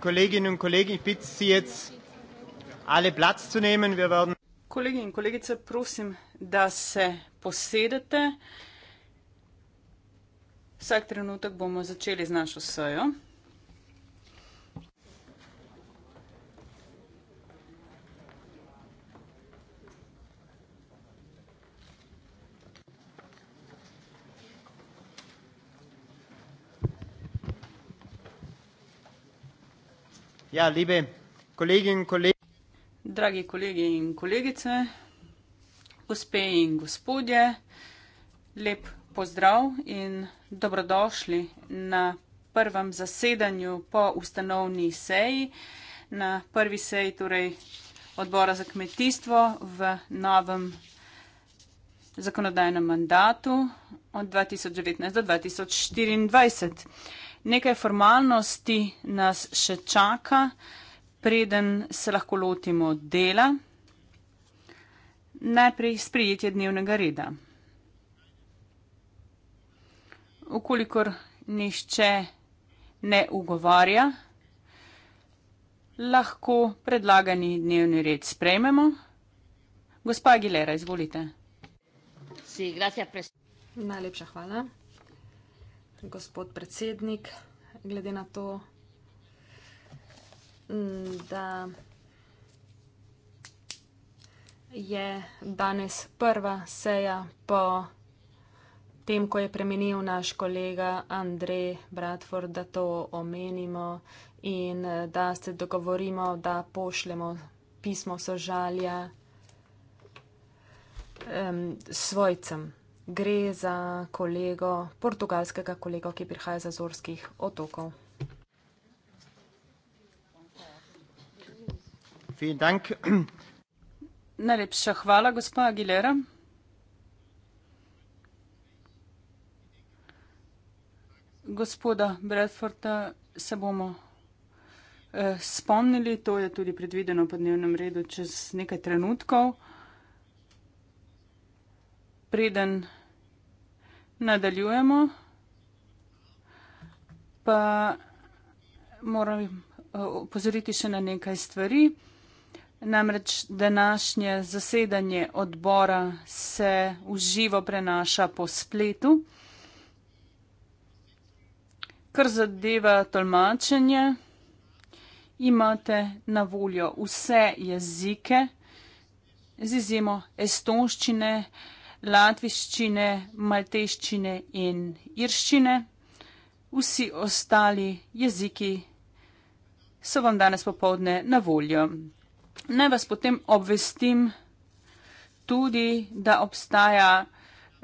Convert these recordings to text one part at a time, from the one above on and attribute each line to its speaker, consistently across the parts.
Speaker 1: Kolleginnen und Kollegen, ich bitte Sie jetzt, alle Platz zu nehmen. Wir werden Kolleginnen und Kollegen, ich bitte Sie, posedete.
Speaker 2: Vsak trenutek bomo začeli z našo sojo. Ja, liebe Kolleginnen und Kollegen. Dragi kolegi in kolegice, gospe in gospodje, lep pozdrav in dobrodošli na prvem zasedanju po ustanovni seji, na prvi seji torej odbora za kmetijstvo v novem zakonodajnem mandatu od 2019 do 2024. Nekaj formalnosti nas še čaka, preden se lahko lotimo dela. Najprej sprijetje dnevnega reda. Ukolikor nišče ne ugovarja, lahko predlagani dnevni red sprejmemo.
Speaker 3: Gospa Gilera, izvolite. Si, Najlepša hvala gospod predsednik, glede na to, mm, da je danes prva seja po tem, ko je premenil naš kolega Andrej Bradford, da to omenimo in da se dogovorimo, da pošljemo pismo sožalja um, svojcem gre za kolego, portugalskega kolega, ki prihaja z Azorskih otokov. Najlepša
Speaker 2: hvala, gospa Aguilera. Gospoda Bradforda se bomo eh, spomnili, to je tudi predvideno po dnevnem redu čez nekaj trenutkov. Preden Nadaljujemo. Pa moram upozoriti eh, še na nekaj stvari. Namreč današnje zasedanje odbora se uživo prenaša po spletu. Kar zadeva tolmačenje, imate na voljo vse jezike, z izjemo estonščine, latviščine, malteščine in irščine. Vsi ostali jeziki so vam danes popovdne na voljo. Naj vas potem obvestim tudi, da obstaja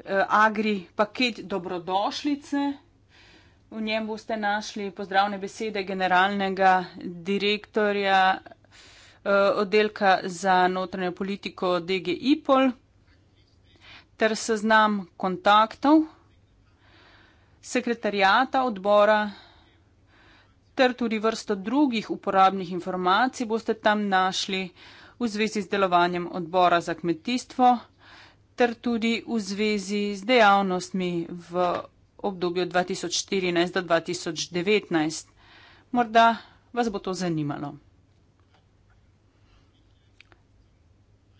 Speaker 2: eh, agri paket dobrodošlice. V njem boste našli pozdravne besede generalnega direktorja eh, oddelka za notranjo politiko DG IPOL ter seznam kontaktov sekretarijata odbora ter tudi vrsto drugih uporabnih informacij boste tam našli v zvezi z delovanjem odbora za kmetijstvo ter tudi v zvezi z dejavnostmi v obdobju 2014 do 2019. Morda vas bo to zanimalo.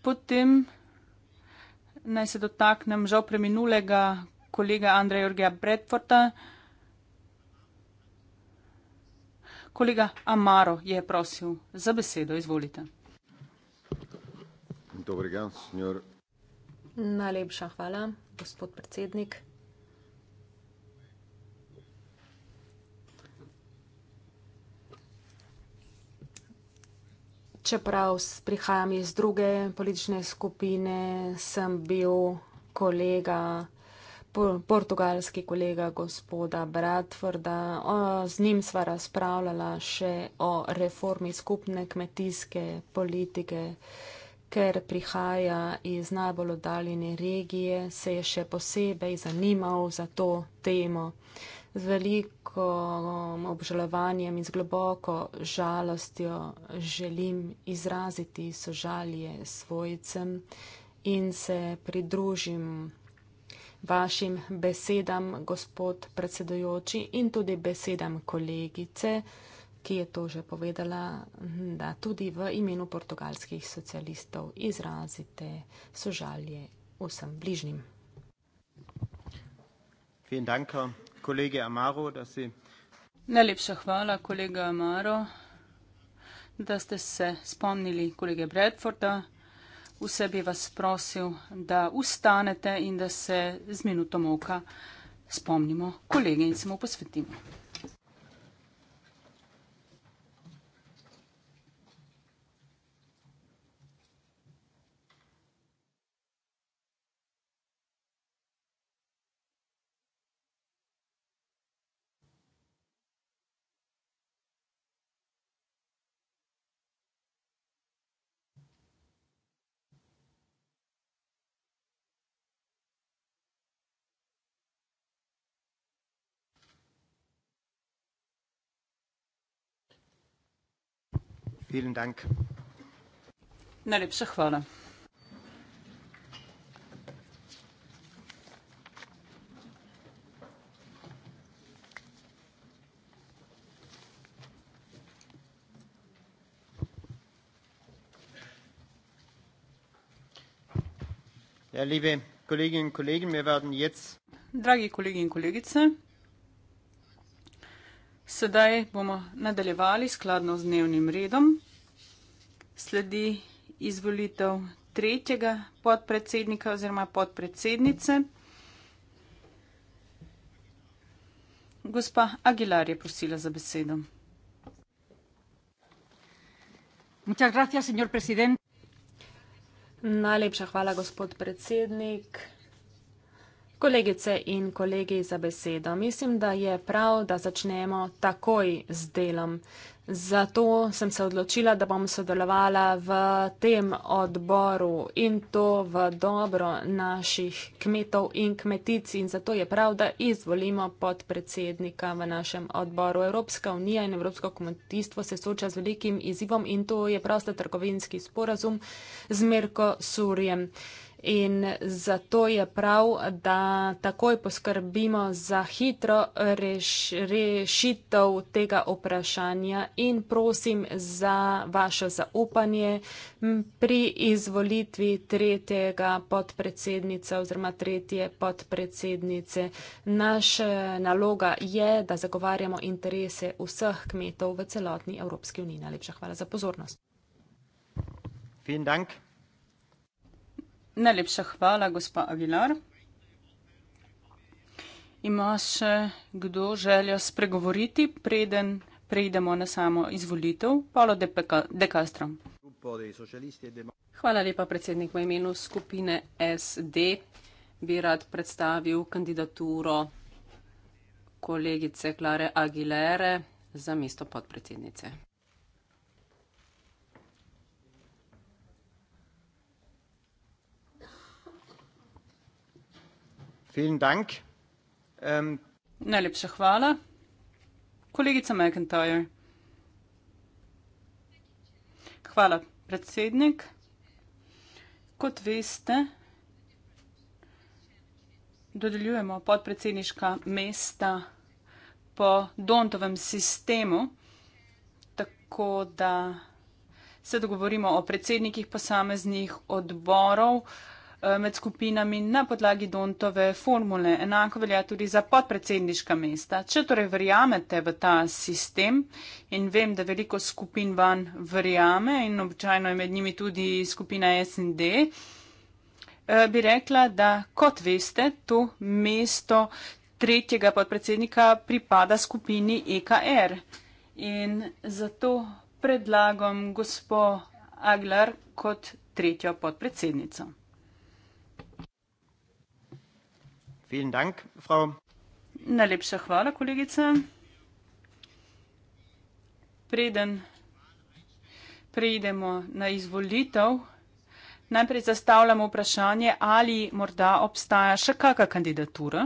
Speaker 2: Potem naj se dotaknem žal preminulega kolega Andreja Jurgija Bradforda. Kolega Amaro je prosil za besedo, izvolite.
Speaker 1: Dobrega,
Speaker 3: Najlepša hvala, gospod predsednik. čeprav prihajam iz druge politične skupine, sem bil kolega, portugalski kolega gospoda Bratvorda. Z njim sva razpravljala še o reformi skupne kmetijske politike, ker prihaja iz najbolj oddaljene regije, se je še posebej zanimal za to temo z veliko obžalovanjem in z globoko žalostjo želim izraziti sožalje svojcem in se pridružim vašim besedam, gospod predsedujoči, in tudi besedam kolegice, ki je to že povedala, da tudi v imenu portugalskih socialistov izrazite sožalje vsem bližnjim.
Speaker 1: Vielen Dank, kolege Amaro, da si.
Speaker 2: Najlepša hvala, kolega Amaro, da ste se spomnili kolege Bradforda. Vse bi vas prosil, da ustanete in da se z minuto moka spomnimo kolege in se mu posvetimo. Vielen Dank. Najlepša hvala.
Speaker 1: Ja, liebe Kolleginnen und Kollegen, wir werden jetzt
Speaker 2: Dragi kolegi in kolegice, Sedaj bomo nadaljevali skladno z dnevnim redom. Sledi izvolitev tretjega podpredsednika oziroma podpredsednice. Gospa Aguilar je prosila za besedo.
Speaker 3: Gracias, Najlepša hvala, gospod predsednik. Kolegice in kolegi za besedo, mislim, da je prav, da začnemo takoj z delom. Zato sem se odločila, da bom sodelovala v tem odboru in to v dobro naših kmetov in kmetic in zato je prav, da izvolimo podpredsednika v našem odboru. Evropska unija in Evropsko kmetijstvo se soča z velikim izzivom in to je prosta trgovinski sporazum z Merko Surjem in zato je prav, da takoj poskrbimo za hitro reš, rešitev tega vprašanja in prosim za vaše zaupanje pri izvolitvi tretjega podpredsednica oziroma tretje podpredsednice. Naša naloga je, da zagovarjamo interese vseh kmetov v celotni Evropski uniji. Najlepša hvala za pozornost.
Speaker 1: Vielen Dank.
Speaker 2: Najlepša hvala, gospa Avilar. Ima še kdo željo spregovoriti, preden preidemo na samo izvolitev? Paolo De Castro. Hvala lepa, predsednik, v imenu
Speaker 4: skupine SD bi rad predstavil kandidaturo kolegice Klare Aguilere za mesto podpredsednice.
Speaker 1: Vielen Dank. Ähm
Speaker 2: Najlepša hvala. Kolegica McIntyre. Hvala, predsednik. Kot veste, dodeljujemo podpredsedniška mesta po Dontovem sistemu, tako da se dogovorimo o predsednikih posameznih odborov. Eh, med skupinami na podlagi Dontove formule. Enako velja tudi za podpredsedniška mesta. Če torej verjamete v ta sistem in vem, da veliko skupin van verjame in običajno je med njimi tudi skupina SND, eh, bi rekla, da kot veste, to mesto tretjega podpredsednika pripada skupini EKR. In zato predlagam gospo Aglar kot tretjo podpredsednico. Vielen Dank, Frau. Najlepša hvala, kolegica. Preden preidemo na izvolitev, najprej zastavljamo vprašanje, ali morda obstaja še kakšna kandidatura.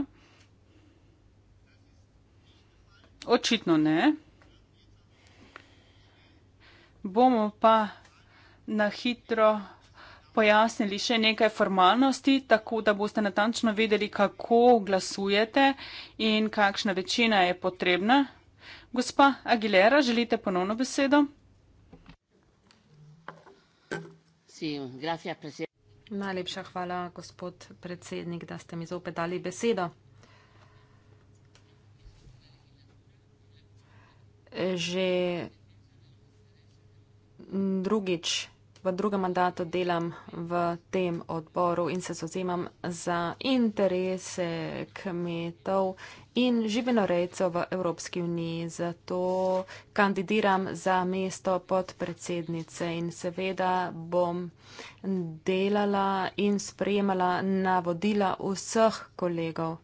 Speaker 2: Očitno ne. Bomo pa na hitro pojasnili še nekaj formalnosti, tako da boste natančno vedeli, kako glasujete in kakšna večina je potrebna. Gospa Aguilera, želite ponovno besedo?
Speaker 3: Najlepša hvala, gospod predsednik, da ste mi zopet dali besedo. Že drugič v drugem mandatu delam v tem odboru in se zauzemam za interese kmetov in živinorejcev v Evropski uniji. Zato kandidiram za mesto podpredsednice in seveda bom delala in sprejemala navodila vseh kolegov.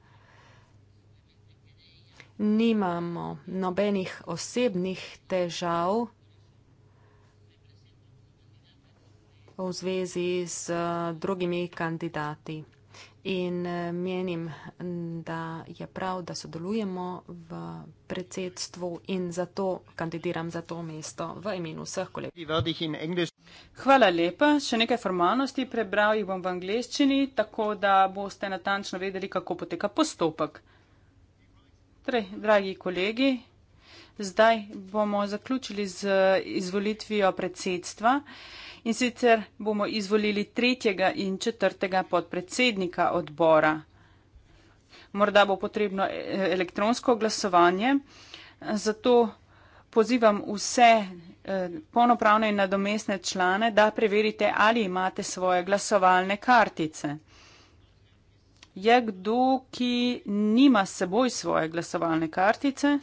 Speaker 3: Nimamo nobenih osebnih težav. v zvezi z eh, drugimi kandidati. In eh, menim, da je prav, da sodelujemo v predsedstvu in zato kandidiram za to mesto v imenu vseh kolegov. Hvala lepa. Še nekaj formalnosti prebral jih bom v
Speaker 2: angleščini, tako da boste natančno vedeli, kako poteka postopek. Torej, dragi kolegi, Zdaj bomo zaključili z izvolitvijo predsedstva in sicer bomo izvolili tretjega in četrtega podpredsednika odbora. Morda bo potrebno e, elektronsko glasovanje, zato pozivam vse e, polnopravne in nadomestne člane, da preverite, ali imate svoje glasovalne kartice. Je kdo, ki nima s seboj svoje glasovalne kartice?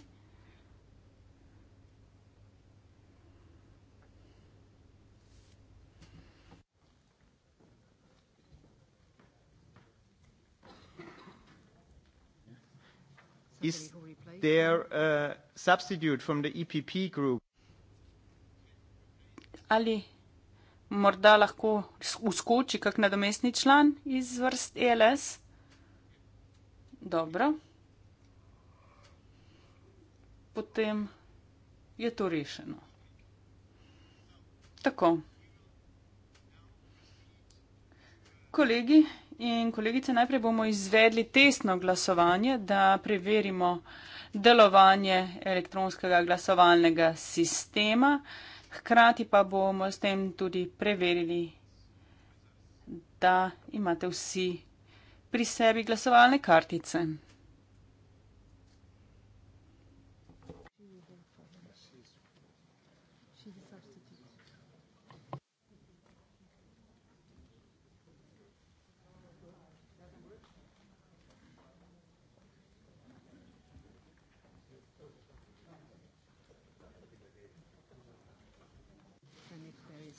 Speaker 1: Is there a uh, substitute from the EPP group?
Speaker 2: Ali morda lahko vskoči kak nadomestni član iz vrst e LS? Dobro. Potem je to rešeno. Tako. Kolegi, In kolegice, najprej bomo izvedli testno glasovanje, da preverimo delovanje elektronskega glasovalnega sistema. Hkrati pa bomo s tem tudi preverili, da imate vsi pri sebi glasovalne kartice.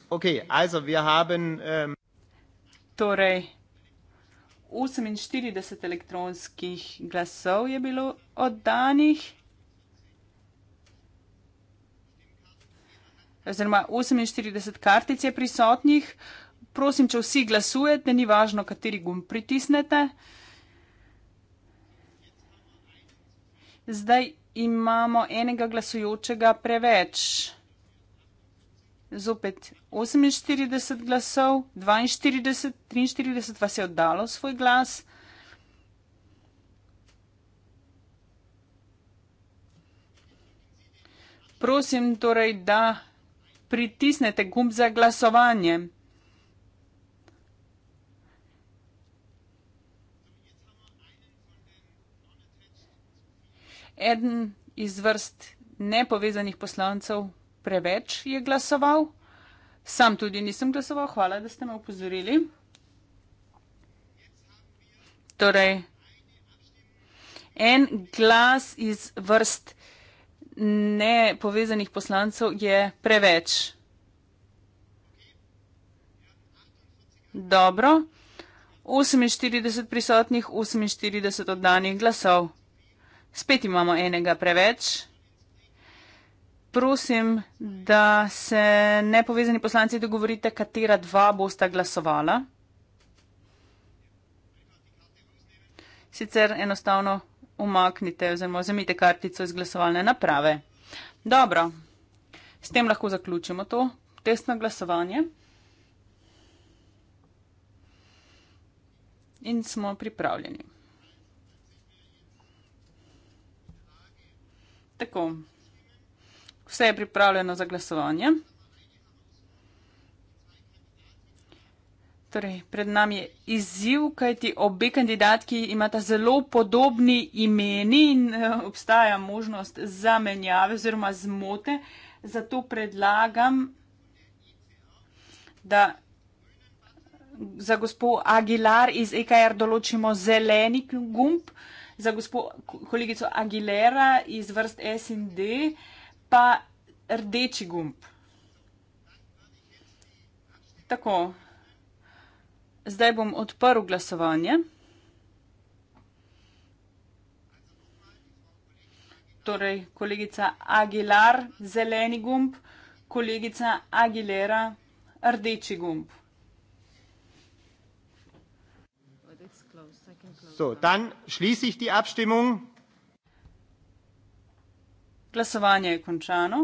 Speaker 1: Okay, also wir haben. Ähm torej,
Speaker 2: 48 elektronskih glasov je bilo oddanih. Oziroma, 48 kartic je prisotnih. Prosim, če vsi glasujete, ni važno, kateri gumb pritisnete. Zdaj imamo enega glasujočega preveč zopet 48 glasov, 42, 43 vas je oddalo svoj glas. Prosim torej, da pritisnete gumb za glasovanje. Eden iz vrst nepovezanih poslancev preveč je glasoval. Sam tudi nisem glasoval, hvala, da ste me upozorili. Torej, en glas iz vrst nepovezanih poslancev je preveč. Dobro, 48 prisotnih, 48 oddanih glasov. Spet imamo enega preveč prosim, da se nepovezani poslanci dogovorite, katera dva bosta glasovala. Sicer enostavno umaknite oziroma vzemite kartico iz glasovalne naprave. Dobro, s tem lahko zaključimo to testno glasovanje. In smo pripravljeni. Tako. Vse je pripravljeno za glasovanje. Torej, pred nami je izziv, kajti obe kandidatki imata zelo podobni imeni in eh, obstaja možnost zamenjave oziroma zmote. Zato predlagam, da za gospod Aguilar iz EKR določimo zeleni gumb, za gospod kolegico Aguilera iz vrst S in D pa rdeči gumb. Tako. Zdaj bom odprl glasovanje. Torej, kolegica Aguilar, zeleni gumb, kolegica Aguilera, rdeči gumb.
Speaker 1: So, dann schließe ich die Abstimmung. Glasovanje je končano.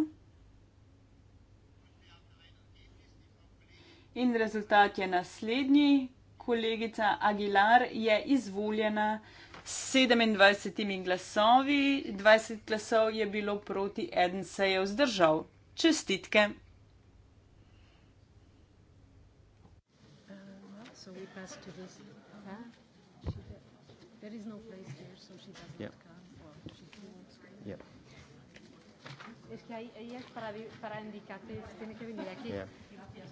Speaker 2: In rezultat je naslednji. Kolegica Aguilar je izvoljena s 27 glasovi, 20 glasov je bilo proti, en se je vzdržal. Čestitke.
Speaker 3: Uh, well, so Es que ahí, ahí es para, para indicates, tiene que venir aquí. Yeah. Gracias.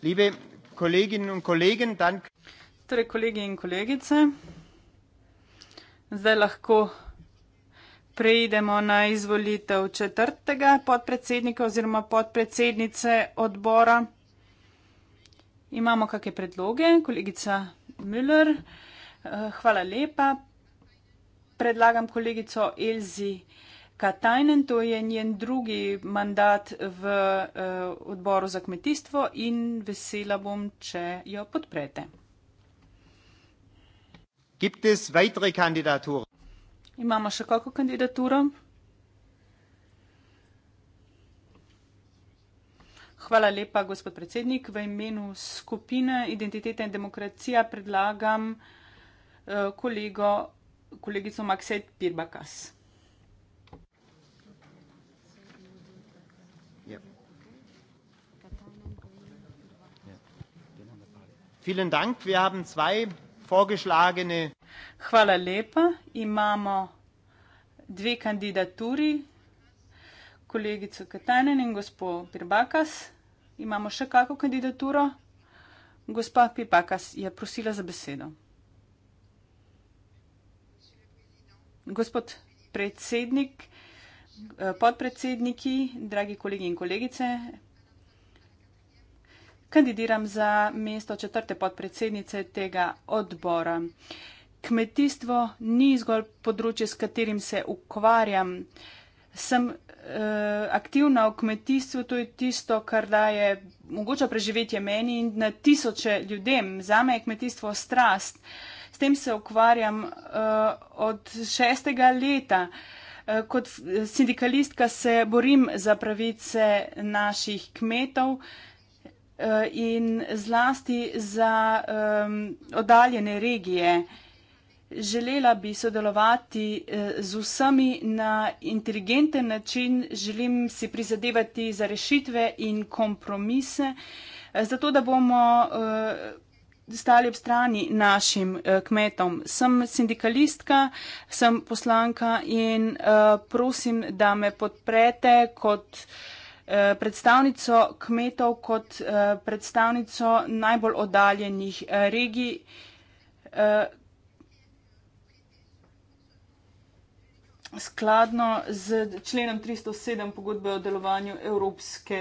Speaker 1: Liebe Kolleginnen und Kollegen, danke. Torej, kolegi in kolegice,
Speaker 2: zdaj lahko preidemo na izvolitev četrtega podpredsednika oziroma podpredsednice odbora. Imamo kakšne predloge, kolegica Müller. Eh, hvala lepa. Predlagam kolegico Elzi Katajnen, to je njen drugi mandat v eh, odboru za kmetijstvo in vesela bom, če jo podprete.
Speaker 1: Gibt es weitere Kandidaturen?
Speaker 2: Imamo še kako kandidaturo? Hvala lepa, gospod predsednik. V imenu skupine Identiteta in demokracija predlagam eh, kolego, kolegico Makset Pirbakas.
Speaker 1: Ja. Ja. Vielen Dank. Wir haben zwei vorgeschlagene. Hvala lepa. Imamo dve kandidaturi,
Speaker 2: kolegico Katanen in gospod Pirbakas. Imamo še kakšno kandidaturo? Gospa Pirbakas je prosila za besedo. Gospod predsednik, eh, podpredsedniki, dragi kolegi in kolegice, kandidiram za mesto četrte podpredsednice tega odbora. Kmetijstvo ni zgolj področje, s katerim se ukvarjam. Sem eh, aktivna v kmetijstvu, to je tisto, kar daje mogoče preživetje meni in na tisoče ljudem. Zame je kmetijstvo strast. S tem se ukvarjam eh, od šestega leta. Eh, kot eh, sindikalistka se borim za pravice naših kmetov. Eh, Eh, in zlasti za um, oddaljene regije. Želela bi sodelovati eh, z vsemi na inteligenten način, želim si prizadevati za rešitve in kompromise, eh, zato da bomo stali ob strani našim kmetom. Sem sindikalistka, sem poslanka in prosim, da me podprete kot. Eh, predstavnico kmetov kot eh, predstavnico najbolj oddaljenih eh, regij. Skladno z členom 307 pogodbe o delovanju Evropske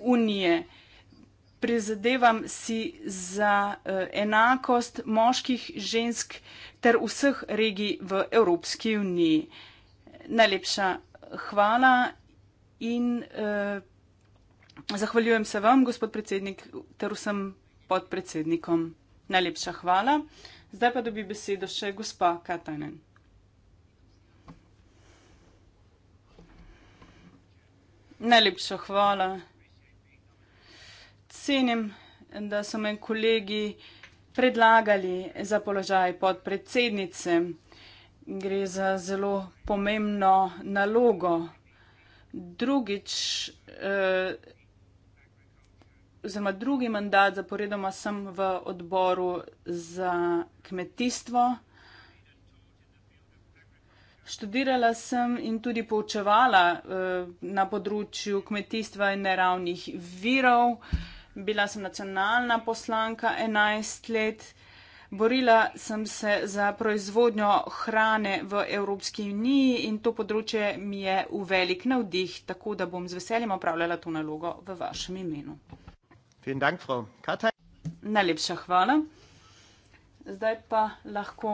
Speaker 2: unije. Prizadevam si za enakost moških, žensk ter vseh regij v Evropski uniji. Najlepša hvala in eh, zahvaljujem se vam, gospod predsednik, ter vsem podpredsednikom. Najlepša hvala. Zdaj pa dobi besedo še gospa Katanen. Najlepša hvala. Cenim, da so me kolegi predlagali za položaj podpredsednice. Gre za zelo pomembno nalogo drugič, eh, oziroma drugi mandat zaporedoma sem v odboru za kmetijstvo. Študirala sem in tudi poučevala eh, na področju kmetijstva in neravnih virov. Bila sem nacionalna poslanka 11 let. Eh, Borila sem se za proizvodnjo hrane v Evropski uniji in to področje mi je v velik navdih, tako da bom z veseljem opravljala to nalogo v vašem imenu. Dank, Najlepša hvala. Zdaj pa lahko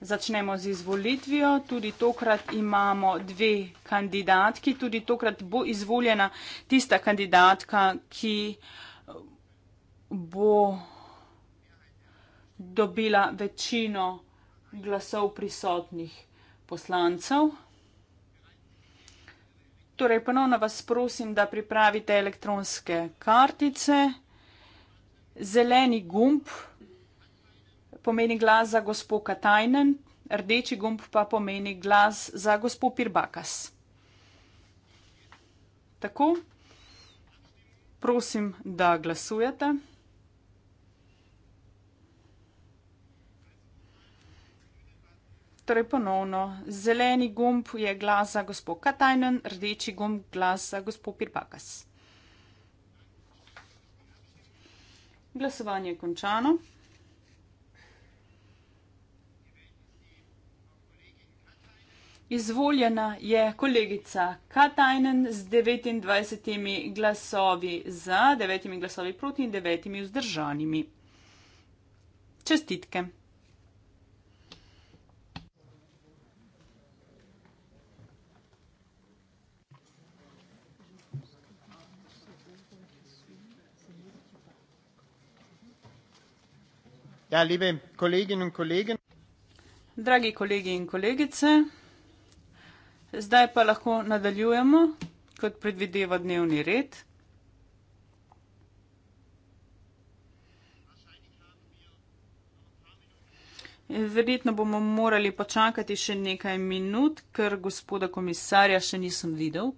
Speaker 2: začnemo z izvolitvijo. Tudi tokrat imamo dve kandidatki. Tudi tokrat bo izvoljena tista kandidatka, ki bo dobila večino glasov prisotnih poslancev. Torej, ponovno vas prosim, da pripravite elektronske kartice. Zeleni gumb pomeni glas za gospo Katajnen, rdeči gumb pa pomeni glas za gospo Pirbakas. Tako, prosim, da glasujete. Torej ponovno, zeleni gumb je glas za gospod Katajnen, rdeči gumb glas za gospod Pirpakas. Glasovanje je končano. Izvoljena je kolegica Katajnen z 29 glasovi za, 9 glasovi proti in 9 vzdržanimi. Čestitke.
Speaker 1: Ja, liebe Kolleginnen und Kollegen.
Speaker 2: Dragi kolegi in kolegice, zdaj pa lahko nadaljujemo, kot predvideva dnevni red. Verjetno bomo morali počakati še nekaj minut, ker gospoda komisarja še nisem videl.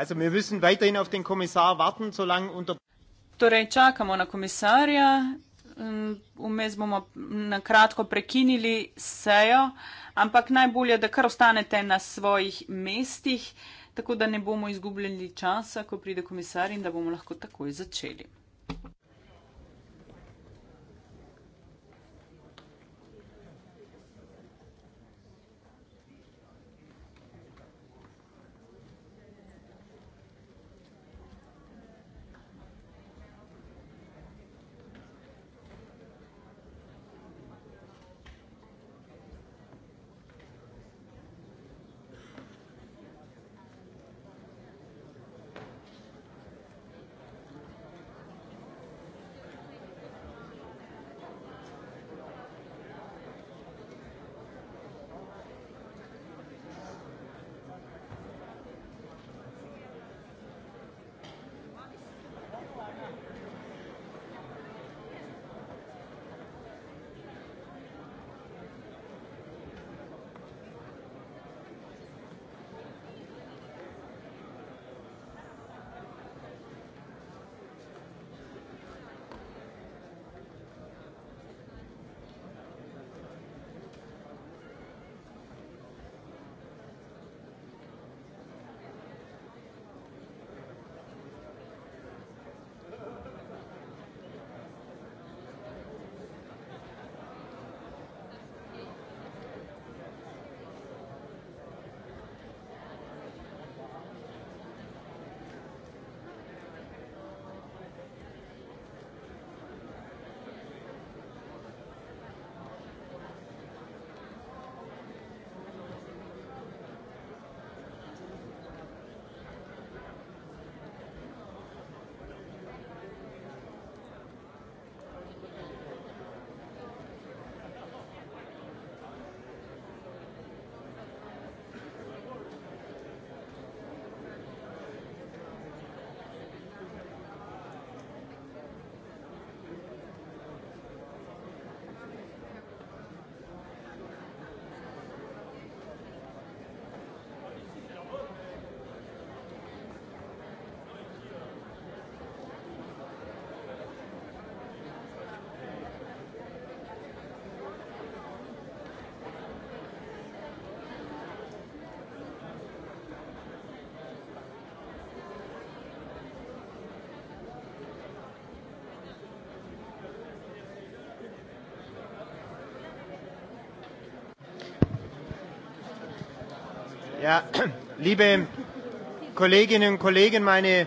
Speaker 1: Also wir müssen weiterhin auf den Kommissar warten, solange unter. Torej, čakamo na komisarja, mm, vmes bomo
Speaker 2: na kratko prekinili sejo, ampak najbolje, da kar ostanete na svojih mestih, tako da ne bomo izgubljali časa, ko pride komisar in da bomo lahko takoj začeli.
Speaker 1: Ja, liebe Kolleginnen und Kollegen, meine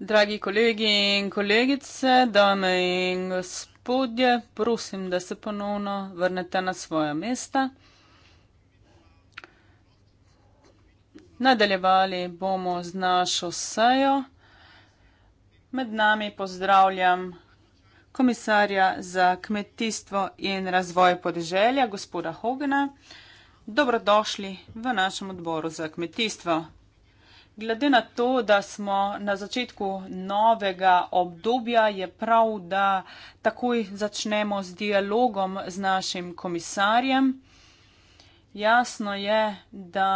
Speaker 2: Dragi kolegi in kolegice, dame in gospodje, prosim, da se ponovno vrnete na svoja mesta. Nadaljevali bomo z našo sejo. Med nami pozdravljam komisarja za kmetijstvo in razvoj podeželja, gospoda Hogana. Dobrodošli v našem odboru za kmetijstvo. Glede na to, da smo na začetku novega obdobja, je prav, da takoj začnemo z dialogom z našim komisarjem. Jasno je, da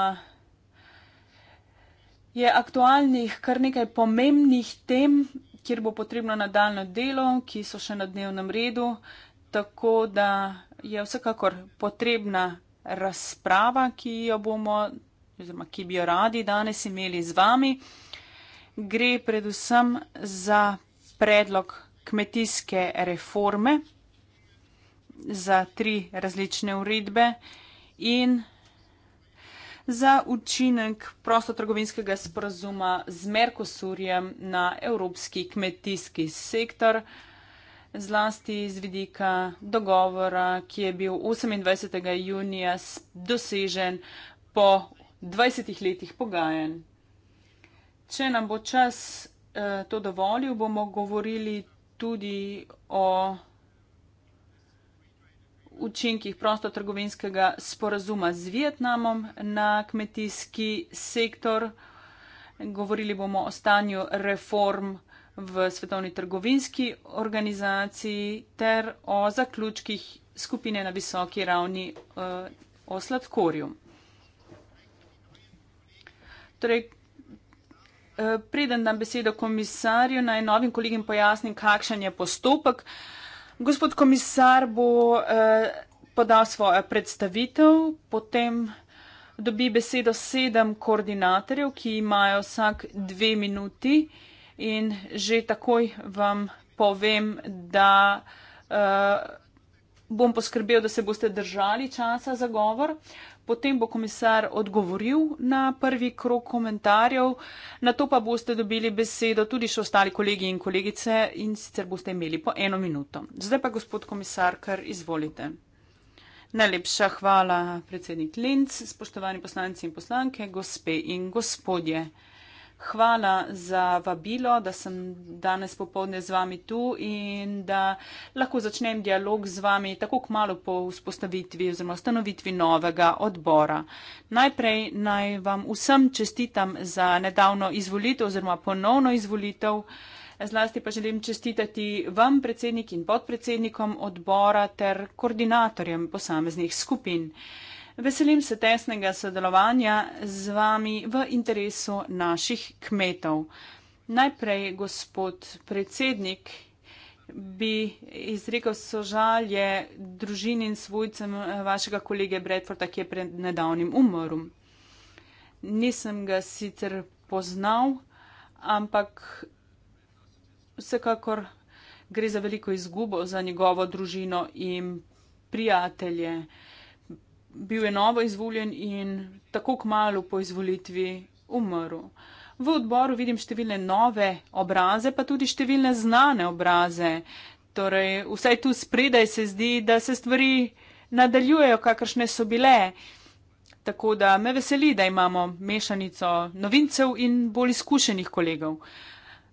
Speaker 2: je aktualnih kar nekaj pomembnih tem, kjer bo potrebno nadaljno delo, ki so še na dnevnem redu, tako da je vsekakor potrebna razprava, ki jo bomo, oziroma ki bi jo radi danes imeli z vami, gre predvsem za predlog kmetijske reforme za tri različne uredbe in za učinek prostotrgovinskega sporazuma z Merkosurjem na evropski kmetijski sektor zlasti z vidika dogovora, ki je bil 28. junija dosežen po 20 letih pogajanj. Če nam bo čas eh, to dovolil, bomo govorili tudi o učinkih prostotrgovinskega sporazuma z Vietnamom na kmetijski sektor. Govorili bomo o stanju reform v Svetovni trgovinski organizaciji ter o zaključkih skupine na visoki ravni eh, o sladkorju. Torej, eh, preden dam besedo komisarju, naj novim kolegim pojasnim, kakšen je postopek. Gospod komisar bo eh, podal svojo predstavitev, potem dobi besedo sedem koordinatorjev, ki imajo vsak dve minuti in že takoj vam povem, da uh, bom poskrbel, da se boste držali časa za govor. Potem bo komisar odgovoril na prvi krok komentarjev, na to pa boste dobili besedo tudi še ostali kolegi in kolegice in sicer boste imeli po eno minuto. Zdaj pa gospod komisar, kar izvolite. Najlepša hvala, predsednik Linz, spoštovani poslanci in poslanke, gospe in gospodje hvala za vabilo, da sem danes popovdne z vami tu in da lahko začnem dialog z vami tako kmalo po vzpostavitvi oziroma ustanovitvi novega odbora. Najprej naj vam vsem čestitam za nedavno izvolitev oziroma ponovno izvolitev. Zlasti pa želim čestitati vam, predsednik in podpredsednikom odbora ter koordinatorjem posameznih skupin. Veselim se tesnega sodelovanja z vami v interesu naših kmetov. Najprej, gospod predsednik, bi izrekel sožalje družini in svojcem vašega kolege Bradforda, ki je pred nedavnim umrl. Nisem ga sicer poznal, ampak vsekakor gre za veliko izgubo za njegovo družino in prijatelje. Uh, bil je novo izvoljen in tako kmalo po izvolitvi umrl. V odboru vidim številne nove obraze, pa tudi številne znane obraze. Torej, vsaj tu spredaj se zdi, da se stvari nadaljujejo, kakršne so bile. Tako da me veseli, da imamo mešanico novincev in bolj izkušenih kolegov.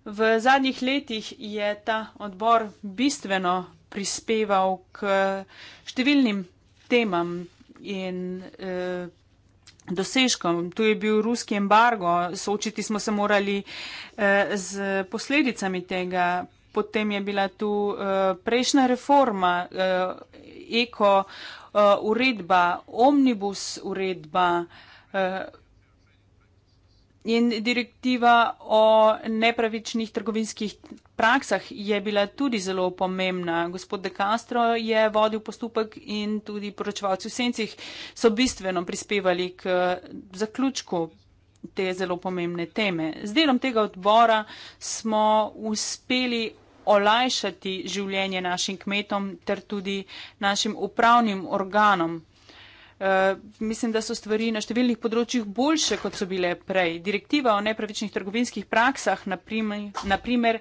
Speaker 2: V zadnjih letih je ta odbor bistveno prispeval k številnim temam, in eh, dosežkom. Tu je bil ruski embargo, soočiti smo se morali eh, z posledicami tega. Potem je bila tu eh, prejšnja reforma, eh, eko eh, uredba, omnibus uredba. Eh, In direktiva o nepravičnih trgovinskih praksah je bila tudi zelo pomembna. Gospod De Castro je vodil postopek in tudi poročevalci v sencih so bistveno prispevali k zaključku te zelo pomembne teme. Z delom tega odbora smo uspeli olajšati življenje našim kmetom ter tudi našim upravnim organom. Uh, mislim, da so stvari na številnih področjih boljše, kot so bile prej. Direktiva o nepravičnih trgovinskih praksah, naprimer, naprimer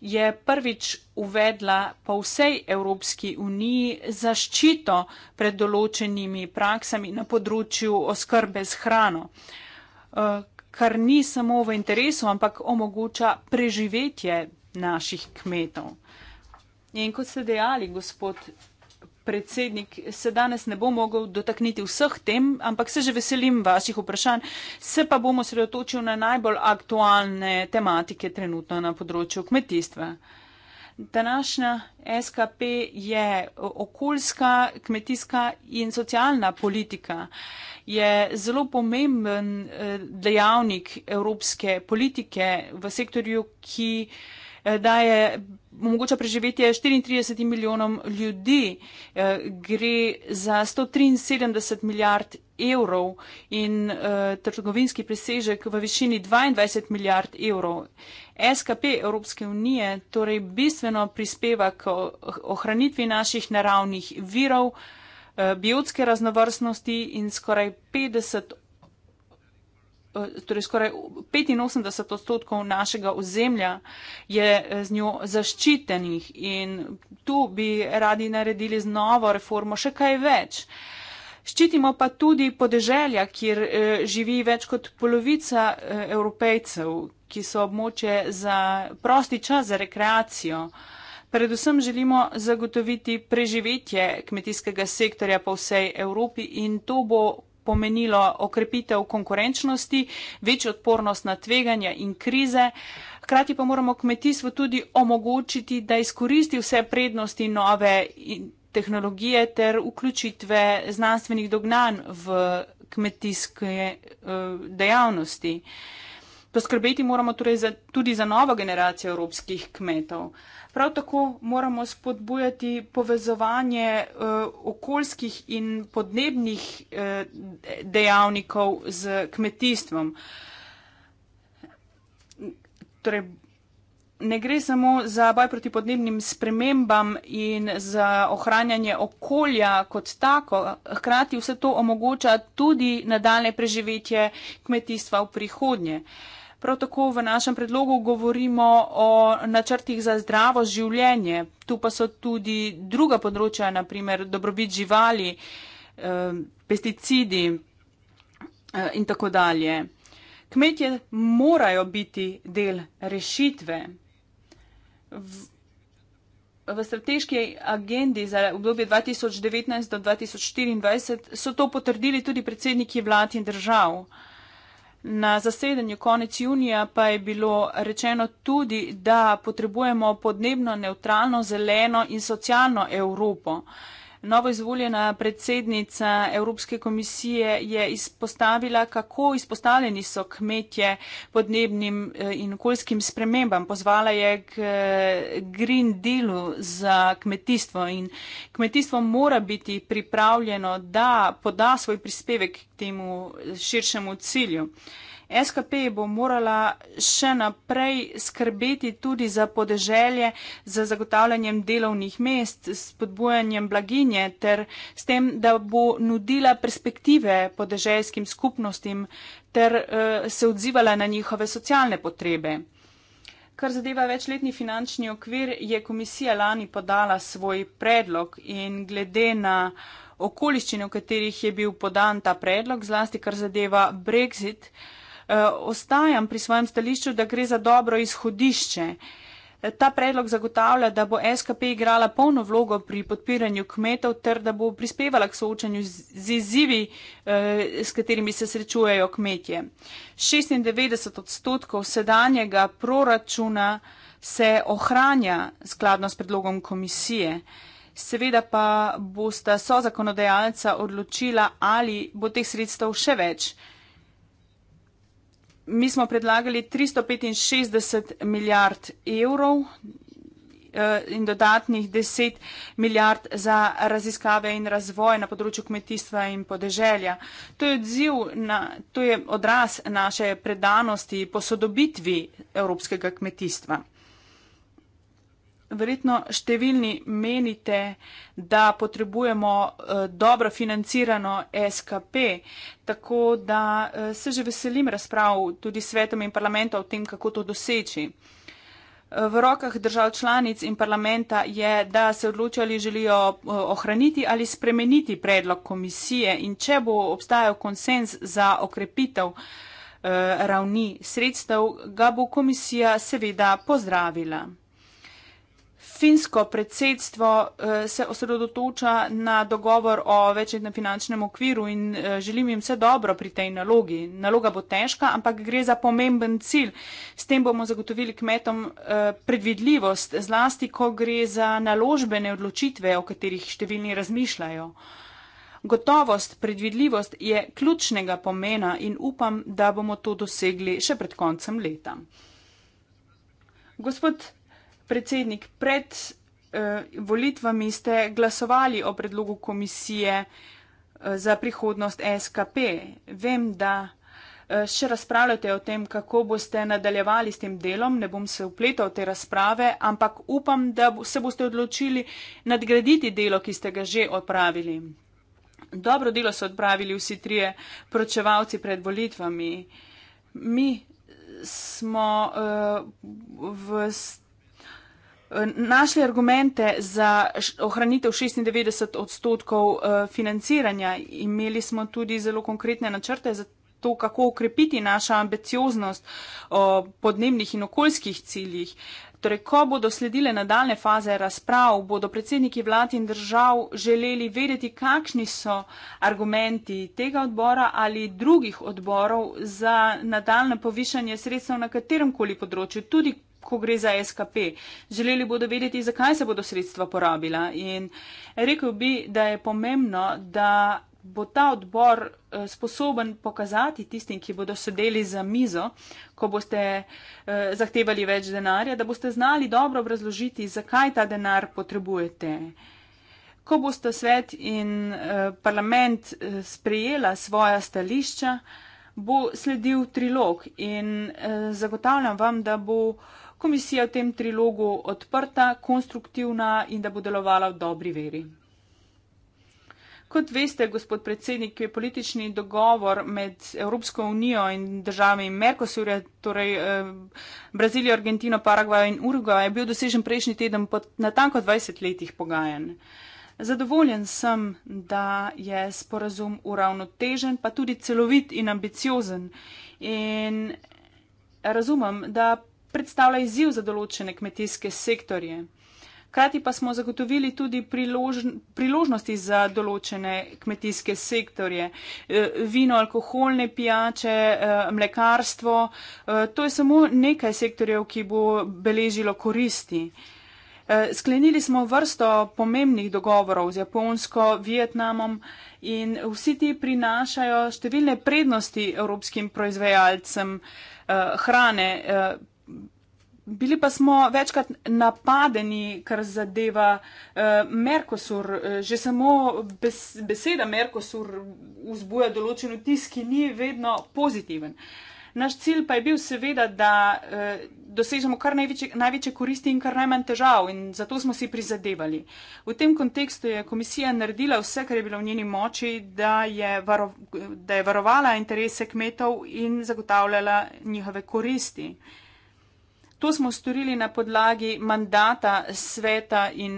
Speaker 2: je prvič uvedla po vsej Evropski uniji zaščito pred določenimi praksami na področju oskrbe z hrano, eh, kar ni samo v interesu, ampak omogoča preživetje naših kmetov. In kot ste dejali, gospod predsednik, se danes ne bo mogel dotakniti vseh tem, ampak se že veselim vaših vprašanj. Se pa bomo sredotočili na najbolj aktualne tematike trenutno na področju kmetijstva. Današnja SKP je okoljska, kmetijska in socialna politika. Je zelo pomemben eh, dejavnik evropske politike v sektorju, ki. Eh, da je mogoče preživetje 34 milijonom ljudi, eh, gre za 173 milijard evrov in eh, trgovinski presežek v višini 22 milijard evrov. SKP Evropske unije torej bistveno prispeva k ohranitvi naših naravnih virov, biotske raznovrstnosti in skoraj 50 odstotkov Eh, torej skoraj 85 odstotkov našega ozemlja je eh, z njo zaščitenih in tu bi radi naredili z novo reformo še kaj več. Ščitimo pa tudi podeželja, kjer eh, živi več kot polovica evropejcev, ki so območje za prosti čas za rekreacijo. Predvsem želimo zagotoviti preživetje kmetijskega sektorja po vsej Evropi in to bo pomenilo okrepitev konkurenčnosti, večjo odpornost na tveganja in krize. Hkrati pa moramo kmetijstvu tudi omogočiti, da izkoristi vse prednosti nove tehnologije ter vključitve znanstvenih dognanj v kmetijske eh, dejavnosti. Poskrbeti moramo torej za, tudi za novo generacijo evropskih kmetov. Prav tako moramo spodbujati povezovanje uh, okoljskih in podnebnih uh, dejavnikov z kmetijstvom. Torej, ne gre samo za boj proti podnebnim spremembam in za ohranjanje okolja kot tako, hkrati vse to omogoča tudi nadaljne preživetje kmetijstva v prihodnje. Uh, Prav tako v našem predlogu govorimo o načrtih za zdravo življenje. Tu pa so tudi druga področja, naprimer dobrobit živali, eh, pesticidi eh, in tako dalje. Kmetje morajo biti del rešitve. V V strateški agendi za obdobje 2019 do 2024 so to potrdili tudi predsedniki vlad in držav. Na zasedanju konec junija pa je bilo rečeno tudi, da potrebujemo podnebno neutralno, zeleno in socialno Evropo. Novoizvoljena predsednica Evropske komisije je izpostavila, kako izpostavljeni so kmetje podnebnim eh, in okoljskim spremembam. Pozvala je k eh, Green Dealu za kmetijstvo in kmetijstvo mora biti pripravljeno, da poda svoj prispevek k temu širšemu cilju. Uh, SKP bo morala še naprej skrbeti tudi za podeželje, za zagotavljanjem delovnih mest, spodbujanjem blaginje ter s tem, da bo nudila perspektive podeželjskim skupnostim ter uh, se odzivala na njihove socialne potrebe. Kar zadeva večletni finančni okvir, je komisija lani podala svoj predlog in glede na okoliščine, v katerih je bil podan ta predlog, zlasti kar zadeva Brexit, uh, Eh, ostajam pri svojem stališču, da gre za dobro izhodišče. Eh, ta predlog zagotavlja, da bo SKP igrala polno vlogo pri podpiranju kmetov ter da bo prispevala k soočanju z izzivi, eh, s katerimi se srečujejo kmetje. 96 odstotkov sedanjega proračuna se ohranja skladno s predlogom komisije. Seveda pa bosta sozakonodajalca odločila, ali bo teh sredstev še več mi smo predlagali 365 milijard evrov eh, in dodatnih 10 milijard za raziskave in razvoj na področju kmetijstva in podeželja. To je, odziv na, to je odraz naše predanosti posodobitvi evropskega kmetijstva. Verjetno številni menite, da potrebujemo eh, dobro financirano SKP, tako da eh, se že veselim razprav tudi svetom in parlamenta o tem, kako to doseči. Eh, v rokah držav članic in parlamenta je, da se odločijo, ali želijo ohraniti ali spremeniti predlog komisije in če bo obstajal konsens za okrepitev ravni sredstev, ga bo komisija seveda pozdravila finsko predsedstvo eh, se osredotoča na dogovor o večjem finančnem okviru in eh, želim jim vse dobro pri tej nalogi. Naloga bo težka, ampak gre za pomemben cilj. S tem bomo zagotovili kmetom eh, predvidljivost, zlasti, ko gre za naložbene odločitve, o katerih številni razmišljajo. Gotovost, predvidljivost je ključnega pomena in upam, da bomo to dosegli še pred koncem leta. Gospod predsednik, pred uh, volitvami ste glasovali o predlogu komisije uh, za prihodnost SKP. Vem, da uh, še razpravljate o tem, kako boste nadaljevali s tem delom. Ne bom se upletal v te razprave, ampak upam, da se boste odločili nadgraditi delo, ki ste ga že opravili. Dobro delo so odpravili vsi trije pročevalci pred volitvami. Mi smo uh, v našli argumente za ohranitev 96 odstotkov eh, financiranja. Imeli smo tudi zelo konkretne načrte za to, kako ukrepiti našo ambicioznost o podnebnih in okoljskih ciljih. Torej, ko bodo sledile nadaljne faze razprav, bodo predsedniki vlad in držav želeli vedeti, kakšni so argumenti tega odbora ali drugih odborov za nadaljne povišanje sredstev na katerem koli področju, tudi ko gre za SKP. Želeli bodo vedeti, zakaj se bodo sredstva porabila in rekel bi, da je pomembno, da bo ta odbor eh, sposoben pokazati tistim, ki bodo sedeli za mizo, ko boste eh, zahtevali več denarja, da boste znali dobro obrazložiti, zakaj ta denar potrebujete. Ko boste svet in eh, parlament sprejela svoja stališča, bo sledil trilog in zagotavljam vam, da bo komisija v tem trilogu odprta, konstruktivna in da bo delovala v dobri veri. Kot veste, gospod predsednik, je politični dogovor med Evropsko unijo in državami Merkosurja, torej eh, Brazilijo, Argentino, Paragvajo in Urugvajo, je bil dosežen prejšnji teden po natanko 20 letih pogajanj. Zadovoljen sem, da je sporazum uravnotežen, pa tudi celovit in ambiciozen. In razumem, da predstavlja izziv za določene kmetijske sektorje. Hkrati pa smo zagotovili tudi priložn priložnosti za določene kmetijske sektorje, e, vino, alkoholne pijače, e, mlekarstvo. E, to je samo nekaj sektorjev, ki bo beležilo koristi. E, sklenili smo vrsto pomembnih dogovorov z Japonsko, Vietnamom in vsi ti prinašajo številne prednosti evropskim proizvajalcem e, hrane. E, Bili pa smo večkrat napadeni, kar zadeva eh, Merkosur. Eh, že samo bes, beseda Merkosur vzbuja določen vtis, ki ni vedno pozitiven. Naš cilj pa je bil seveda, da eh, dosežemo kar največje, največje koristi in kar najmanj težav in zato smo si prizadevali. V tem kontekstu je komisija naredila vse, kar je bilo v njeni moči, da je, varo, da je varovala interese kmetov in zagotavljala njihove koristi. Eh, To smo storili na podlagi mandata sveta in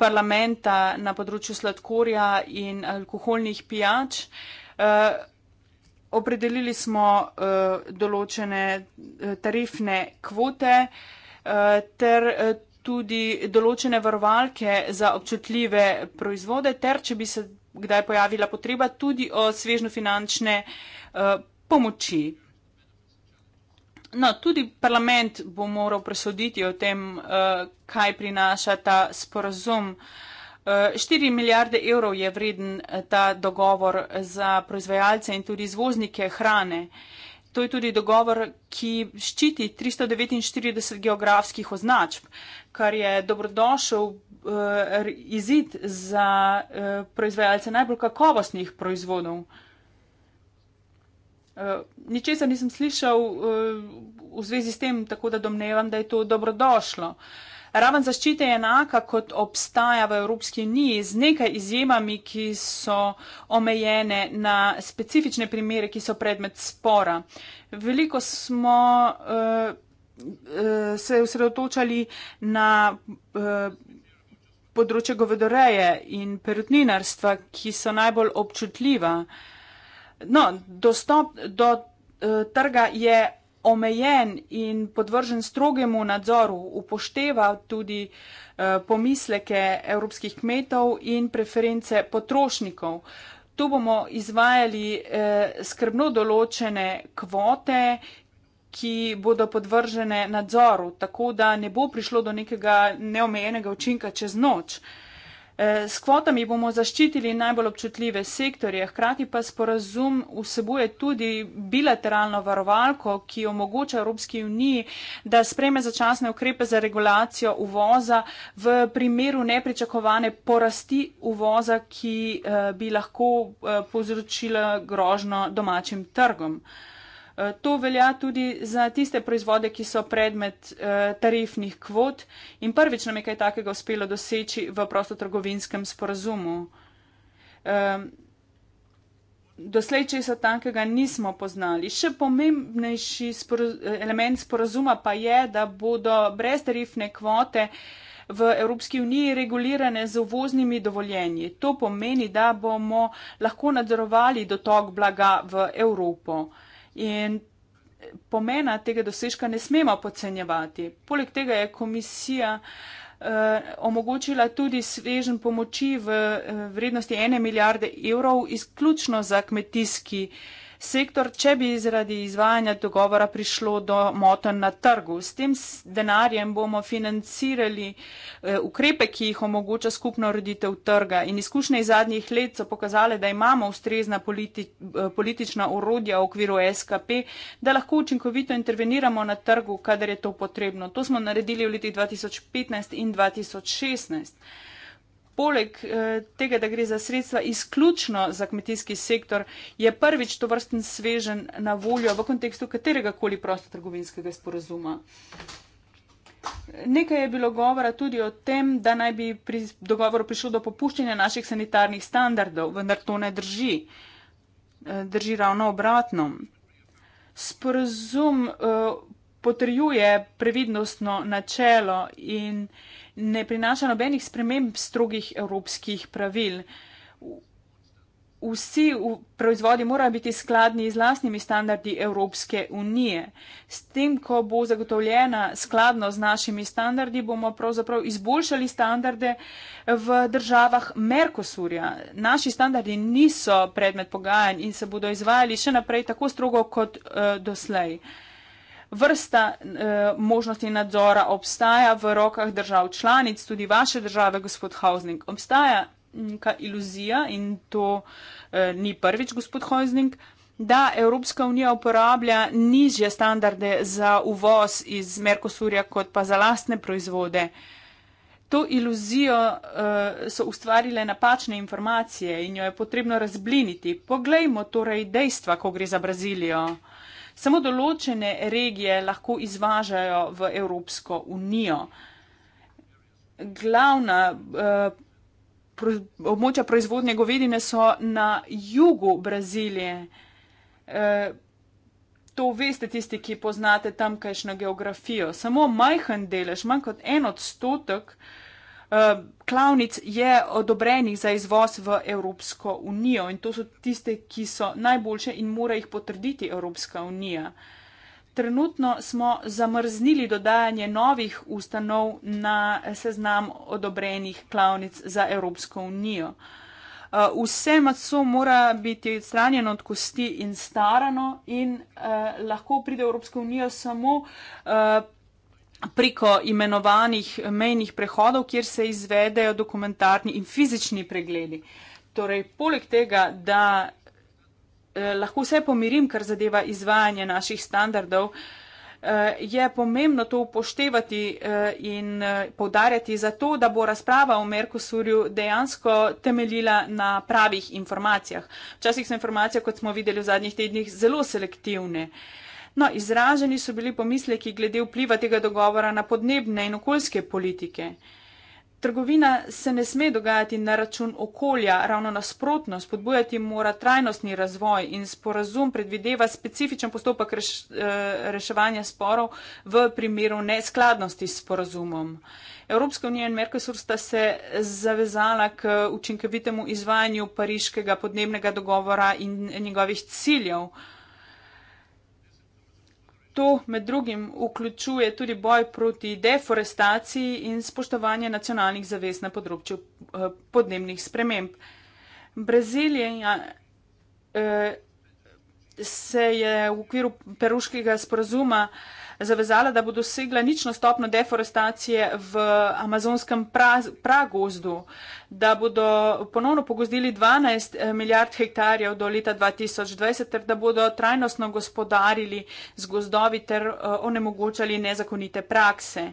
Speaker 2: parlamenta na področju sladkorja in alkoholnih pijač. Eh, opredelili smo eh, določene eh, tarifne kvote ter tudi določene varovalke za občutljive proizvode ter, če bi se kdaj pojavila potreba, tudi o svežno finančne pomoči. No, tudi parlament bo moral presoditi o tem, eh, kaj prinaša ta sporazum. 4 eh, milijarde evrov je vreden eh, ta dogovor za proizvajalce in tudi izvoznike hrane. To je tudi dogovor, ki ščiti 349 geografskih označb, kar je dobrodošel izid za proizvajalce najbolj kakovostnih proizvodov. Eh, ničesar nisem slišal eh, v zvezi s tem, tako da domnevam, da je to dobrodošlo. Raven zaščite je enaka, kot obstaja v Evropski uniji, z nekaj izjemami, ki so omejene na specifične primere, ki so predmet spora. Veliko smo uh, uh, se usredotočali na uh, področje govedoreje in perutninarstva, ki so najbolj občutljiva. Uh, no, dostop do uh, trga je omejen in podvržen strogemu nadzoru, upošteva tudi uh, pomisleke evropskih kmetov in preference potrošnikov. Tu bomo izvajali eh, skrbno določene kvote, ki bodo podvržene nadzoru, tako da ne bo prišlo do nekega neomejenega učinka čez noč. Eh, Eh, s kvotami bomo zaščitili najbolj občutljive sektorje, hkrati pa sporazum vsebuje tudi bilateralno varovalko, ki omogoča Evropski uniji, da spreme začasne ukrepe za regulacijo uvoza v primeru nepričakovane porasti uvoza, ki eh, bi lahko eh, povzročila grožno domačim trgom. Eh, to velja tudi za tiste proizvode, ki so predmet eh, tarifnih kvot in prvič nam je kaj takega uspelo doseči v prostotrgovinskem sporazumu. Ehm, doslej, če se takega nismo poznali. Še pomembnejši element sporazuma pa je, da bodo brez tarifne kvote v Evropski uniji regulirane z uvoznimi dovoljenji. To pomeni, da bomo lahko nadzorovali dotok blaga v Evropo. In pomena tega dosežka ne smemo podcenjevati. Poleg tega je komisija eh, omogočila tudi svežen pomoči v eh, vrednosti ene milijarde evrov izključno za kmetijski uh, sektor, če bi zaradi izvajanja dogovora prišlo do moten na trgu. S tem denarjem bomo financirali eh, ukrepe, ki jih omogoča skupno roditev trga. In izkušnje iz zadnjih let so pokazale, da imamo ustrezna politi eh, politična urodja v okviru SKP, da lahko učinkovito interveniramo na trgu, kadar je to potrebno. To smo naredili v letih 2015 in 2016 poleg eh, tega, da gre za sredstva izključno za kmetijski sektor, je prvič to vrsten svežen na voljo v kontekstu katerega koli prostotrgovinskega sporozuma. Nekaj je bilo govora tudi o tem, da naj bi pri dogovoru prišlo do popuščanja naših sanitarnih standardov, vendar to ne drži. Eh, drži ravno obratno. Sporozum eh, potrjuje previdnostno načelo in ne prinaša nobenih sprememb strogih evropskih pravil. Vsi proizvodi morajo biti skladni z lastnimi standardi Evropske unije. S tem, ko bo zagotovljena skladno z našimi standardi, bomo pravzaprav izboljšali standarde v državah Merkosurja. Naši standardi niso predmet pogajanj in se bodo izvajali še naprej tako strogo kot uh, doslej. Uh, vrsta eh, možnosti nadzora obstaja v rokah držav članic, tudi vaše države, gospod Hausnik. Obstaja neka iluzija in to eh, ni prvič, gospod Hausnik, da Evropska unija uporablja nižje standarde za uvoz iz Merkosurja kot pa za lastne proizvode. To iluzijo uh, so ustvarile napačne informacije in jo je potrebno razbliniti. Poglejmo torej dejstva, ko gre za Brazilijo. Uh, samo določene regije lahko izvažajo v Evropsko unijo. Glavna eh, območja proizvodnje govedine so na jugu Brazilije. Eh, to veste tisti, ki poznate tamkajšnjo geografijo. Samo majhen delež, manj kot en odstotek eh, Ehm, klavnic je odobrenih za izvoz v Evropsko unijo in to so tiste, ki so najboljše in mora jih potrditi Evropska unija. Trenutno smo zamrznili dodajanje novih ustanov na seznam odobrenih klavnic za Evropsko unijo. Ehm, vse maso mora biti odstranjeno od kosti in starano in eh, lahko pride Evropska unija samo eh, preko imenovanih mejnih prehodov, kjer se izvedejo dokumentarni in fizični pregledi. Torej, poleg tega, da eh, lahko vse pomirim, kar zadeva izvajanje naših standardov, eh, je pomembno to upoštevati eh, in povdarjati zato, da bo razprava o Merkosurju dejansko temeljila na pravih informacijah. Včasih so informacije, kot smo videli v zadnjih tednih, zelo selektivne. No, izraženi so bili pomisleki glede vpliva tega dogovora na podnebne in okoljske politike. Trgovina se ne sme dogajati na račun okolja, ravno nasprotno, spodbujati mora trajnostni razvoj in sporazum predvideva specifičen postopek reš, eh, reševanja sporov v primeru neskladnosti s sporazumom. Evropska unija in Merkosur sta se zavezala k učinkovitemu izvajanju pariškega podnebnega dogovora in njegovih ciljev. To med drugim vključuje tudi boj proti deforestaciji in spoštovanje nacionalnih zavez na področju eh, podnebnih sprememb. Brazilija eh, se je v okviru peruškega sporazuma eh, zavezala, da bo dosegla nično stopno deforestacije v amazonskem pragozdu, da bodo ponovno pogozdili 12 eh, milijard hektarjev do leta 2020 ter da bodo trajnostno gospodarili z gozdovi ter eh, onemogočali nezakonite prakse.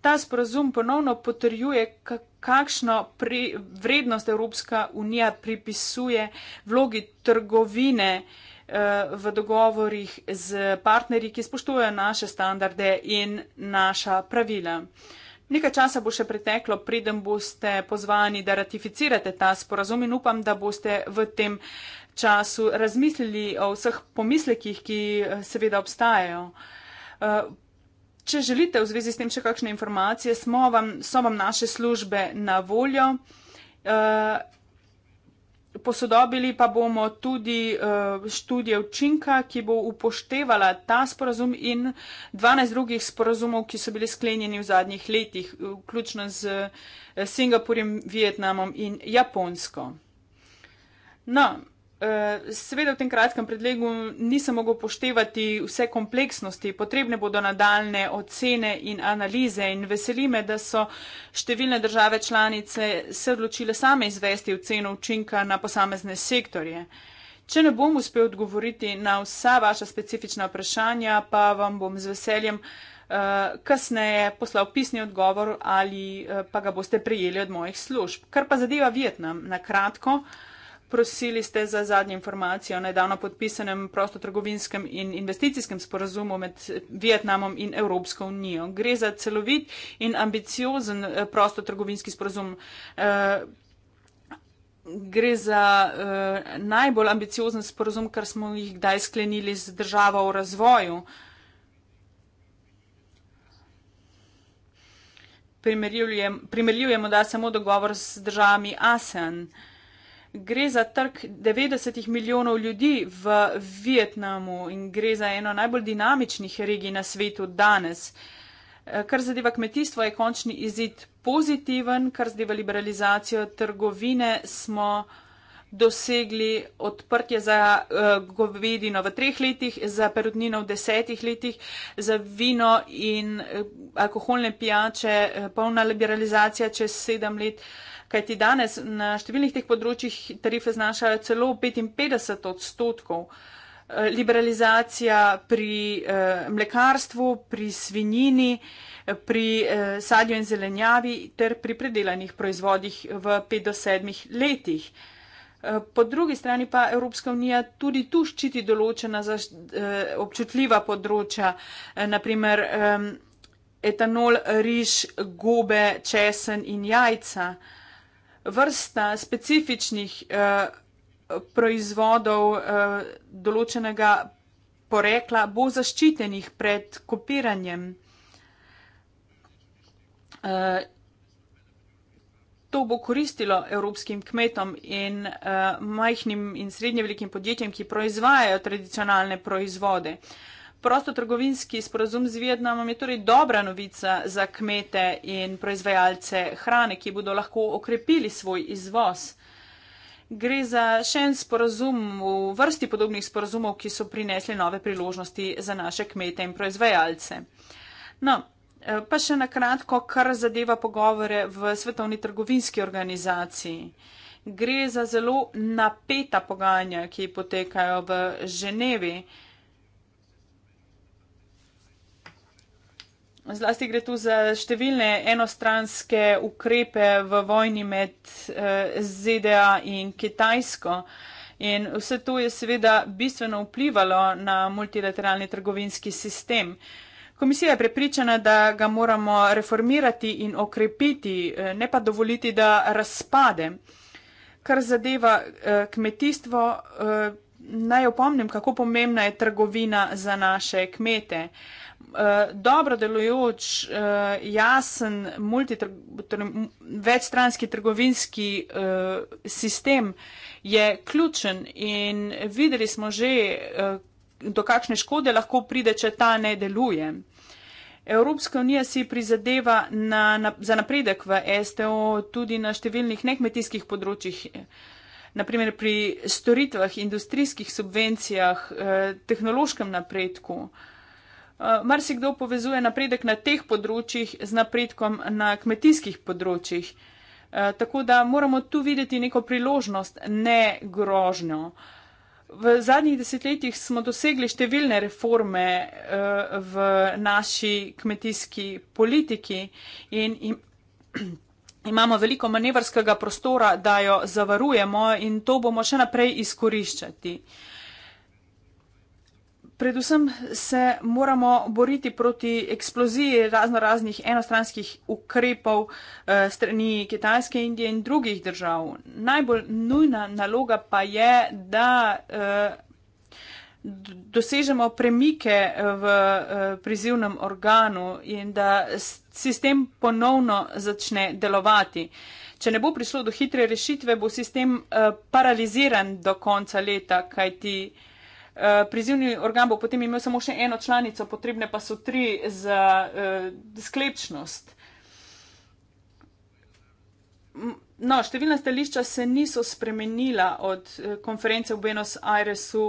Speaker 2: Ta sporozum ponovno potrjuje, kakšno pri, vrednost Evropska unija pripisuje vlogi trgovine v dogovorih z partnerji, ki spoštujejo naše standarde in naša pravila. Nekaj časa bo še preteklo, pridem boste pozvani, da ratificirate ta sporazum in upam, da boste v tem času razmislili o vseh pomislekih, ki eh, seveda obstajajo. Eh, če želite v zvezi s tem še kakšne informacije, smo vam, so vam naše službe na voljo. Eh, posodobili pa bomo tudi uh, študije učinka, ki bo upoštevala ta sporazum in 12 drugih sporazumov, ki so bili sklenjeni v zadnjih letih, vključno z uh, Singapurjem, Vietnamom in Japonsko. No, Eh, seveda v tem kratkem predlegu nisem mogel poštevati vse kompleksnosti, potrebne bodo nadaljne ocene in analize in veseli me, da so številne države članice se odločile same izvesti oceno učinka na posamezne sektorje. Če ne bom uspel odgovoriti na vsa vaša specifična vprašanja, pa vam bom z veseljem eh, kasneje poslal pisni odgovor ali eh, pa ga boste prijeli od mojih služb. Kar pa zadeva Vietnam, na kratko, uh, prosili ste za zadnje informacije o nedavno podpisanem prostotrgovinskem in investicijskem sporazumu med Vietnamom in Evropsko unijo. Gre za celovit in ambiciozen eh, prostotrgovinski sporazum. Eh, gre za eh, najbolj ambiciozen sporazum, kar smo jih kdaj sklenili z državo v razvoju. Primerjujemo, primerjujemo da samo dogovor s državami ASEAN. Gre za trg 90 milijonov ljudi v Vietnamu in gre za eno najbolj dinamičnih regij na svetu danes. Eh, kar zadeva kmetijstvo, je končni izid pozitiven, kar zadeva liberalizacijo trgovine, smo dosegli odprtje za uh, govedino v treh letih, za perutnino v desetih letih, za vino in uh, alkoholne pijače, uh, polna liberalizacija čez sedem let. Uh, kajti danes na številnih teh področjih tarife znašajo celo 55 odstotkov. Eh, liberalizacija pri eh, mlekarstvu, pri svinjini, eh, pri eh, sadju in zelenjavi ter pri predelanih proizvodih v 5 do 7 letih. Eh, po drugi strani pa Evropska unija tudi tu ščiti določena zaš, eh, občutljiva področja, eh, naprimer eh, etanol, riž, gobe, česen in jajca. Eh, vrsta specifičnih eh, proizvodov eh, določenega porekla bo zaščitenih pred kopiranjem. Eh, to bo koristilo evropskim kmetom in eh, majhnim in srednje velikim podjetjem, ki proizvajajo tradicionalne proizvode. Prostotrgovinski sporozum z Vietnamom je torej dobra novica za kmete in proizvajalce hrane, ki bodo lahko okrepili svoj izvoz. Gre za še en sporozum v vrsti podobnih sporozumov, ki so prinesli nove priložnosti za naše kmete in proizvajalce. No, eh, pa še na kratko, kar zadeva pogovore v svetovni trgovinski organizaciji. Gre za zelo napeta pogajanja, ki potekajo v Ženevi. Zlasti gre tu za številne enostranske ukrepe v vojni med eh, ZDA in Kitajsko. In vse to je seveda bistveno vplivalo na multilateralni trgovinski sistem. Komisija je prepričana, da ga moramo reformirati in okrepiti, eh, ne pa dovoliti, da razpade. Kar zadeva eh, kmetijstvo, eh, naj opomnim, kako pomembna je trgovina za naše kmete. Eh, Eh, dobro delujoč, eh, jasen, večstranski trgovinski eh, sistem je ključen in videli smo že, do kakšne škode lahko pride, če ta ne deluje. Evropska unija si prizadeva na, na, za napredek v STO tudi na številnih nekmetijskih področjih, naprimer pri storitvah, industrijskih subvencijah, tehnološkem napredku. Eh, Mar si kdo povezuje napredek na teh področjih z napredkom na kmetijskih področjih? Eh, tako da moramo tu videti neko priložnost, ne grožnjo. V zadnjih desetletjih smo dosegli številne reforme eh, v naši kmetijski politiki in imamo veliko manevrskega prostora, da jo zavarujemo in to bomo še naprej izkoriščati. Predvsem se moramo boriti proti eksploziji razno raznih enostranskih ukrepov eh, strani Kitajske, Indije in drugih držav. Najbolj nujna naloga pa je, da eh, dosežemo premike eh, v eh, prizivnem organu in da sistem ponovno začne delovati. Če ne bo prišlo do hitre rešitve, bo sistem eh, paraliziran do konca leta, kajti. Eh, prizivni organ bo potem imel samo še eno članico, potrebne pa so tri za uh, sklepčnost. No, številna stališča se niso spremenila od eh, konference v Buenos Airesu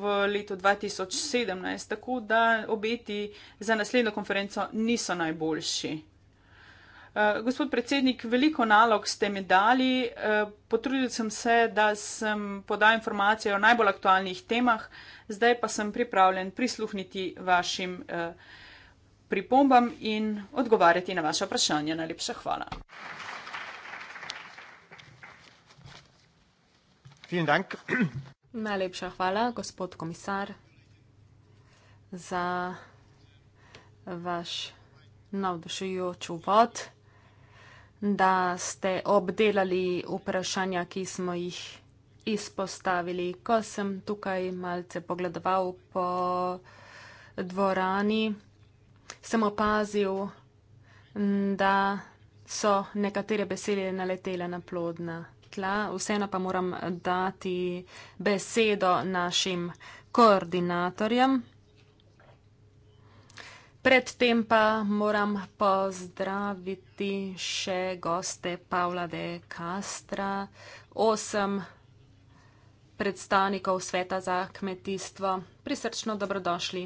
Speaker 2: v letu 2017, tako da obeti za naslednjo konferenco niso najboljši. Eh, gospod predsednik, veliko nalog ste mi dali. Eh, potrudil sem se, da sem podal informacije o najbolj aktualnih temah, zdaj pa sem pripravljen prisluhniti vašim eh, pripombam in odgovarjati na vaše
Speaker 3: vprašanje. Najlepša hvala. Najlepša hvala, gospod komisar, za vaš navdušujoč uvod da ste obdelali vprašanja, ki smo jih izpostavili. Ko sem tukaj malce pogledoval po dvorani, sem opazil, da so nekatere besede naletele na plodna tla. Vseeno pa moram dati besedo našim koordinatorjem. Predtem pa moram pozdraviti še goste Pavla de Castra, osem predstavnikov Sveta za kmetijstvo. Prisrčno dobrodošli.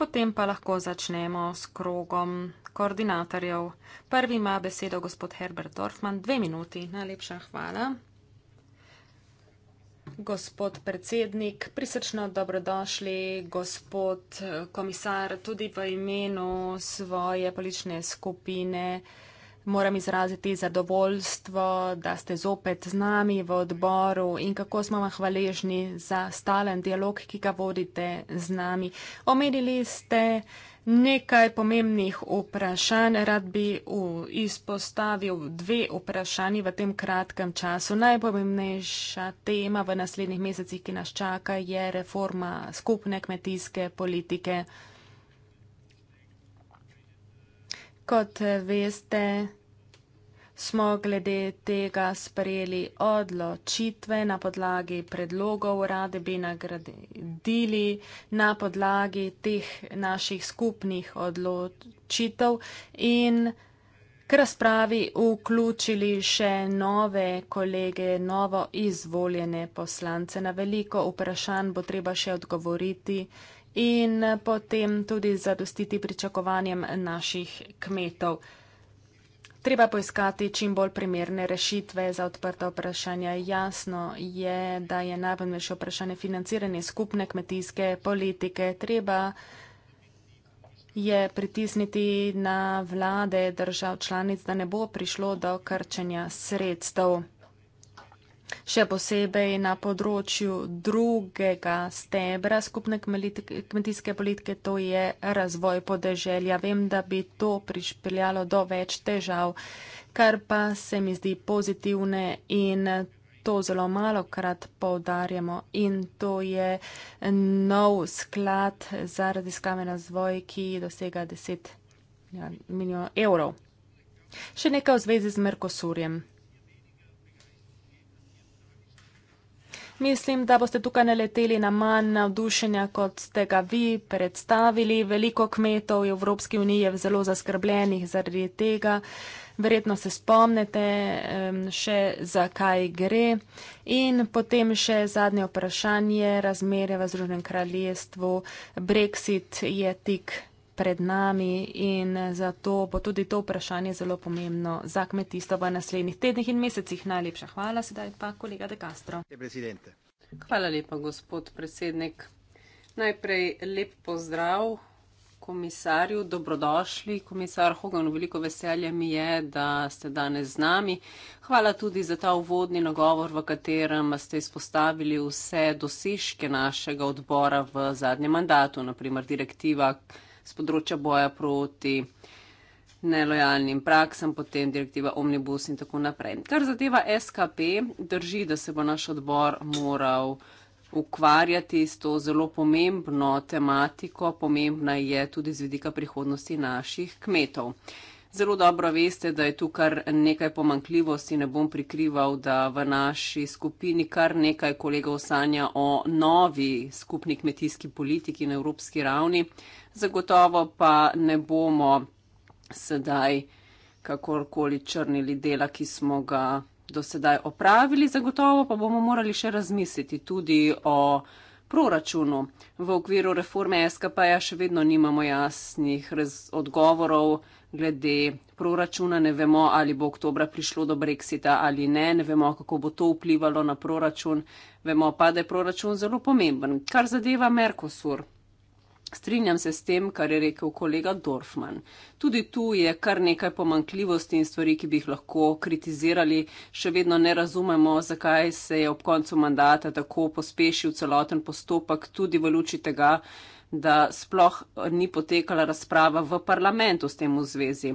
Speaker 3: Potem pa lahko začnemo s krogom koordinatorjev. Prvi ima besedo gospod Herbert Dorfman. Dve minuti. Najlepša hvala. Gospod predsednik, prisrčno dobrodošli, gospod eh, komisar, tudi v imenu svoje politične skupine moram izraziti zadovoljstvo, da ste zopet z nami v odboru in kako smo vam hvaležni za stalen dialog, ki ga vodite z nami. Omenili ste, Nekaj pomembnih vprašanj. Rad bi izpostavil dve vprašanji v tem kratkem času. Najpomembnejša tema v naslednjih mesecih, ki nas čaka, je reforma skupne kmetijske politike. Kot veste, smo glede tega sprejeli odločitve na podlagi predlogov, rade bi nagradili na podlagi teh naših skupnih odločitev in k razpravi vključili še nove kolege, novo izvoljene poslance. Na veliko vprašanj bo treba še odgovoriti in potem tudi zadostiti pričakovanjem naših kmetov treba poiskati čim bolj primerne rešitve za odprta vprašanja. Jasno je, da je najpomembnejše vprašanje financiranje skupne kmetijske politike. Treba je pritisniti na vlade držav članic, da ne bo prišlo do krčenja sredstev še posebej na področju drugega stebra skupne kmetijske politike, to je razvoj podeželja. Vem, da bi to prišpeljalo do več težav, kar pa se mi zdi pozitivne in to zelo malo krat povdarjamo in to je nov sklad za raziskave razvoj, ki dosega 10 milijonov evrov. Še nekaj v zvezi z Merkosurjem. Mislim, da boste tukaj naleteli na manj navdušenja, kot ste ga vi predstavili. Veliko kmetov v Evropski uniji je zelo zaskrbljenih zaradi tega. Verjetno se spomnite še, zakaj gre. In potem še zadnje vprašanje, razmere v Združenem kraljestvu. Brexit je tik pred nami in zato bo tudi to vprašanje zelo pomembno za kmetijstvo v naslednjih tednih in mesecih. Najlepša hvala, sedaj pa kolega De Castro.
Speaker 4: Hvala lepa, gospod predsednik. Najprej lep pozdrav komisarju, dobrodošli. Komisar Hogan, veliko veselje mi je, da ste danes z nami. Hvala tudi za ta uvodni nagovor, v katerem ste izpostavili vse dosežke našega odbora v zadnjem mandatu, naprimer direktiva z področja boja proti nelojalnim praksam, potem direktiva Omnibus in tako naprej. Kar zadeva SKP, drži, da se bo naš odbor moral ukvarjati s to zelo pomembno tematiko, pomembna je tudi z vidika prihodnosti naših kmetov. Zelo dobro veste, da je tu kar nekaj pomankljivosti, ne bom prikrival, da v naši skupini kar nekaj kolegov sanja o novi skupni kmetijski politiki na evropski ravni zagotovo pa ne bomo sedaj kakorkoli črnili dela, ki smo ga do sedaj opravili, zagotovo pa bomo morali še razmisliti tudi o proračunu. V okviru reforme SKP-ja še vedno nimamo jasnih odgovorov glede proračuna. Ne vemo, ali bo oktobra prišlo do breksita ali ne. Ne vemo, kako bo to vplivalo na proračun. Vemo pa, da je proračun zelo pomemben. Kar zadeva Merkosur. Strinjam se s tem, kar je rekel kolega Dorfman. Tudi tu je kar nekaj pomankljivosti in stvari, ki bi jih lahko kritizirali. Še vedno ne razumemo, zakaj se je ob koncu mandata tako pospešil celoten postopek, tudi v luči tega, da sploh ni potekala razprava v parlamentu s tem v zvezi.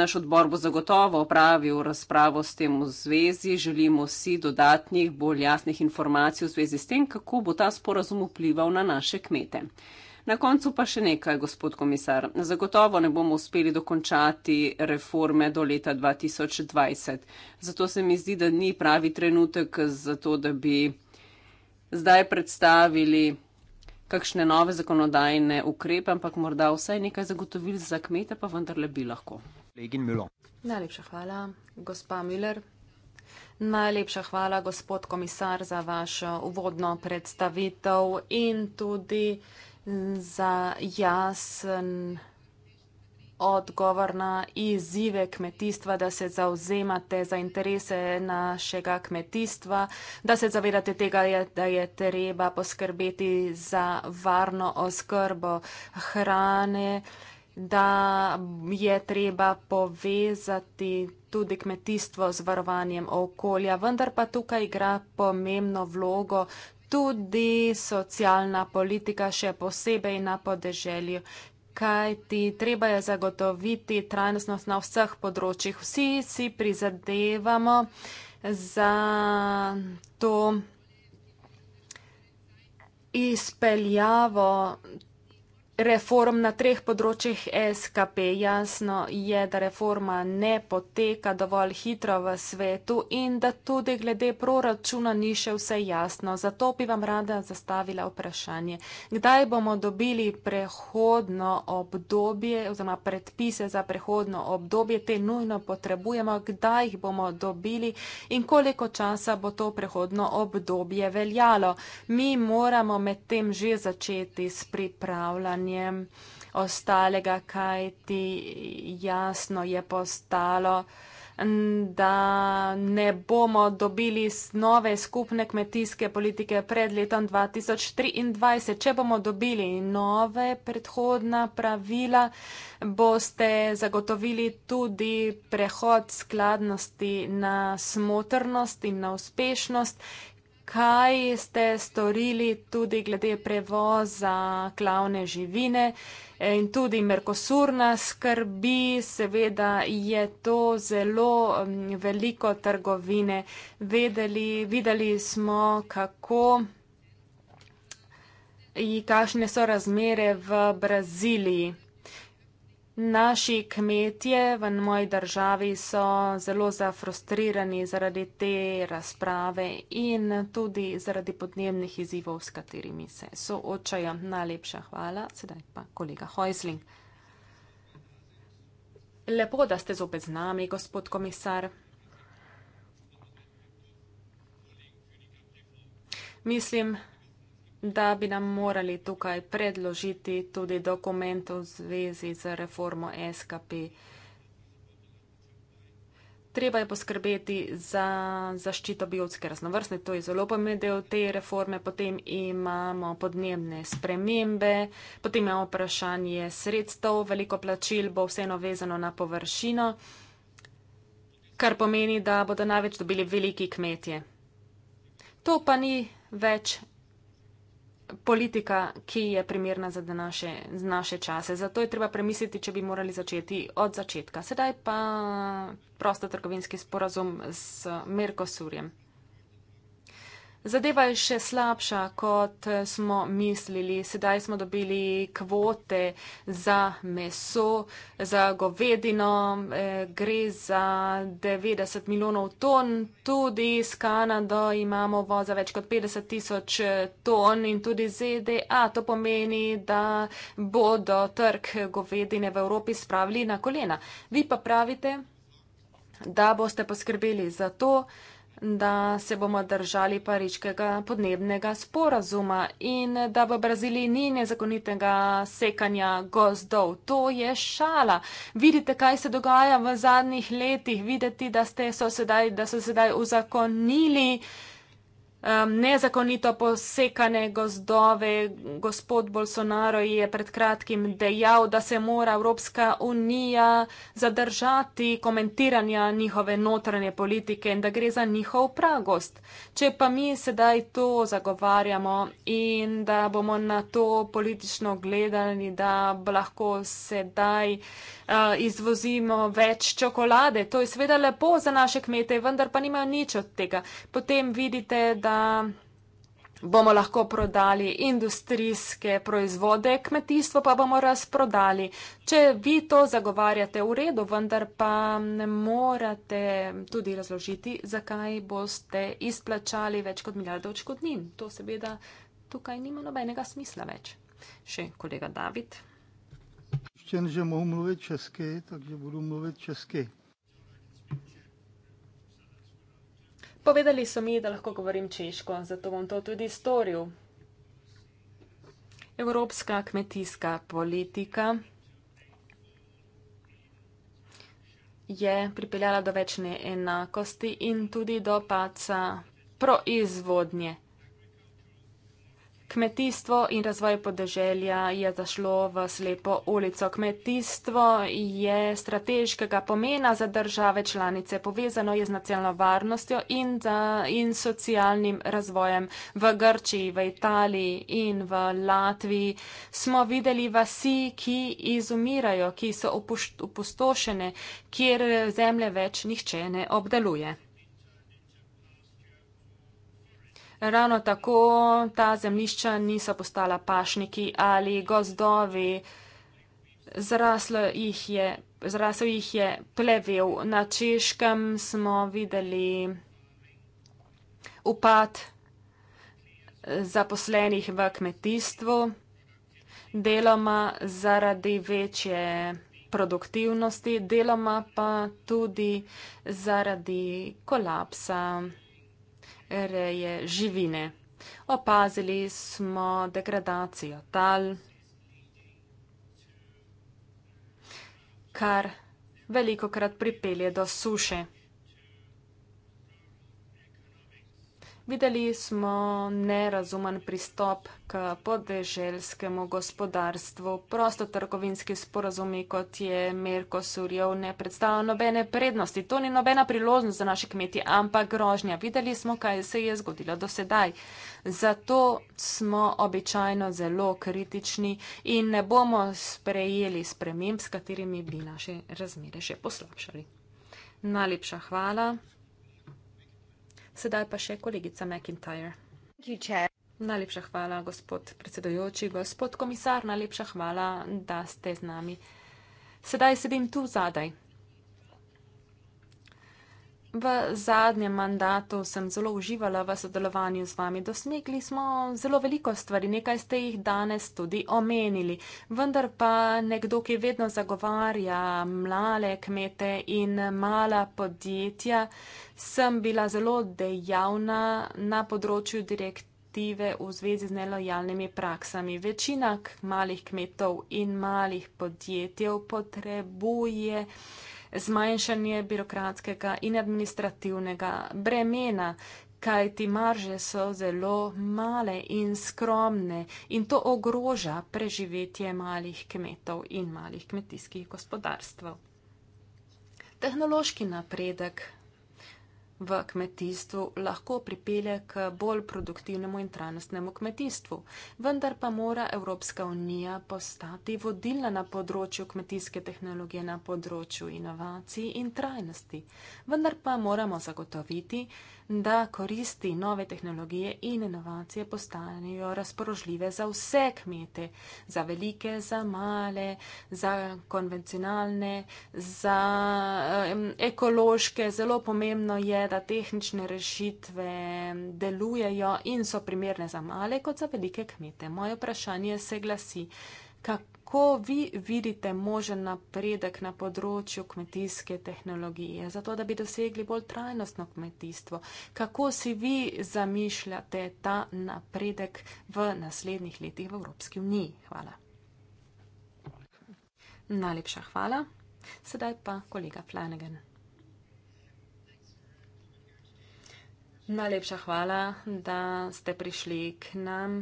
Speaker 4: Naš odbor bo zagotovo opravil razpravo s tem v zvezi. Želimo si dodatnih, bolj jasnih informacij v zvezi s tem, kako bo ta sporazum vplival na naše kmete. Na koncu pa še nekaj, gospod komisar. Zagotovo ne bomo uspeli dokončati reforme do leta 2020. Zato se mi zdi, da ni pravi trenutek za to, da bi zdaj predstavili kakšne nove zakonodajne ukrepe, ampak morda vsaj nekaj zagotovil za kmete, pa vendarle bi
Speaker 1: lahko. Najlepša
Speaker 3: hvala, gospa Müller. Najlepša hvala, gospod komisar, za vašo uvodno predstavitev in tudi za jasen odgovor na izzive kmetijstva, da se zauzemate za interese našega kmetijstva, da se zavedate tega, da je treba poskrbeti za varno oskrbo hrane, da je treba povezati tudi kmetijstvo z varovanjem okolja, vendar pa tukaj igra pomembno vlogo tudi socialna politika, še posebej na podeželju kaj ti treba je zagotoviti trajnostnost na vseh področjih. Vsi si prizadevamo za to izpeljavo Reform na treh področjih SKP jasno je, da reforma ne poteka dovolj hitro v svetu in da tudi glede proračuna ni še vse jasno. Zato bi vam rada zastavila vprašanje, kdaj bomo dobili prehodno obdobje oziroma predpise za prehodno obdobje, te nujno potrebujemo, kdaj jih bomo dobili in koliko časa bo to prehodno obdobje veljalo. Mi moramo med tem že začeti s pripravljanjem pričakovanjem ostalega, kaj ti jasno je postalo, da ne bomo dobili nove skupne kmetijske politike pred letom 2023. Če bomo dobili nove predhodna pravila, boste zagotovili tudi prehod skladnosti na smotrnost in na uspešnost kaj ste storili tudi glede prevoza glavne živine in tudi Merkosurna skrbi, seveda je to zelo veliko trgovine. Vedeli, videli smo, kako in kakšne so razmere v Braziliji. Naši kmetje v moji državi so zelo zafrustrirani zaradi te razprave in tudi zaradi podnebnih izzivov, s katerimi se soočajo. Najlepša hvala. Sedaj pa kolega Hojsling. Lepo, da ste zopet z nami, gospod komisar. Mislim, da bi nam morali tukaj predložiti tudi dokument v zvezi z reformo SKP. Treba je poskrbeti za zaščito biotske raznovrstne, to je zelo pomemben del te reforme. Potem imamo podnebne spremembe, potem imamo vprašanje sredstev, veliko plačil bo vseeno vezano na površino, kar pomeni, da bodo največ dobili veliki kmetje. To pa ni več politika, ki je primerna za naše, naše čase. Zato je treba premisliti, če bi morali začeti od začetka. Sedaj pa prostotrgovinski sporazum s Merkosurjem. Zadeva je še slabša, kot smo mislili. Sedaj smo dobili kvote za meso, za govedino, eh, gre za 90 milijonov ton, tudi s Kanado imamo voza več kot 50 tisoč eh, ton in tudi ZDA. To pomeni, da bodo trg govedine v Evropi spravili na kolena. Vi pa pravite, da boste poskrbeli za to, da se bomo držali pariškega podnebnega sporazuma in da v Braziliji ni nezakonitega sekanja gozdov. To je šala. Vidite, kaj se dogaja v zadnjih letih, videti, da, so sedaj, da so sedaj uzakonili uh, um, nezakonito posekane gozdove. Gospod Bolsonaro je pred kratkim dejal, da se mora Evropska unija zadržati komentiranja njihove notranje politike in da gre za njihov pragost. Če pa mi sedaj to zagovarjamo in da bomo na to politično gledali, da lahko sedaj izvozimo več čokolade. To je seveda lepo za naše kmete, vendar pa nimajo nič od tega. Potem vidite, da bomo lahko prodali industrijske proizvode, kmetijstvo pa bomo razprodali. Če vi to zagovarjate v redu, vendar pa ne morate tudi razložiti, zakaj boste izplačali več kot milijardo očkodnin. To seveda tukaj nima nobenega smisla več. Še kolega David
Speaker 1: zjištěn, že mohu mluvit česky, takže budu mluvit česky.
Speaker 3: Povedali so mi, da lahko govorim češko, zato bom to tudi storil. Evropska kmetijska politika je pripeljala do večne enakosti in tudi do paca proizvodnje Kmetijstvo in razvoj podeželja je zašlo v slepo ulico. Kmetijstvo je strateškega pomena za države članice. Povezano je z nacionalno varnostjo in, za, in socialnim razvojem. V Grčiji, v Italiji in v Latviji smo videli vasi, ki izumirajo, ki so opustošene, kjer zemlje več nihče ne obdeluje. Ravno tako ta zemlišča niso postala pašniki ali gozdovi, jih je, zrasel jih je plevel. Na češkem smo videli upad zaposlenih v kmetijstvu, deloma zaradi večje produktivnosti, deloma pa tudi zaradi kolapsa reje živine. Opazili smo degradacijo tal, kar velikokrat pripelje do suše. videli smo nerazumen pristop k podeželskemu gospodarstvu. Prostotrgovinski sporazumi, kot je Merkosurjev, ne predstavlja nobene prednosti. To ni nobena priložnost za naše kmeti, ampak grožnja. Videli smo, kaj se je zgodilo do sedaj. Zato smo običajno zelo kritični in ne bomo sprejeli sprememb, s katerimi bi naše razmere še poslabšali. Najlepša hvala. Sedaj pa še kolegica McIntyre. Najlepša hvala, gospod predsedojoči, gospod komisar, najlepša hvala, da ste z nami. Sedaj sedim tu zadaj, V zadnjem mandatu sem zelo uživala v sodelovanju z vami. Dosegli smo zelo veliko stvari, nekaj ste jih danes tudi omenili. Vendar pa nekdo, ki vedno zagovarja mlade kmete in mala podjetja, sem bila zelo dejavna na področju direktive v zvezi z nelojalnimi praksami. Večina malih kmetov in malih podjetjev potrebuje zmanjšanje birokratskega in administrativnega bremena, kaj ti marže so zelo male in skromne in to ogroža preživetje malih kmetov in malih kmetijskih gospodarstv. Tehnološki napredek v kmetijstvu lahko pripelje k bolj produktivnemu in trajnostnemu kmetijstvu. Vendar pa mora Evropska unija postati vodilna na področju kmetijske tehnologije, na področju inovacij in trajnosti. Vendar pa moramo zagotoviti, da koristi nove tehnologije in inovacije postanejo razporožljive za vse kmete, za velike, za male, za konvencionalne, za ekološke. Zelo pomembno je, da tehnične rešitve delujejo in so primerne za male kot za velike kmete. Moje vprašanje se glasi, kako kako vi vidite možen napredek na področju kmetijske tehnologije, zato da bi dosegli bolj trajnostno kmetijstvo? Kako si vi zamišljate ta napredek v naslednjih letih v Evropski uniji? Hvala. Najlepša hvala. Sedaj pa kolega Flanagan. Najlepša hvala, da ste prišli k nam.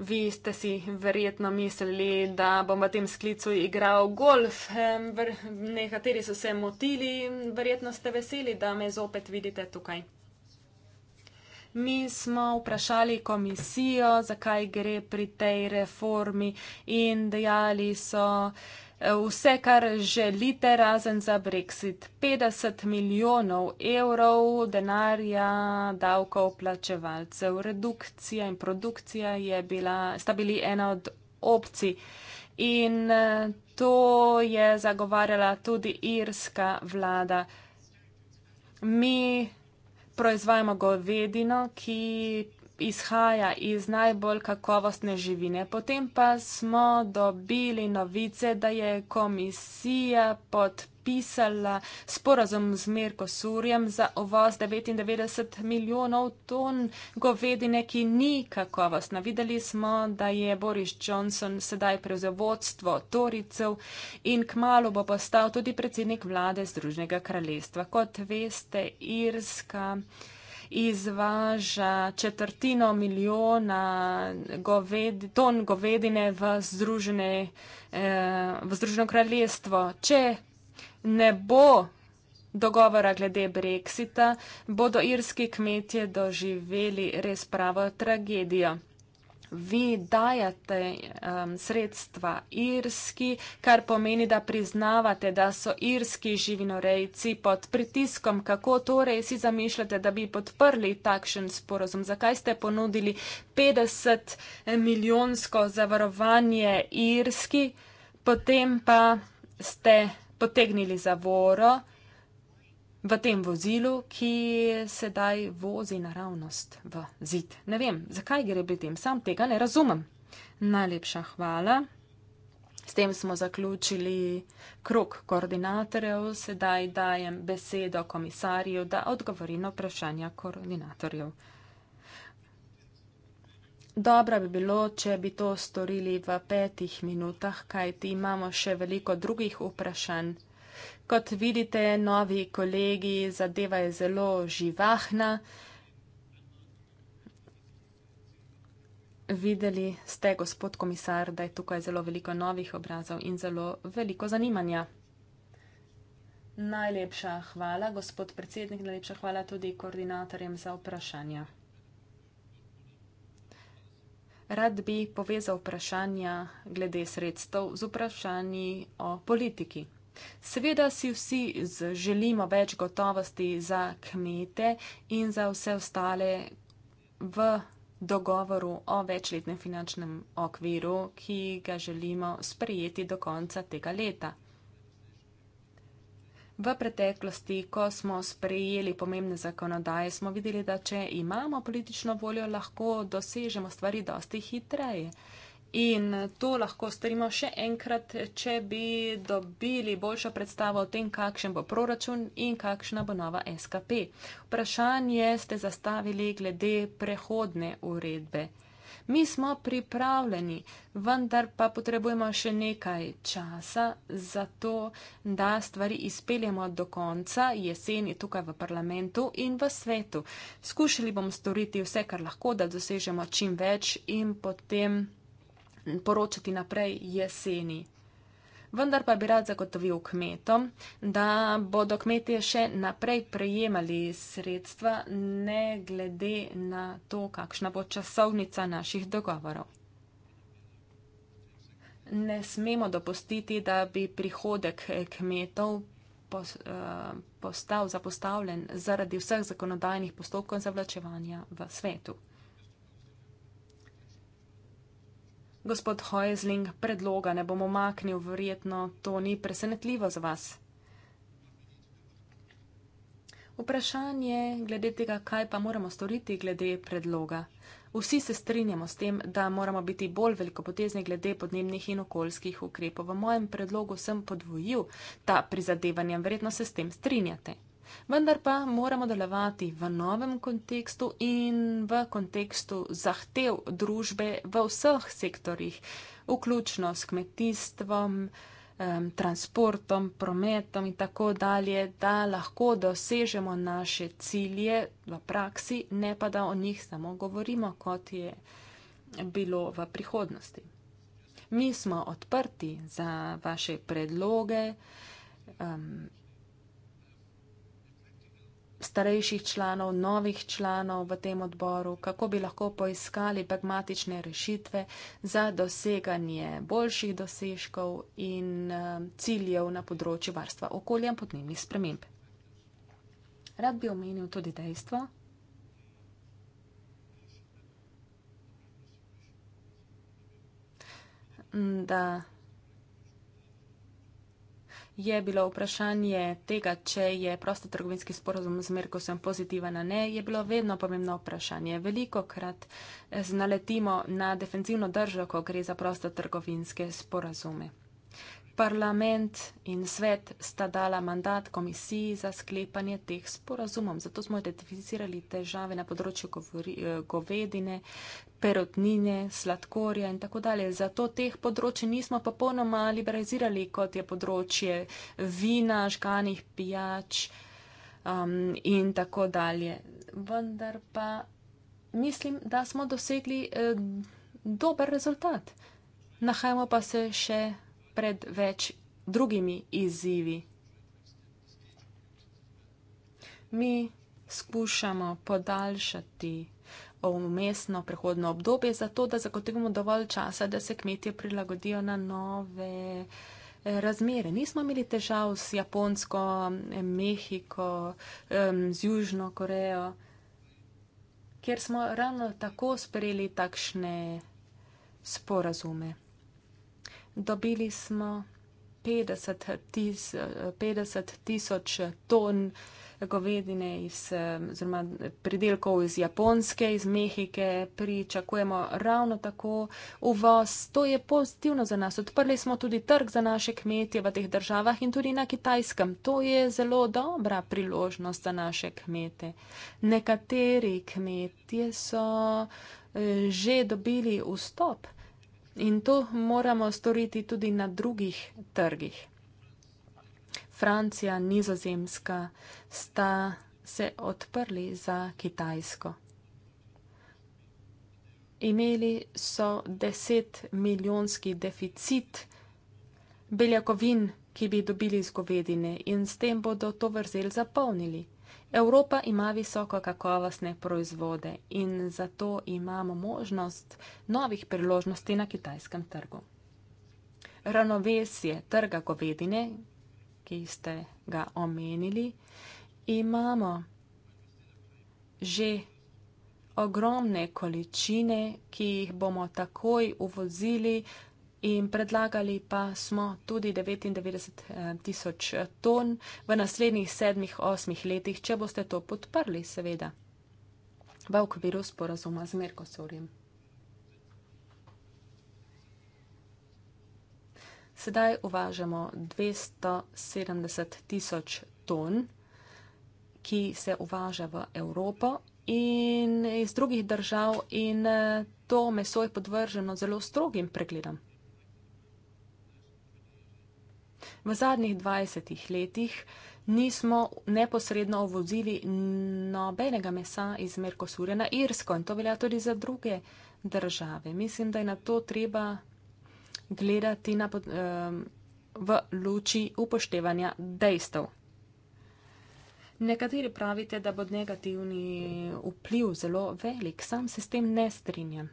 Speaker 3: Vi ste si verjetno mislili, da bom v tem sklicu igral golf. Nekateri so se motili, verjetno ste veseli, da me zopet vidite tukaj. Mi smo vprašali komisijo, zakaj gre pri tej reformi in dejali so, da vse, kar želite, razen za Brexit. 50 milijonov evrov denarja davkov plačevalcev. Redukcija in produkcija je bila, sta bili ena od opcij. In to je zagovarjala tudi irska vlada. Mi proizvajamo govedino, ki izhaja iz najbolj kakovostne živine. Potem pa smo dobili novice, da je komisija podpisala sporazum z Mirkosurjem za ovoz 99 milijonov ton govedine, ki ni kakovostna. Videli smo, da je Boris Johnson sedaj prevzel vodstvo Toricev in kmalo bo postal tudi predsednik vlade Združnega kraljestva. Kot veste, Irska izvaža četrtino milijona goved, ton govedine v, združene, eh, v Združeno kraljestvo. Če ne bo dogovora glede Brexita, bodo irski kmetje doživeli res pravo tragedijo vi dajate um, sredstva irski, kar pomeni, da priznavate, da so irski živinorejci pod pritiskom. Kako torej si zamišljate, da bi podprli takšen sporozum? Zakaj ste ponudili 50 milijonsko zavarovanje irski, potem pa ste potegnili zavoro v tem vozilu, ki sedaj vozi naravnost v zid. Ne vem, zakaj gre pri tem, sam tega ne razumem. Najlepša hvala. S tem smo zaključili krok koordinatorjev, sedaj dajem besedo komisarju, da odgovori na vprašanja koordinatorjev. Dobro bi bilo, če bi to storili v petih minutah, kajti imamo še veliko drugih vprašanj. Kot vidite, novi kolegi, zadeva je zelo živahna. Videli ste, gospod komisar, da je tukaj zelo veliko novih obrazov in zelo veliko zanimanja. Najlepša hvala, gospod predsednik, najlepša hvala tudi koordinatorjem za vprašanja. Rad bi povezal vprašanja glede sredstev z vprašanji o politiki. Seveda si vsi želimo več gotovosti za kmete in za vse ostale v dogovoru o večletnem finančnem okviru, ki ga želimo sprejeti do konca tega leta. V preteklosti, ko smo sprejeli pomembne zakonodaje, smo videli, da če imamo politično voljo, lahko dosežemo stvari dosti hitreje. In to lahko storimo še enkrat, če bi dobili boljšo predstavo o tem, kakšen bo proračun in kakšna bo nova SKP. Vprašanje ste zastavili glede prehodne uredbe. Mi smo pripravljeni, vendar pa potrebujemo še nekaj časa za to, da stvari izpeljemo do konca jeseni tukaj v parlamentu in v svetu. Skušali bomo storiti vse, kar lahko, da dosežemo čim več in potem poročati naprej jeseni. Vendar pa bi rad zagotovil kmetom, da bodo kmetje še naprej prejemali sredstva, ne glede na to, kakšna bo časovnica naših dogovorov. Ne smemo dopustiti, da bi prihodek eh, kmetov eh, postal zapostavljen zaradi vseh zakonodajnih postopkov zavlačevanja v svetu. Gospod Hoezling, predloga ne bom omaknil, verjetno to ni presenetljivo za vas. Vprašanje glede tega, kaj pa moramo storiti glede predloga. Vsi se strinjamo s tem, da moramo biti bolj velikopotezni glede podnebnih in okoljskih ukrepov. V mojem predlogu sem podvojil ta prizadevanja, verjetno se s tem strinjate vendar pa moramo delovati v novem kontekstu in v kontekstu zahtev družbe v vseh sektorjih, vključno s kmetijstvom, transportom, prometom in tako dalje, da lahko dosežemo naše cilje v praksi, ne pa da o njih samo govorimo, kot je bilo v prihodnosti. Mi smo odprti za vaše predloge starejših članov, novih članov v tem odboru, kako bi lahko poiskali pragmatične rešitve za doseganje boljših dosežkov in eh, ciljev na področju varstva okolja in podnebnih sprememb. Rad bi omenil tudi dejstvo, da je bilo vprašanje tega, če je prostotrgovinski sporozum z Merkosom pozitiven ali ne, je bilo vedno pomembno vprašanje. Veliko krat eh, naletimo na defensivno držo, ko gre za prostotrgovinske sporozume parlament in svet sta dala mandat komisiji za sklepanje teh sporazumov. Zato smo identificirali težave na področju eh, govedine, perotnine, sladkorja in tako dalje. Zato teh področji nismo popolnoma liberalizirali, kot je področje vina, žganih pijač um, in tako dalje. Vendar pa mislim, da smo dosegli eh, dober rezultat. Nahajamo pa se še pred več drugimi izzivi. Mi skušamo podaljšati umestno prehodno obdobje, zato da zagotovimo dovolj časa, da se kmetje prilagodijo na nove eh, razmere. Nismo imeli težav s Japonsko, eh, Mehiko, z Južno Korejo, ker smo ravno tako sprejeli takšne sporazume dobili smo 50 tisoč, 50 tisoč ton govedine iz, oziroma pridelkov iz Japonske, iz Mehike, pričakujemo ravno tako uvoz. To je pozitivno za nas. Odprli smo tudi trg za naše kmetje v teh državah in tudi na kitajskem. To je zelo dobra priložnost za naše kmete. Nekateri kmetje so eh, že dobili vstop In to moramo storiti tudi na drugih trgih. Francija, Nizozemska sta se odprli za Kitajsko. Imeli so deset milijonski deficit beljakovin, ki bi dobili iz govedine in s tem bodo to vrzel zapolnili. Evropa ima visoko kakovostne proizvode in zato imamo možnost novih priložnosti na kitajskem trgu. Ravnovesje trga govedine, ki ste ga omenili, imamo že ogromne količine, ki jih bomo takoj uvozili in predlagali pa smo tudi 99 eh, tisoč eh, ton v naslednjih sedmih, osmih letih, če boste to podprli, seveda, v okviru sporazuma z Merkosurjem. Sedaj uvažamo 270 tisoč ton, ki se uvaža v Evropo in iz drugih držav in eh, to meso je podvrženo zelo strogim pregledom. v zadnjih 20 letih nismo neposredno uvozili nobenega mesa iz Merkosure na Irsko in to velja tudi za druge države. Mislim, da je na to treba gledati na, v luči upoštevanja dejstev. Nekateri pravite, da bo negativni vpliv zelo velik, sam se s tem ne strinjam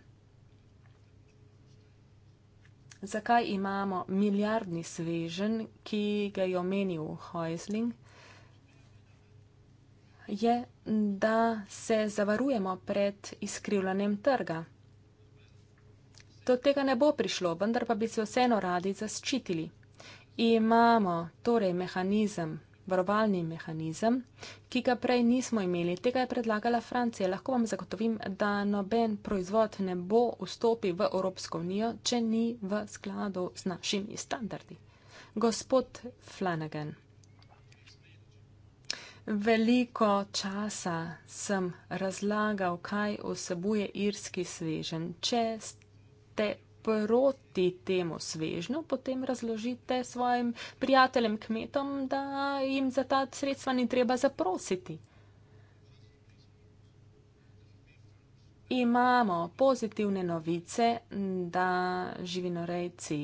Speaker 3: zakaj imamo milijardni svežen, ki ga je omenil Heusling, je, da se zavarujemo pred izkrivljanjem trga. Do tega ne bo prišlo, vendar pa bi se vseeno radi zaščitili. Imamo torej mehanizem varovalni mehanizem, ki ga prej nismo imeli. Tega je predlagala Francija. Lahko vam zagotovim, da noben proizvod ne bo vstopil v Evropsko unijo, če ni v skladu z našimi standardi. Gospod Flanagan. Veliko časa sem razlagal, kaj vsebuje irski svežen. Če ste proti temu svežnju, potem razložite svojim prijateljem kmetom, da jim za ta sredstva ni treba zaprositi. Imamo pozitivne novice, da živinorejci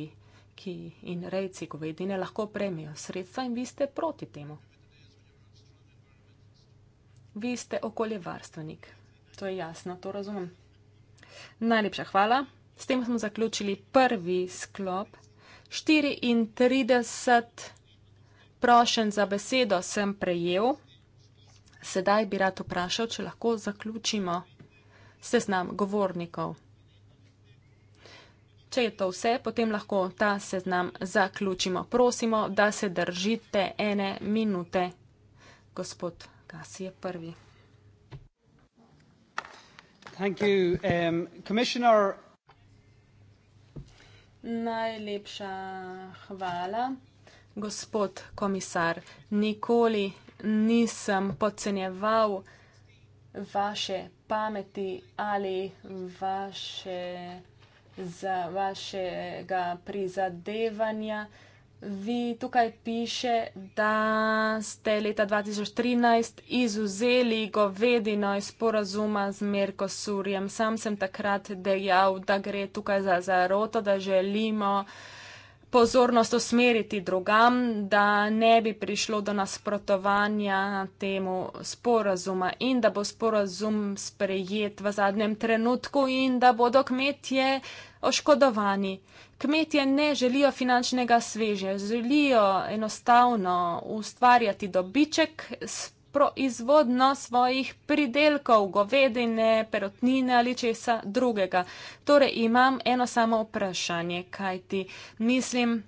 Speaker 3: ki in rejci govedine lahko premijo sredstva in vi ste proti temu. Vi ste okoljevarstvenik. To je jasno, to razumem. Najlepša hvala. S tem smo zaključili prvi sklop. 34 prošen za besedo sem prejel. Sedaj bi rad vprašal, če lahko zaključimo seznam govornikov. Če je to vse, potem lahko ta seznam zaključimo. Prosimo, da se držite ene minute. Gospod Gas je prvi.
Speaker 2: Thank you, um, Commissioner.
Speaker 3: Najlepša hvala. Gospod komisar, nikoli nisem podcenjeval vaše pameti ali vaše, za vašega prizadevanja. Vi tukaj piše, da ste leta 2013 izuzeli govedino iz porazuma z Merkosurjem. Sam sem takrat dejal, da gre tukaj za zaroto, da želimo pozornost usmeriti drugam, da ne bi prišlo do nasprotovanja temu sporazuma in da bo sporazum sprejet v zadnjem trenutku in da bodo kmetje oškodovani kmetje ne želijo finančnega sveže, želijo enostavno ustvarjati dobiček s proizvodno svojih pridelkov, govedine, perotnine ali česa drugega. Torej imam eno samo vprašanje, kaj ti mislim,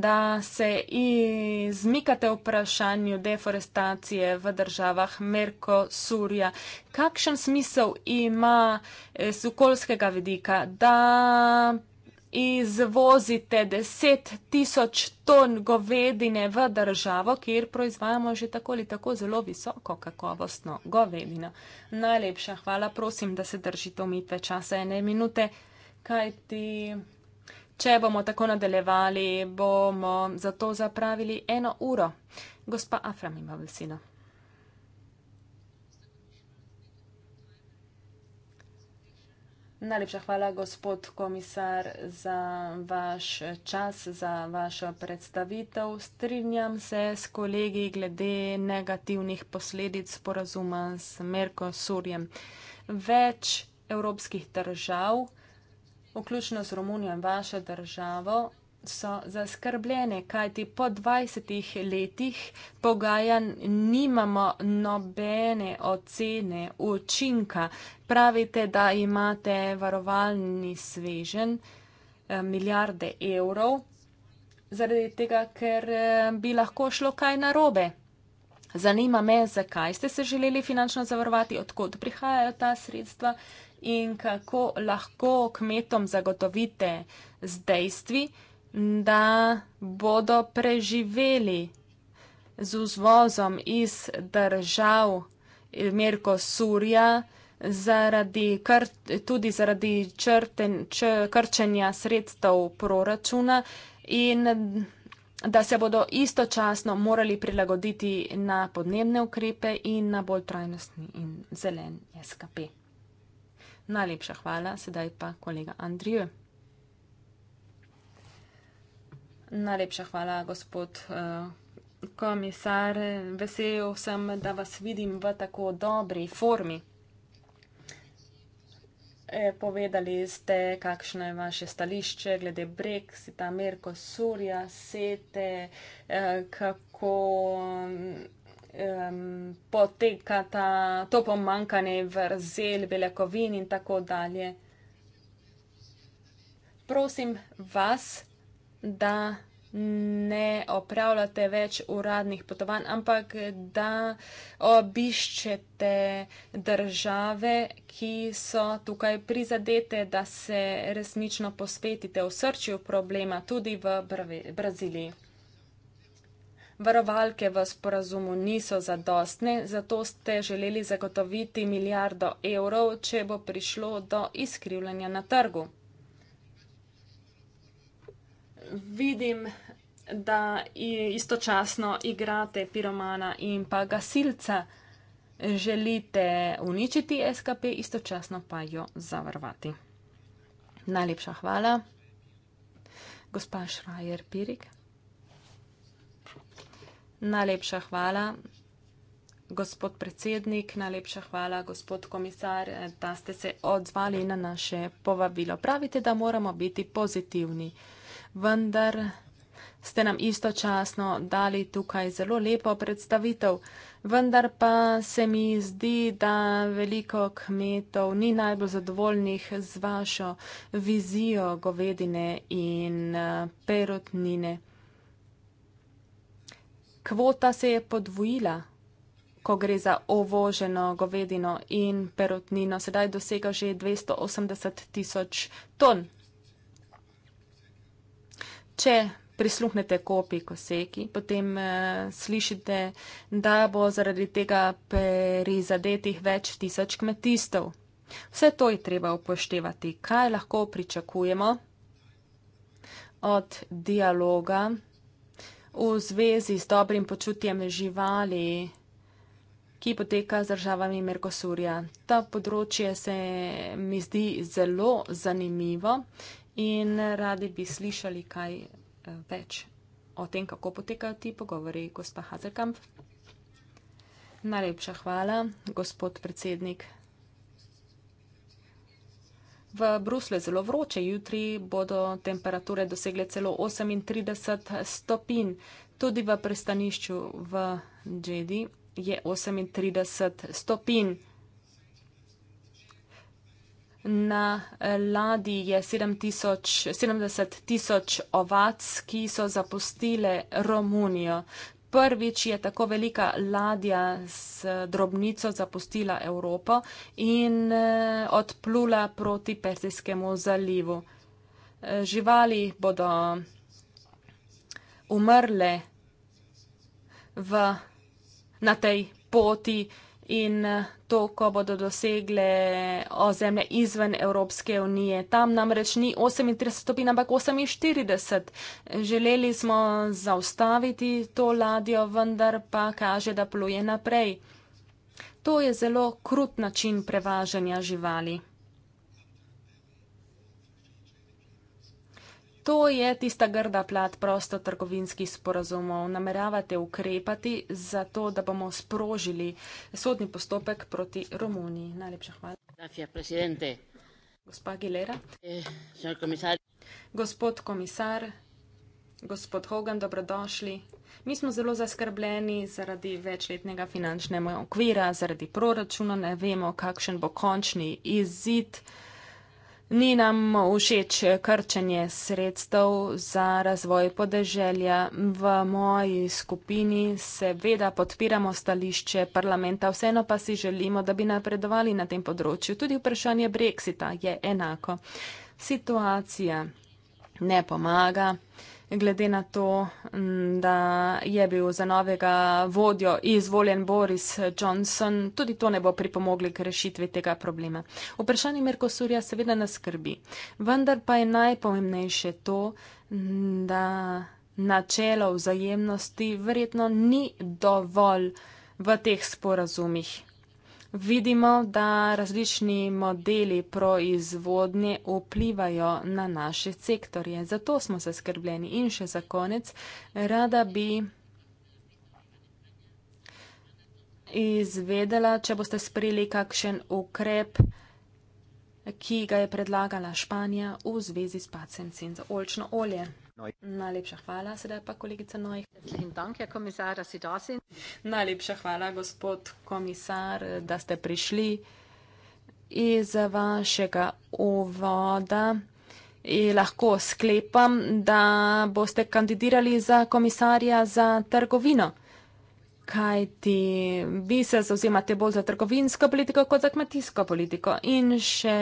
Speaker 3: da se izmikate vprašanju deforestacije v državah Merkosurja. Kakšen smisel ima eh, z okoljskega vidika, da izvozite 10 tisoč ton govedine v državo, kjer proizvajamo že tako ali tako zelo visoko kakovostno govedino. Najlepša hvala, prosim, da se držite omitve časa ene minute, kajti Če bomo tako nadaljevali, bomo za to zapravili eno uro. Gospa Afram ima besedo. Najlepša hvala, gospod komisar, za vaš čas, za vašo predstavitev. Strinjam se s kolegi glede negativnih posledic porazuma s Merkosurjem. Več evropskih držav vključno z Romunijo in vašo državo, so zaskrbljene, kajti po 20 letih pogajanj nimamo nobene ocene učinka. Pravite, da imate varovalni svežen eh, milijarde evrov, zaradi tega, ker eh, bi lahko šlo kaj narobe. Zanima me, zakaj ste se želeli finančno zavarovati, odkot prihajajo ta sredstva in kako lahko kmetom zagotovite z dejstvi, da bodo preživeli z uvozom iz držav Mirkosurja, zaradi kr, tudi zaradi črten, čr, krčenja sredstev proračuna in da se bodo istočasno morali prilagoditi na podnebne ukrepe in na bolj trajnostni in zelen SKP. Najlepša hvala, sedaj pa kolega Andrije. Najlepša hvala, gospod eh, komisar. Vesel sem, da vas vidim v tako dobri formi. E, povedali ste, kakšno je vaše stališče glede Brexita, Merkosurja, Sete, eh, kako um, potekata to pomankanje vrzel, beljakovin in tako dalje. Prosim vas, da ne opravljate več uradnih potovanj, ampak da obiščete države, ki so tukaj prizadete, da se resnično posvetite v srčju problema tudi v Braziliji. Varovalke v sporazumu niso zadostne, zato ste želeli zagotoviti milijardo evrov, če bo prišlo do izkrivljanja na trgu. Vidim, da istočasno igrate piromana in pa gasilca. Želite uničiti SKP, istočasno pa jo zavarovati. Najlepša hvala. Gospa Šrajer Pirik. Najlepša hvala, gospod predsednik, najlepša hvala, gospod komisar, da ste se odzvali na naše povabilo. Pravite, da moramo biti pozitivni, vendar ste nam istočasno dali tukaj zelo lepo predstavitev, vendar pa se mi zdi, da veliko kmetov ni najbolj zadovoljnih z vašo vizijo govedine in eh, perotnine kvota se je podvojila, ko gre za ovoženo govedino in perutnino, sedaj dosega že 280 tisoč ton. Če prisluhnete kopi koseki, potem eh, slišite, da bo zaradi tega prizadetih več tisoč kmetistov. Vse to je treba upoštevati. Kaj lahko pričakujemo od dialoga v zvezi z dobrim počutjem živali, ki poteka z državami Merkosurja. Ta področje se mi zdi zelo zanimivo in radi bi slišali kaj eh, več o tem, kako potekajo ti pogovori, gospa Hazelkamp. Najlepša hvala, gospod predsednik. V Bruslu je zelo vroče, jutri bodo temperature dosegle celo 38 stopinj. Tudi v pristanišču v Džedi je 38 stopinj. Na ladi je 70 tisoč ovac, ki so zapustile Romunijo prvič je tako velika ladja s drobnico zapustila Evropo in eh, odplula proti Persijskemu zalivu. Eh, živali bodo umrle v, na tej poti in eh, to, ko bodo dosegle ozemlje izven Evropske unije. Tam namreč ni 38 stopin, ampak 48. Želeli smo zaustaviti to ladjo, vendar pa kaže, da pluje naprej. To je zelo krut način prevažanja živali. To je tista grda plat prostotrgovinskih sporazumov. Nameravate ukrepati za to, da bomo sprožili sodni postopek proti Romuniji. Najlepša hvala. Gracias, Gospa Gilera. Eh, komisar. Gospod komisar. Gospod Hogan, dobrodošli. Mi smo zelo zaskrbljeni zaradi večletnega finančnega okvira, zaradi proračuna. Ne vemo, kakšen bo končni izid. Iz Ni nam všeč krčanje sredstev za razvoj podeželja. V moji skupini seveda podpiramo stališče parlamenta, vseeno pa si želimo, da bi napredovali na tem področju. Tudi vprašanje Brexita je enako. Situacija ne pomaga glede na to, da je bil za novega vodjo izvoljen Boris Johnson, tudi to ne bo pripomogli k rešitvi tega problema. Vprašanje Merkosurja seveda nas skrbi, vendar pa je najpomembnejše to, da načelo vzajemnosti verjetno ni dovolj v teh sporazumih, vidimo, da različni modeli proizvodnje vplivajo na naše sektorje. Zato smo se skrbljeni. In še za konec, rada bi izvedela, če boste sprejeli kakšen ukrep, ki ga je predlagala Španija v zvezi s pacem cen za olčno olje. Nojh. Najlepša hvala, sedaj pa kolegica Nojh. In dank je komisar, da si dosin. Najlepša hvala, gospod komisar, da ste prišli iz vašega uvoda. In eh, lahko sklepam, da boste kandidirali za komisarja za trgovino. Kaj ti bi se zauzemate bolj za trgovinsko politiko kot za kmetijsko politiko? In še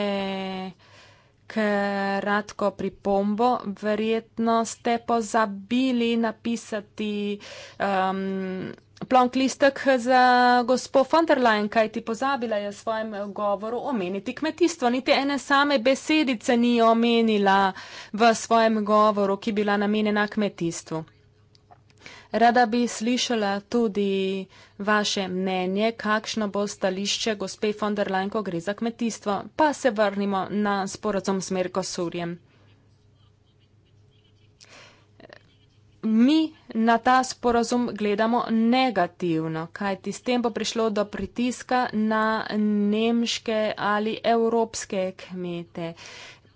Speaker 3: kratko pripombo. Verjetno ste pozabili napisati um, plonk listek za gospo von der Leyen, kaj ti pozabila je v svojem govoru omeniti kmetijstvo. Niti ene same besedice ni omenila v svojem govoru, ki bila namenjena kmetijstvu. Rada bi slišala tudi vaše mnenje, kakšno bo stališče gospe von der Leyen, ko gre za kmetijstvo. Pa se vrnimo na sporozum s Merkosurjem. Mi na ta sporozum gledamo negativno, kajti s tem bo prišlo do pritiska na nemške ali evropske kmete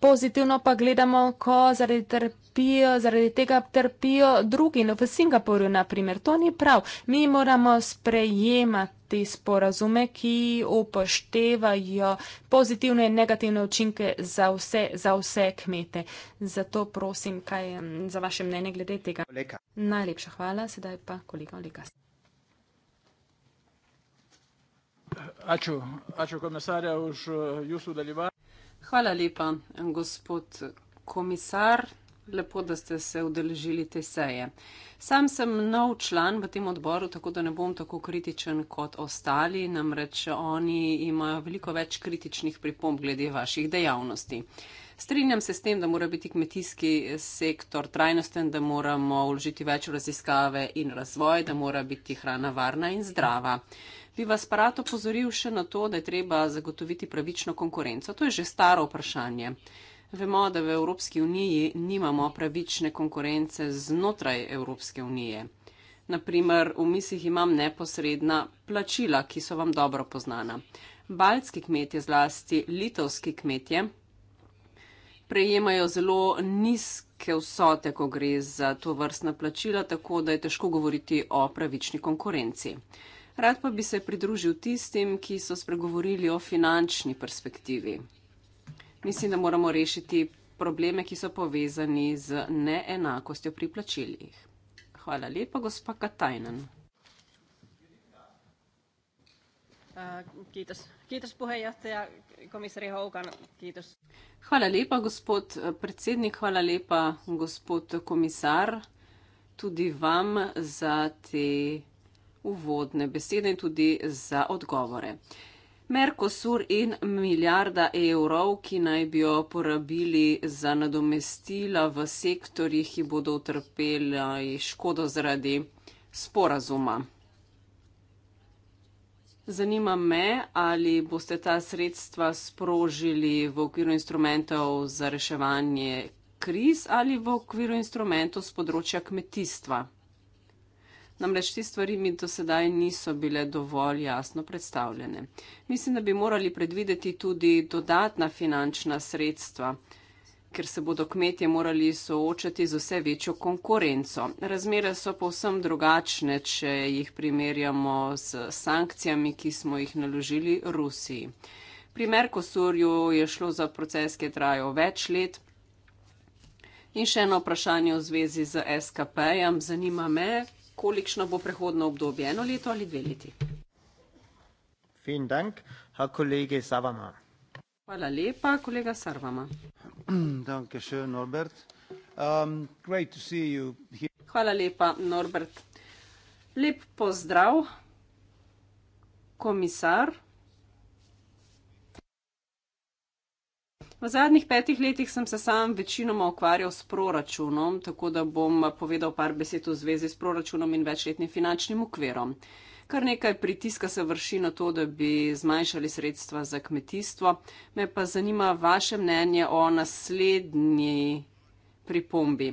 Speaker 3: pozitivno pa gledamo, ko zaradi trpijo, zaradi tega trpijo drugi. No, v Singapurju, naprimer, to ni prav. Mi moramo sprejemati sporazume, ki upoštevajo pozitivne in negativne učinke za vse, za vse kmete. Zato prosim, kaj je za vaše mnenje glede tega. Leka. Najlepša hvala, sedaj pa kolega Olika.
Speaker 2: Ačiū, ačiū komisarė už eh, jūsų dalyvavimą.
Speaker 3: Hvala
Speaker 4: lepa, gospod komisar. Lepo, da ste se udeležili te seje. Sam sem nov član v tem odboru, tako da ne bom tako kritičen kot ostali, namreč oni imajo veliko več kritičnih pripomb glede vaših dejavnosti. Strinjam se s tem, da mora biti kmetijski sektor trajnosten, da moramo vložiti več v raziskave in razvoj, da mora biti hrana varna in zdrava bi vas pa rad opozoril še na to, da je treba zagotoviti pravično konkurenco. To je že staro vprašanje. Vemo, da v Evropski uniji nimamo pravične konkurence znotraj Evropske unije. Naprimer, v mislih imam neposredna plačila, ki so vam dobro poznana. Baljski kmetje, zlasti litovski kmetje, prejemajo zelo nizke vsote, ko gre za to vrstna plačila, tako da je težko govoriti o pravični konkurenci. Rad pa bi se pridružil tistim, ki so spregovorili o finančni perspektivi. Mislim, da moramo rešiti probleme, ki so povezani z neenakostjo pri plačilih. Hvala lepa, gospa Katajnen. Äh, hvala lepa, gospod eh, predsednik, hvala lepa, gospod komisar, tudi vam za te uvodne besede in tudi za odgovore. Merkosur in milijarda evrov, ki naj bi jo porabili za nadomestila v sektorjih, ki bodo utrpeli škodo zaradi sporazuma. Zanima me, ali boste ta sredstva sprožili v okviru instrumentov za reševanje kriz ali v okviru instrumentov z področja kmetijstva. Namreč te stvari mi do sedaj niso bile dovolj jasno predstavljene. Mislim, da bi morali predvideti tudi dodatna finančna sredstva, ker se bodo kmetje morali soočati z vse večjo konkurenco. Razmere so povsem drugačne, če jih primerjamo z sankcijami, ki smo jih naložili Rusiji. Pri Merkosurju je šlo za proces, ki je trajal več let. In še eno vprašanje v zvezi z SKP-jem. Zanima me, kolikšno bo prehodno obdobje, eno leto ali dve leti. Hvala lepa, kolega Sarvama. Um, Hvala lepa, Norbert. Lep pozdrav, komisar. V zadnjih petih letih sem se sam večinoma ukvarjal s proračunom, tako da bom povedal par besed v zvezi s proračunom in večletnim finančnim ukverom. Kar nekaj pritiska se vrši na to, da bi zmanjšali sredstva za kmetijstvo. Me pa zanima vaše mnenje o naslednji pripombi.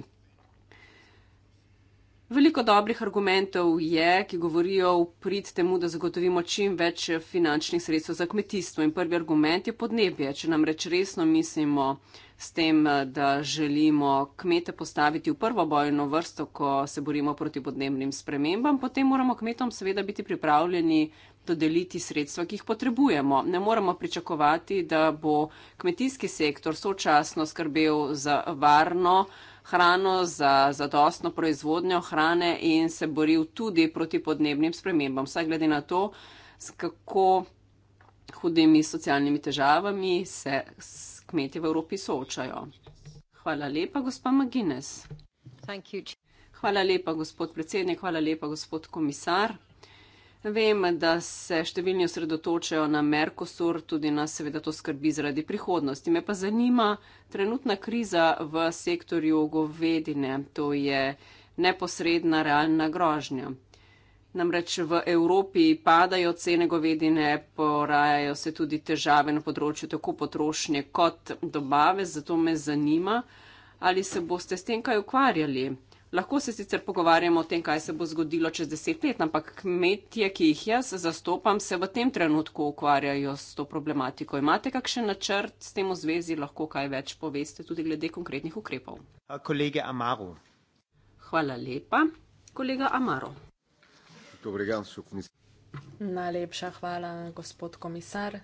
Speaker 4: Veliko dobrih argumentov je, ki govorijo v prid temu, da zagotovimo čim več finančnih sredstev za kmetijstvo. In prvi argument je podnebje. Če nam reč resno mislimo s tem, da želimo kmete postaviti v prvo bojno vrsto, ko se borimo proti podnebnim spremembam, potem moramo kmetom seveda biti pripravljeni dodeliti sredstva, ki jih potrebujemo. Ne moramo pričakovati, da bo kmetijski sektor sočasno skrbel za varno, hrano, za zadostno proizvodnjo hrane in se boril tudi proti podnebnim spremembam. Vsaj glede na to, s kako hudimi socialnimi težavami se kmeti v Evropi soočajo. Hvala lepa, gospa Magines. Hvala lepa, gospod predsednik, hvala lepa, gospod komisar. Vem, da se številni osredotočajo na Merkosur, tudi nas seveda to skrbi zaradi prihodnosti. Me pa zanima trenutna kriza v sektorju govedine, to je neposredna realna grožnja. Namreč v Evropi padajo cene govedine, porajajo se tudi težave na področju tako potrošnje kot dobave, zato me zanima, ali se boste s tem kaj ukvarjali. Lahko se sicer pogovarjamo o tem, kaj se bo zgodilo čez deset let, ampak kmetje, ki jih jaz zastopam, se v tem trenutku ukvarjajo s to problematiko. Imate kakšen načrt s tem v zvezi, lahko kaj več poveste tudi glede konkretnih ukrepov?
Speaker 1: Kolege Amaru.
Speaker 4: Hvala
Speaker 3: lepa, kolega Amaru. Dan, Najlepša hvala, gospod komisar.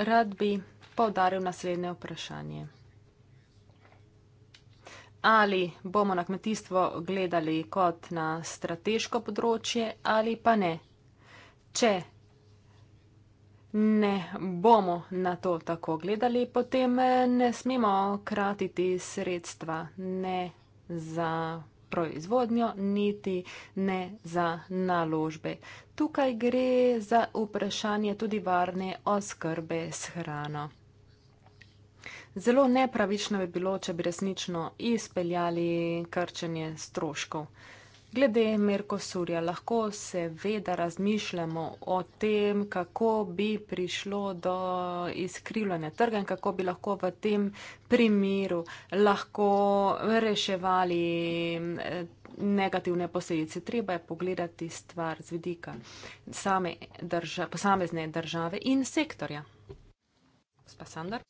Speaker 3: Rad bi povdaril naslednje vprašanje ali bomo na kmetijstvo gledali kot na strateško področje ali pa ne. Če ne bomo na to tako gledali, potem ne smemo kratiti sredstva ne za proizvodnjo, niti ne za naložbe. Tukaj gre za vprašanje tudi varne oskrbe s hrano. Zelo nepravično bi bilo, če bi resnično izpeljali krčenje stroškov. Glede Merkosurja, lahko seveda razmišljamo o tem, kako bi prišlo do izkrivljanja trga in kako bi lahko v tem primeru lahko reševali eh, negativne posledice. Treba je pogledati stvar z vidika same drža, posamezne države in sektorja. Gospa Sandar.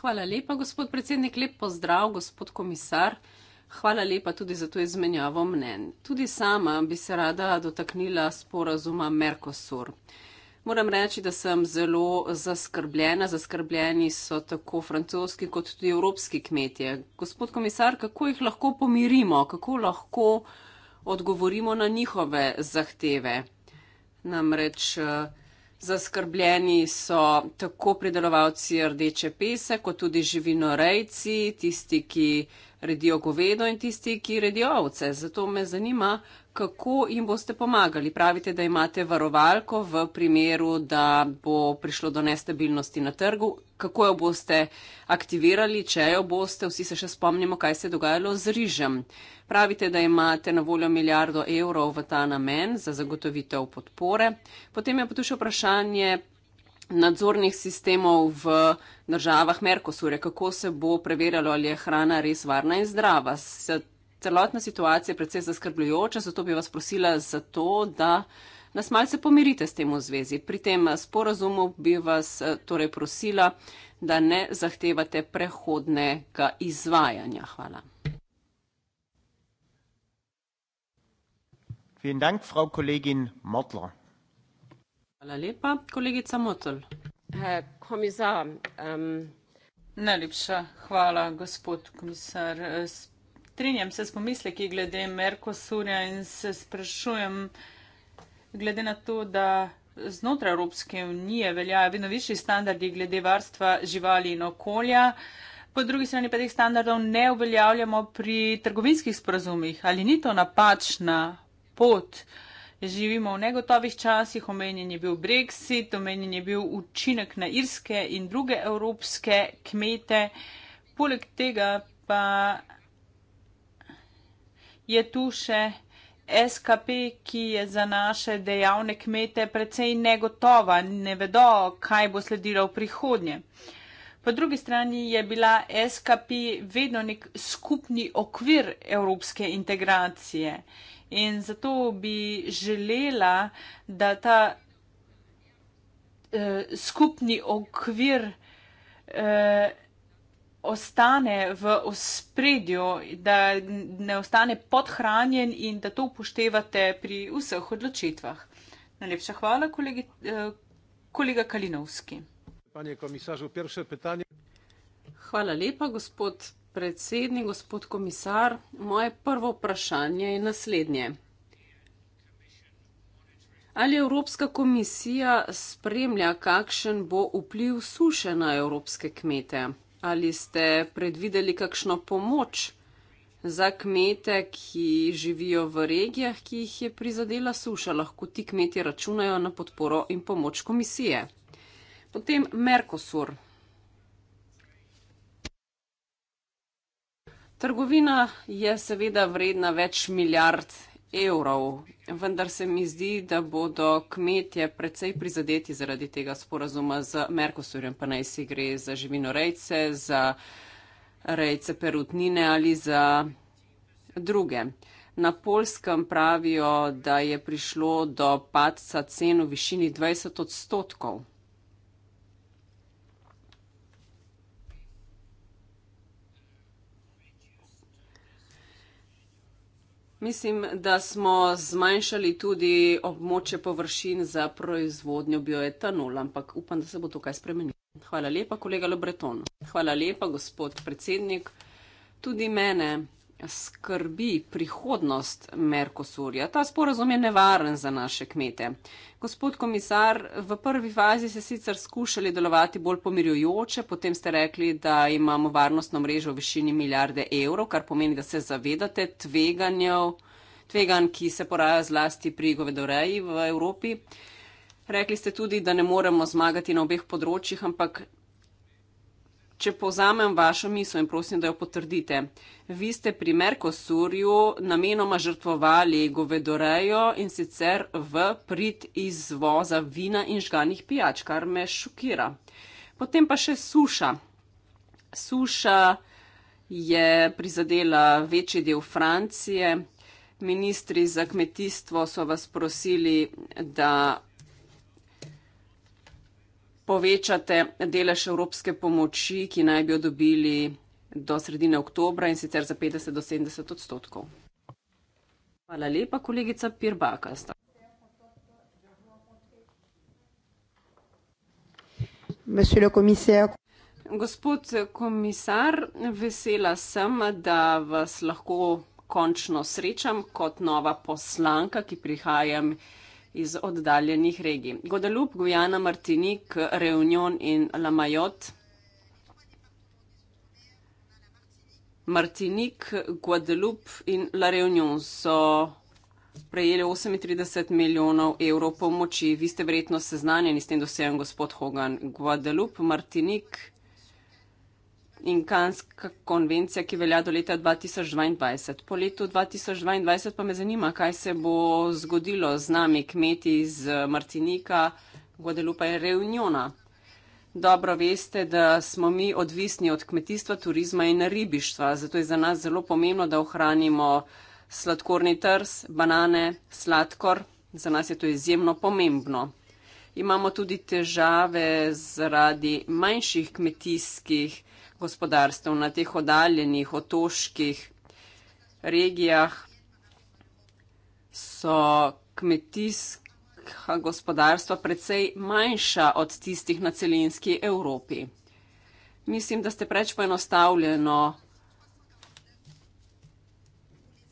Speaker 3: Hvala lepa, gospod predsednik.
Speaker 4: Lep pozdrav, gospod komisar. Hvala lepa tudi za to izmenjavo mnen. Tudi sama bi se rada dotaknila sporazuma Mercosur. Moram reči, da sem zelo zaskrbljena. Zaskrbljeni so tako francoski kot tudi evropski kmetje. Gospod komisar, kako jih lahko pomirimo, kako lahko odgovorimo na njihove zahteve? Namreč eh, Zaskrbljeni so tako pridelovalci rdeče pese, kot tudi živinorejci, tisti, ki redijo govedo in tisti, ki redijo ovce. Zato me zanima, kako jim boste pomagali? Pravite, da imate varovalko v primeru, da bo prišlo do nestabilnosti na trgu. Kako jo boste aktivirali, če jo boste? Vsi se še spomnimo, kaj se je dogajalo z Rižem. Pravite, da imate na voljo milijardo evrov v ta namen za zagotovitev podpore. Potem je pa tu še vprašanje nadzornih sistemov v državah Merkosurja, kako se bo preverjalo, ali je hrana res varna in zdrava celotna situacija je precej zaskrbljujoča, zato bi vas prosila za to, da nas malce pomirite s tem v zvezi. Pri tem sporazumu bi vas eh, torej prosila, da ne zahtevate prehodnega
Speaker 1: izvajanja. Hvala. Dank, frau kolegin Motler. Hvala lepa,
Speaker 4: kolegica Motl.
Speaker 2: Ähm, Najlepša hvala, gospod komisar strinjam se s pomisleki glede Merkosurja in se sprašujem, glede na to, da znotraj Evropske unije veljajo vedno višji standardi glede varstva živali in okolja. Po drugi strani pa teh standardov ne uveljavljamo pri trgovinskih sporazumih. Ali ni to napačna pot? Živimo v negotovih časih, omenjen je bil Brexit, omenjen je bil učinek na irske in druge evropske kmete. Poleg tega pa je tu še SKP, ki je za naše dejavne kmete precej negotova, ne vedo, kaj bo sledilo v prihodnje. Po drugi strani je bila SKP vedno nek skupni okvir evropske integracije in zato bi želela, da ta eh, skupni okvir eh, ostane v ospredju, da ne ostane podhranjen in da to upoštevate pri vseh odločitvah. Najlepša hvala, kolegi, eh, kolega Kalinovski. Hvala lepa,
Speaker 4: gospod predsednik, gospod komisar. Moje prvo vprašanje je naslednje. Ali Evropska komisija spremlja, kakšen bo vpliv suše na evropske kmete? Ali ste predvideli kakšno pomoč za kmete, ki živijo v regijah, ki jih je prizadela suša? Lahko ti kmeti računajo na podporo in pomoč komisije. Potem Merkosur. Trgovina je seveda vredna več milijard evrov. Vendar se mi zdi, da bodo kmetje precej prizadeti zaradi tega sporazuma z Merkosurjem, pa naj si gre za živinorejce, za rejce perutnine ali za druge. Na polskem pravijo, da je prišlo do padca cen v višini 20 odstotkov. Mislim, da smo zmanjšali tudi območje površin za proizvodnjo bioetanola, ampak upam, da se bo tukaj spremenilo. Hvala lepa, kolega Lobreton. Hvala lepa, gospod predsednik. Tudi mene skrbi prihodnost Merkosurja. Ta sporazum je nevaren za naše kmete. Gospod komisar, v prvi fazi ste sicer skušali delovati bolj pomirjujoče, potem ste rekli, da imamo varnostno mrežo v višini milijarde evrov, kar pomeni, da se zavedate tveganj, ki se poraja zlasti pri govedoreji v Evropi. Rekli ste tudi, da ne moremo zmagati na obeh področjih, ampak Če povzamem vašo misel in prosim, da jo potrdite. Vi ste pri Merkosurju namenoma žrtvovali govedorejo in sicer v prid izvoza vina in žganih pijač, kar me šokira. Potem pa še suša. Suša je prizadela večji del Francije. Ministri za kmetijstvo so vas prosili, da povečate delež evropske pomoči, ki naj bi jo dobili do sredine oktobra in sicer za 50 do 70 odstotkov. Hvala lepa, kolegica Pirbaka. Gospod komisar, vesela sem, da vas lahko končno srečam kot nova poslanka, ki prihajam iz oddaljenih regij. Godelup, Gujana, Martinik, Reunion in La Majot. Martinik, Guadeloup in La Reunion so prejeli 38 milijonov evrov pomoči. Vi ste verjetno seznanjeni s tem dosejem, gospod Hogan. Guadeloup, Martinik, in Kanska konvencija, ki velja do leta 2022. Po letu 2022 pa me zanima, kaj se bo zgodilo z nami kmeti iz eh, Martinika, Guadalupe in Reuniona. Dobro veste, da smo mi odvisni od kmetijstva, turizma in ribištva, zato je za nas zelo pomembno, da ohranimo sladkorni trs, banane, sladkor. Za nas je to izjemno pomembno. Imamo tudi težave zaradi manjših kmetijskih gospodarstev na teh oddaljenih otoških regijah so kmetijska gospodarstva precej manjša od tistih na celinski Evropi. Mislim, da ste preč poenostavljeno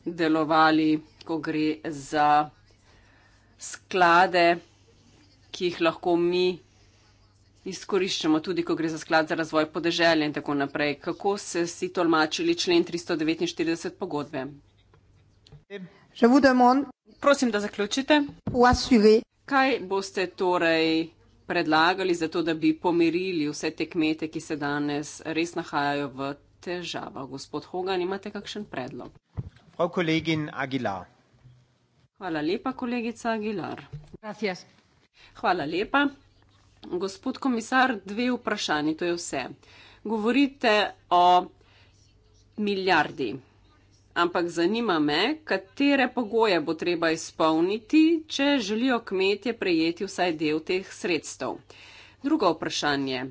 Speaker 4: delovali, ko gre za sklade, ki jih lahko mi izkoriščamo, tudi ko gre za sklad za razvoj podeželja in tako naprej. Kako se si tolmačili člen 349 pogodbe?
Speaker 2: Prosim, da zaključite.
Speaker 4: Kaj boste torej predlagali za to, da bi pomirili vse te kmete, ki se danes res nahajajo v težavah? Gospod Hogan, imate kakšen predlog?
Speaker 1: Frau kolegin Aguilar.
Speaker 4: Hvala lepa, kolegica Aguilar. Gracias. Hvala lepa. Gospod komisar, dve vprašanji, to je vse. Govorite o milijardi, ampak zanima me, katere pogoje bo treba izpolniti, če želijo kmetje prejeti vsaj del teh sredstev. Drugo vprašanje.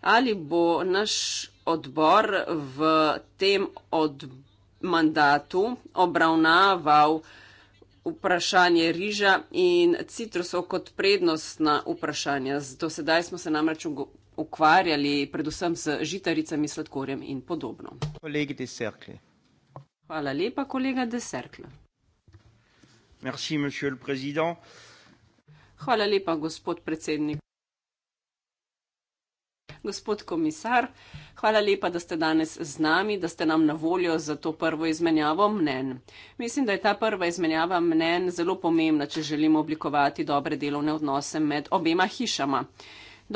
Speaker 4: Ali bo naš odbor v tem od mandatu obravnaval uh, vprašanje riža in citrusov kot prednostna vprašanja. Do sedaj smo se namreč ukvarjali predvsem z žitaricami, sladkorjem in
Speaker 1: podobno. Kolegi Deserkle.
Speaker 4: Hvala lepa, kolega Deserkle. Merci, Hvala lepa, gospod predsednik. Gospod komisar, hvala lepa, da ste danes z nami, da ste nam na voljo za to prvo izmenjavo mnen. Mislim, da je ta prva izmenjava mnen zelo pomembna, če želimo oblikovati dobre delovne odnose med obema hišama.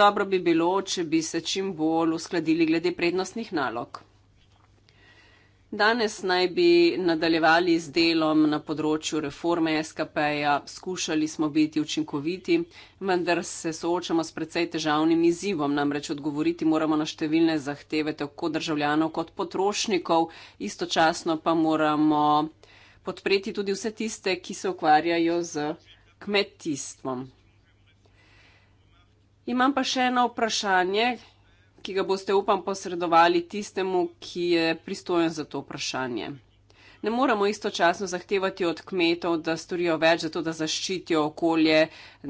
Speaker 4: Dobro bi bilo, če bi se čim bolj uskladili glede prednostnih nalog. Danes naj bi nadaljevali z delom na področju reforme SKP-ja, skušali smo biti učinkoviti, vendar se soočamo s precej težavnim izzivom, namreč odgovoriti moramo na številne zahteve tako državljanov kot potrošnikov, istočasno pa moramo podpreti tudi vse tiste, ki se ukvarjajo z kmetijstvom. Imam pa še eno vprašanje, ki ga boste, upam, posredovali tistemu, ki je pristojen za to vprašanje. Ne moramo istočasno zahtevati od kmetov, da storijo več za to, da zaščitijo okolje,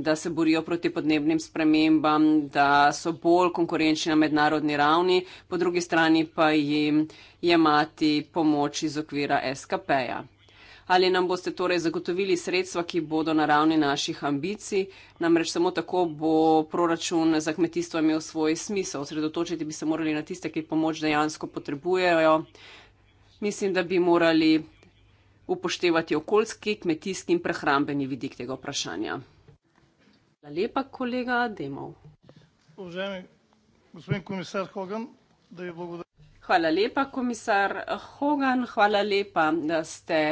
Speaker 4: da se borijo proti podnebnim spremembam, da so bolj konkurenčni na mednarodni ravni, po drugi strani pa jim jemati pomoč iz okvira SKP-ja. Ali nam boste torej zagotovili sredstva, ki bodo na ravni naših ambicij? Namreč samo tako bo proračun za kmetijstvo imel svoj smisel. Osredotočiti bi se morali na tiste, ki pomoč dejansko potrebujejo. Mislim, da bi morali upoštevati okoljski, kmetijski in prehrambeni vidik tega vprašanja. Hvala lepa, kolega Demov. Hvala lepa, komisar Hogan. Hvala lepa, da ste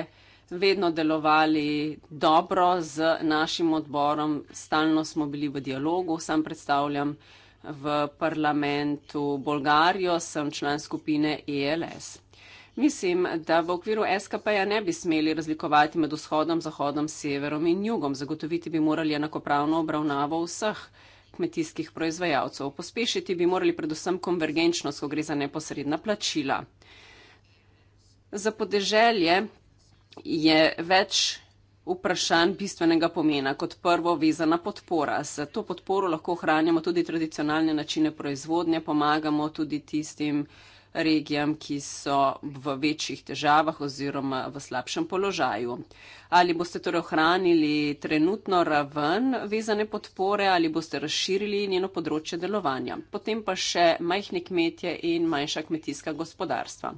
Speaker 4: vedno delovali dobro z našim odborom, stalno smo bili v dialogu, sam predstavljam v parlamentu Bolgarijo, sem član skupine ELS. Mislim, da v okviru SKP-ja ne bi smeli razlikovati med vzhodom, zahodom, severom in jugom. Zagotoviti bi morali enakopravno obravnavo vseh kmetijskih proizvajalcev. Pospešiti bi morali predvsem konvergenčnost, ko gre za neposredna plačila. Za podeželje je več vprašanj bistvenega pomena. Kot prvo, vezana podpora. Z to podporo lahko ohranjamo tudi tradicionalne načine proizvodnje, pomagamo tudi tistim, uh, regijam, ki so v večjih težavah oziroma v slabšem položaju. Ali boste torej ohranili trenutno raven vezane podpore ali boste razširili njeno področje delovanja. Potem pa še majhne kmetje in manjša kmetijska gospodarstva.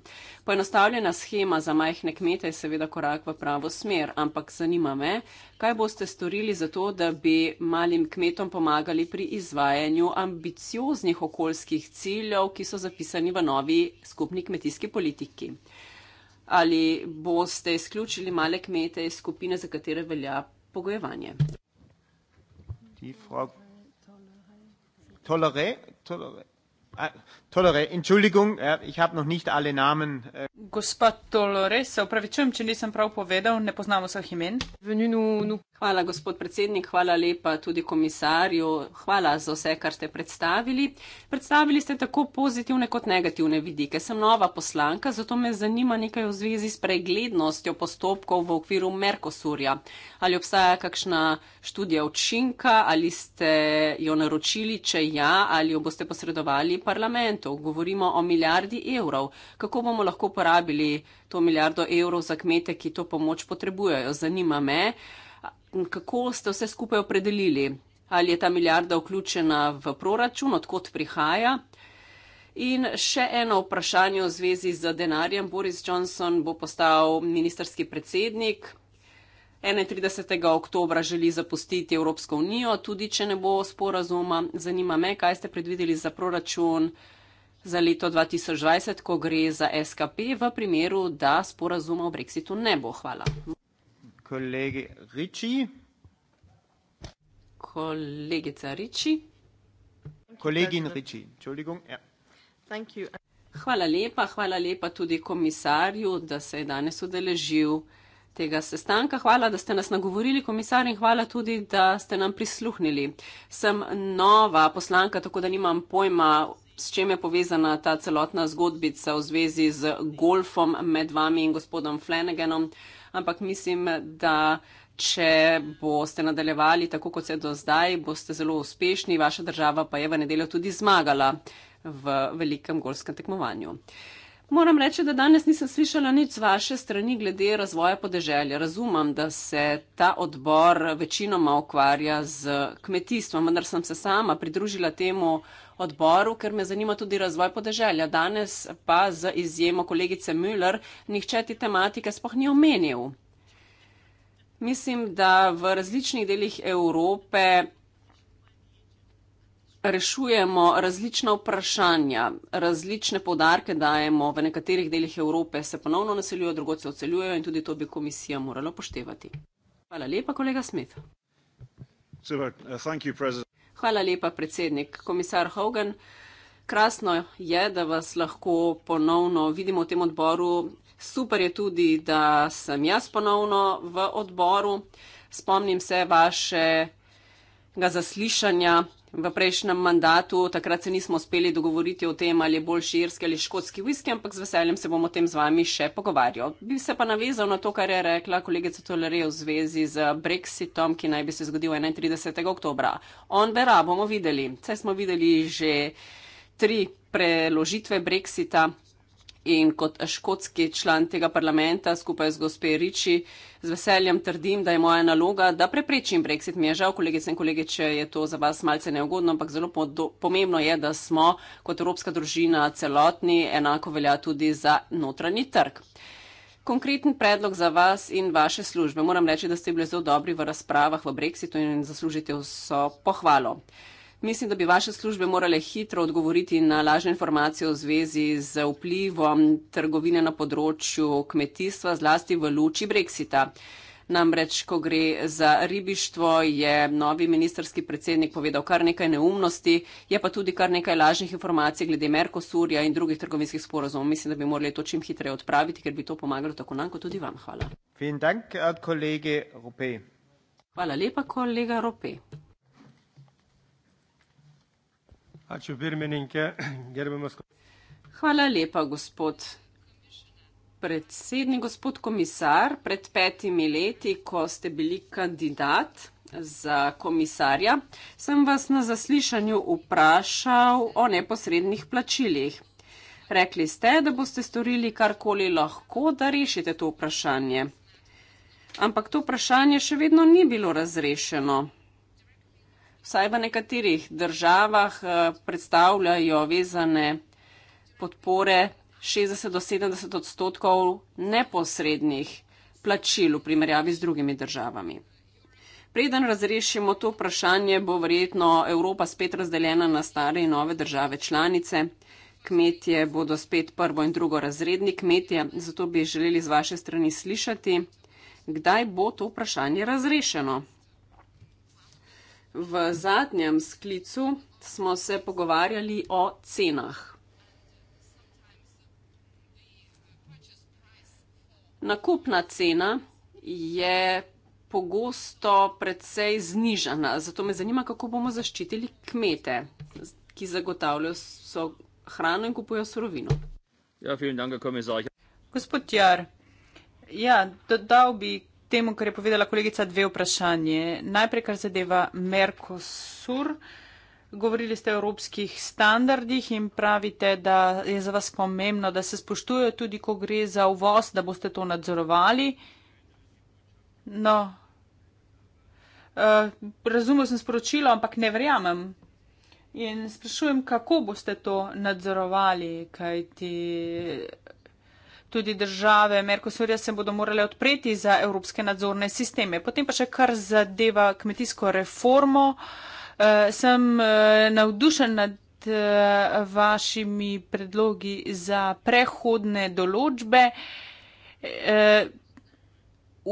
Speaker 4: Poenostavljena schema za majhne kmete je seveda korak v pravo smer, ampak zanima me, Kaj boste storili za to, da bi malim kmetom pomagali pri izvajanju ambicioznih okoljskih ciljev, ki so zapisani v novi skupni kmetijski politiki? Ali boste izključili male kmete iz skupine, za katere velja pogojevanje?
Speaker 1: Tolere, tolere. Ah, Tolore, entschuldigung, ja, ich habe noch nicht alle Namen. Äh. Gospa Tolore, se upravičujem, če nisem prav povedal, ne poznamo vseh imen.
Speaker 4: Hvala, gospod predsednik, hvala lepa tudi komisarju, hvala za vse, kar ste predstavili. Predstavili ste tako pozitivne kot negativne vidike. Sem nova poslanka, zato me zanima nekaj v zvezi s preglednostjo postopkov v okviru Merkosurja. Ali obstaja kakšna študija učinka, ali ste jo naročili, če ja, ali jo boste posredovali parlamentu? dokumentov, govorimo o milijardi evrov. Kako bomo lahko porabili to milijardo evrov za kmete, ki to pomoč potrebujejo? Zanima me, kako ste vse skupaj opredelili, ali je ta milijarda vključena v proračun, odkot prihaja. In še eno vprašanje v zvezi z denarjem. Boris Johnson bo postal ministerski predsednik. 31. oktober želi zapustiti Evropsko unijo, tudi če ne bo sporazuma. Zanima me, kaj ste predvideli za proračun za leto 2020, ko gre za SKP, v primeru, da sporazuma o brexitu ne bo. Hvala. Kolegi Riči. Kolegica Riči. Kolegi in Riči. Ja. Hvala lepa, hvala lepa tudi komisarju, da se je danes udeležil tega sestanka. Hvala, da ste nas nagovorili, komisar, in hvala tudi, da ste nam prisluhnili. Sem nova poslanka, tako da nimam pojma, s čem je povezana ta celotna zgodbica v zvezi z golfom med vami in gospodom Flanaganom, ampak mislim, da če boste nadaljevali tako, kot se do zdaj, boste zelo uspešni, vaša država pa je v nedeljo tudi zmagala v velikem golfskem tekmovanju. Moram reči, da danes nisem slišala nič z vaše strani glede razvoja podeželja. Razumem, da se ta odbor večinoma ukvarja z kmetijstvom, vendar sem se sama pridružila temu odboru, ker me zanima tudi razvoj podeželja. Danes pa z izjemo kolegice Müller nihče ti tematike spoh ni omenil. Mislim, da v različnih delih Evrope rešujemo različna vprašanja, različne podarke dajemo, v nekaterih delih Evrope se ponovno naseljujejo, drugot se oceljujejo in tudi to bi komisija morala poštevati. Hvala lepa, kolega Smith. Uh, Hvala lepa, predsednik. Komisar Hogan, krasno je, da vas lahko ponovno vidimo v tem odboru. Super je tudi, da sem jaz ponovno v odboru. Spomnim se vašega zaslišanja v prejšnjem mandatu, takrat se nismo uspeli dogovoriti o tem, ali je boljši irski ali škotski whisky, ampak z veseljem se bomo o tem z vami še pogovarjal. Bi se pa navezal na to, kar je rekla kolegica Tolerej v zvezi z Brexitom, ki naj bi se zgodil 31. oktobra. On vera, bomo videli. Vse smo videli že tri preložitve Brexita, in kot škotski član tega parlamenta skupaj z gospe Riči z veseljem trdim, da je moja naloga, da preprečim brexit. Mi je žal, kolegice in kolege, če je to za vas malce neugodno, ampak zelo pomembno je, da smo kot evropska družina celotni, enako velja tudi za notranji trg. Konkreten predlog za vas in vaše službe. Moram reči, da ste bili zelo dobri v razpravah v brexitu in zaslužite vso pohvalo. Mislim, da bi vaše službe morale hitro odgovoriti na lažne informacije v zvezi z vplivom trgovine na področju kmetijstva, zlasti v luči Brexita. Namreč, ko gre za ribištvo, je novi ministerski predsednik povedal kar nekaj neumnosti, je pa tudi kar nekaj lažnih informacij glede Merkosurja in drugih trgovinskih sporozumov. Mislim, da bi morali to čim hitreje odpraviti, ker bi to pomagalo tako nam, kot tudi vam. Hvala. Dank, Hvala lepa, kolega Rope. Hvala lepa, gospod predsednik, gospod komisar. Pred petimi leti, ko ste bili kandidat za komisarja, sem vas na zaslišanju vprašal o neposrednih plačilih. Rekli ste, da boste storili karkoli lahko, da rešite to vprašanje. Ampak to vprašanje še vedno ni bilo razrešeno vsaj v nekaterih državah eh, predstavljajo vezane podpore 60 do 70 odstotkov neposrednih plačil v primerjavi z drugimi državami. Preden razrešimo to vprašanje, bo verjetno Evropa spet razdeljena na stare in nove države članice. Kmetje bodo spet prvo in drugo razredni kmetje, zato bi želeli z vaše strani slišati, kdaj bo to vprašanje razrešeno. V zadnjem sklicu smo se pogovarjali o cenah. Nakupna cena je pogosto predvsej znižana, zato me zanima, kako bomo zaščitili kmete, ki zagotavljajo so hrano in kupujo surovino.
Speaker 1: Ja,
Speaker 2: Gospod Jar, ja, dodal bi, temu, kar je povedala kolegica, dve vprašanje. Najprej, kar zadeva Mercosur. Govorili ste o evropskih standardih in pravite, da je za vas pomembno, da se spoštujejo tudi, ko gre za uvoz, da boste to nadzorovali. No, eh, razumel sem sporočilo, ampak ne verjamem. In sprašujem, kako boste to nadzorovali, kajti Tudi države Merkosurja se bodo morale odpreti za evropske nadzorne sisteme. Potem pa še kar zadeva kmetijsko reformo. Eh, sem eh, navdušen nad eh, vašimi predlogi za prehodne določbe.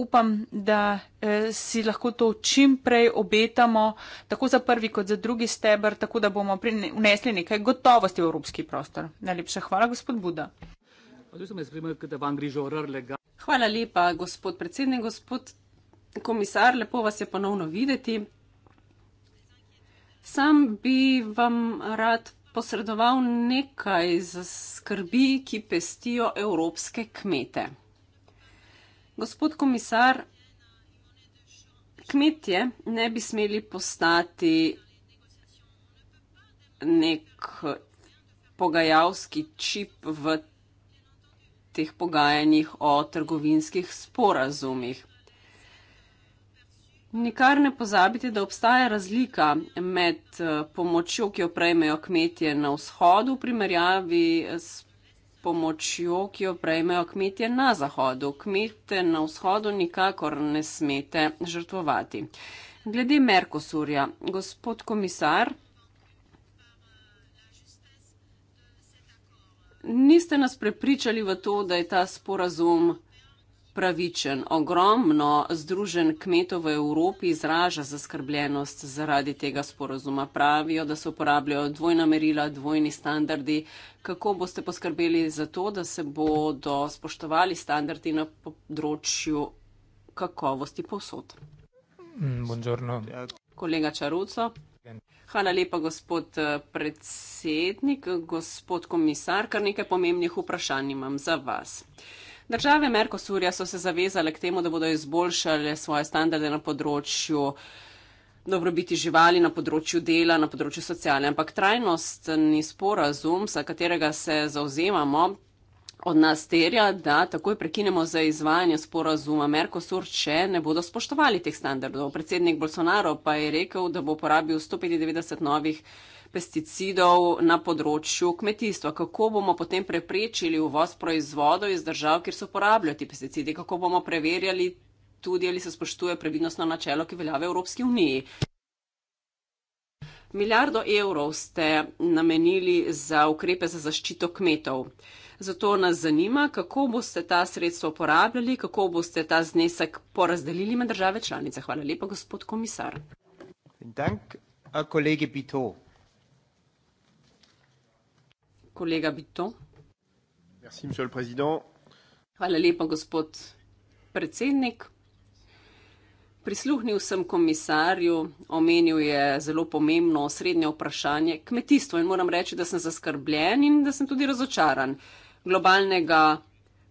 Speaker 2: Upam, da si lahko to čim prej obetamo, tako za prvi kot za drugi steber, tako da bomo prinesli nekaj gotovosti v evropski prostor. Najlepša hvala, gospod Buda.
Speaker 4: Hvala lepa, gospod predsednik, gospod komisar, lepo vas je ponovno videti. Sam bi vam rad posredoval nekaj skrbi, ki pestijo evropske kmete. Gospod komisar, kmetje ne bi smeli postati nek pogajalski čip v tem, teh pogajanjih o trgovinskih sporazumih. Nikar ne pozabite, da obstaja razlika med eh, pomočjo, ki jo prejmejo kmetje na vzhodu, v primerjavi s pomočjo, ki jo prejmejo kmetje na zahodu. Kmete na vzhodu nikakor ne smete žrtvovati. Glede Merkosurja, gospod komisar, niste nas prepričali v to, da je ta sporazum pravičen. Ogromno združen kmetov v Evropi izraža zaskrbljenost zaradi tega sporazuma. Pravijo, da se uporabljajo dvojna merila, dvojni standardi. Kako boste poskrbeli za to, da se bodo spoštovali standardi na področju kakovosti posod?
Speaker 1: Mm, buongiorno.
Speaker 4: Kolega Čaruco. Hvala lepa, gospod eh, predsednik, gospod komisar. Kar nekaj pomembnih vprašanj imam za vas. Države Merkosurja so se zavezale k temu, da bodo izboljšale svoje standarde na področju dobrobiti živali, na področju dela, na področju sociale. Ampak trajnostni sporazum, za katerega se zauzemamo, od nas terja, da takoj prekinemo za izvajanje sporazuma Merkosur, če ne bodo spoštovali teh standardov. Predsednik Bolsonaro pa je rekel, da bo porabil 195 novih pesticidov na področju kmetijstva. Kako bomo potem preprečili uvoz proizvodov iz držav, kjer so uporabljati pesticidi? Kako bomo preverjali tudi, ali se spoštuje previdnostno načelo, ki velja v Evropski uniji? Milijardo evrov ste namenili za ukrepe za zaščito kmetov. Zato nas zanima, kako boste ta sredstva uporabljali, kako boste ta znesek porazdelili med države članice. Hvala lepa, gospod komisar.
Speaker 1: Dank, kolegi Bito.
Speaker 4: Kolega Bito. Merci, Hvala lepa, gospod predsednik. Prisluhnil sem komisarju, omenil je zelo pomembno srednje vprašanje kmetijstvo in moram reči, da sem zaskrbljen in da sem tudi razočaran. Uh, globalnega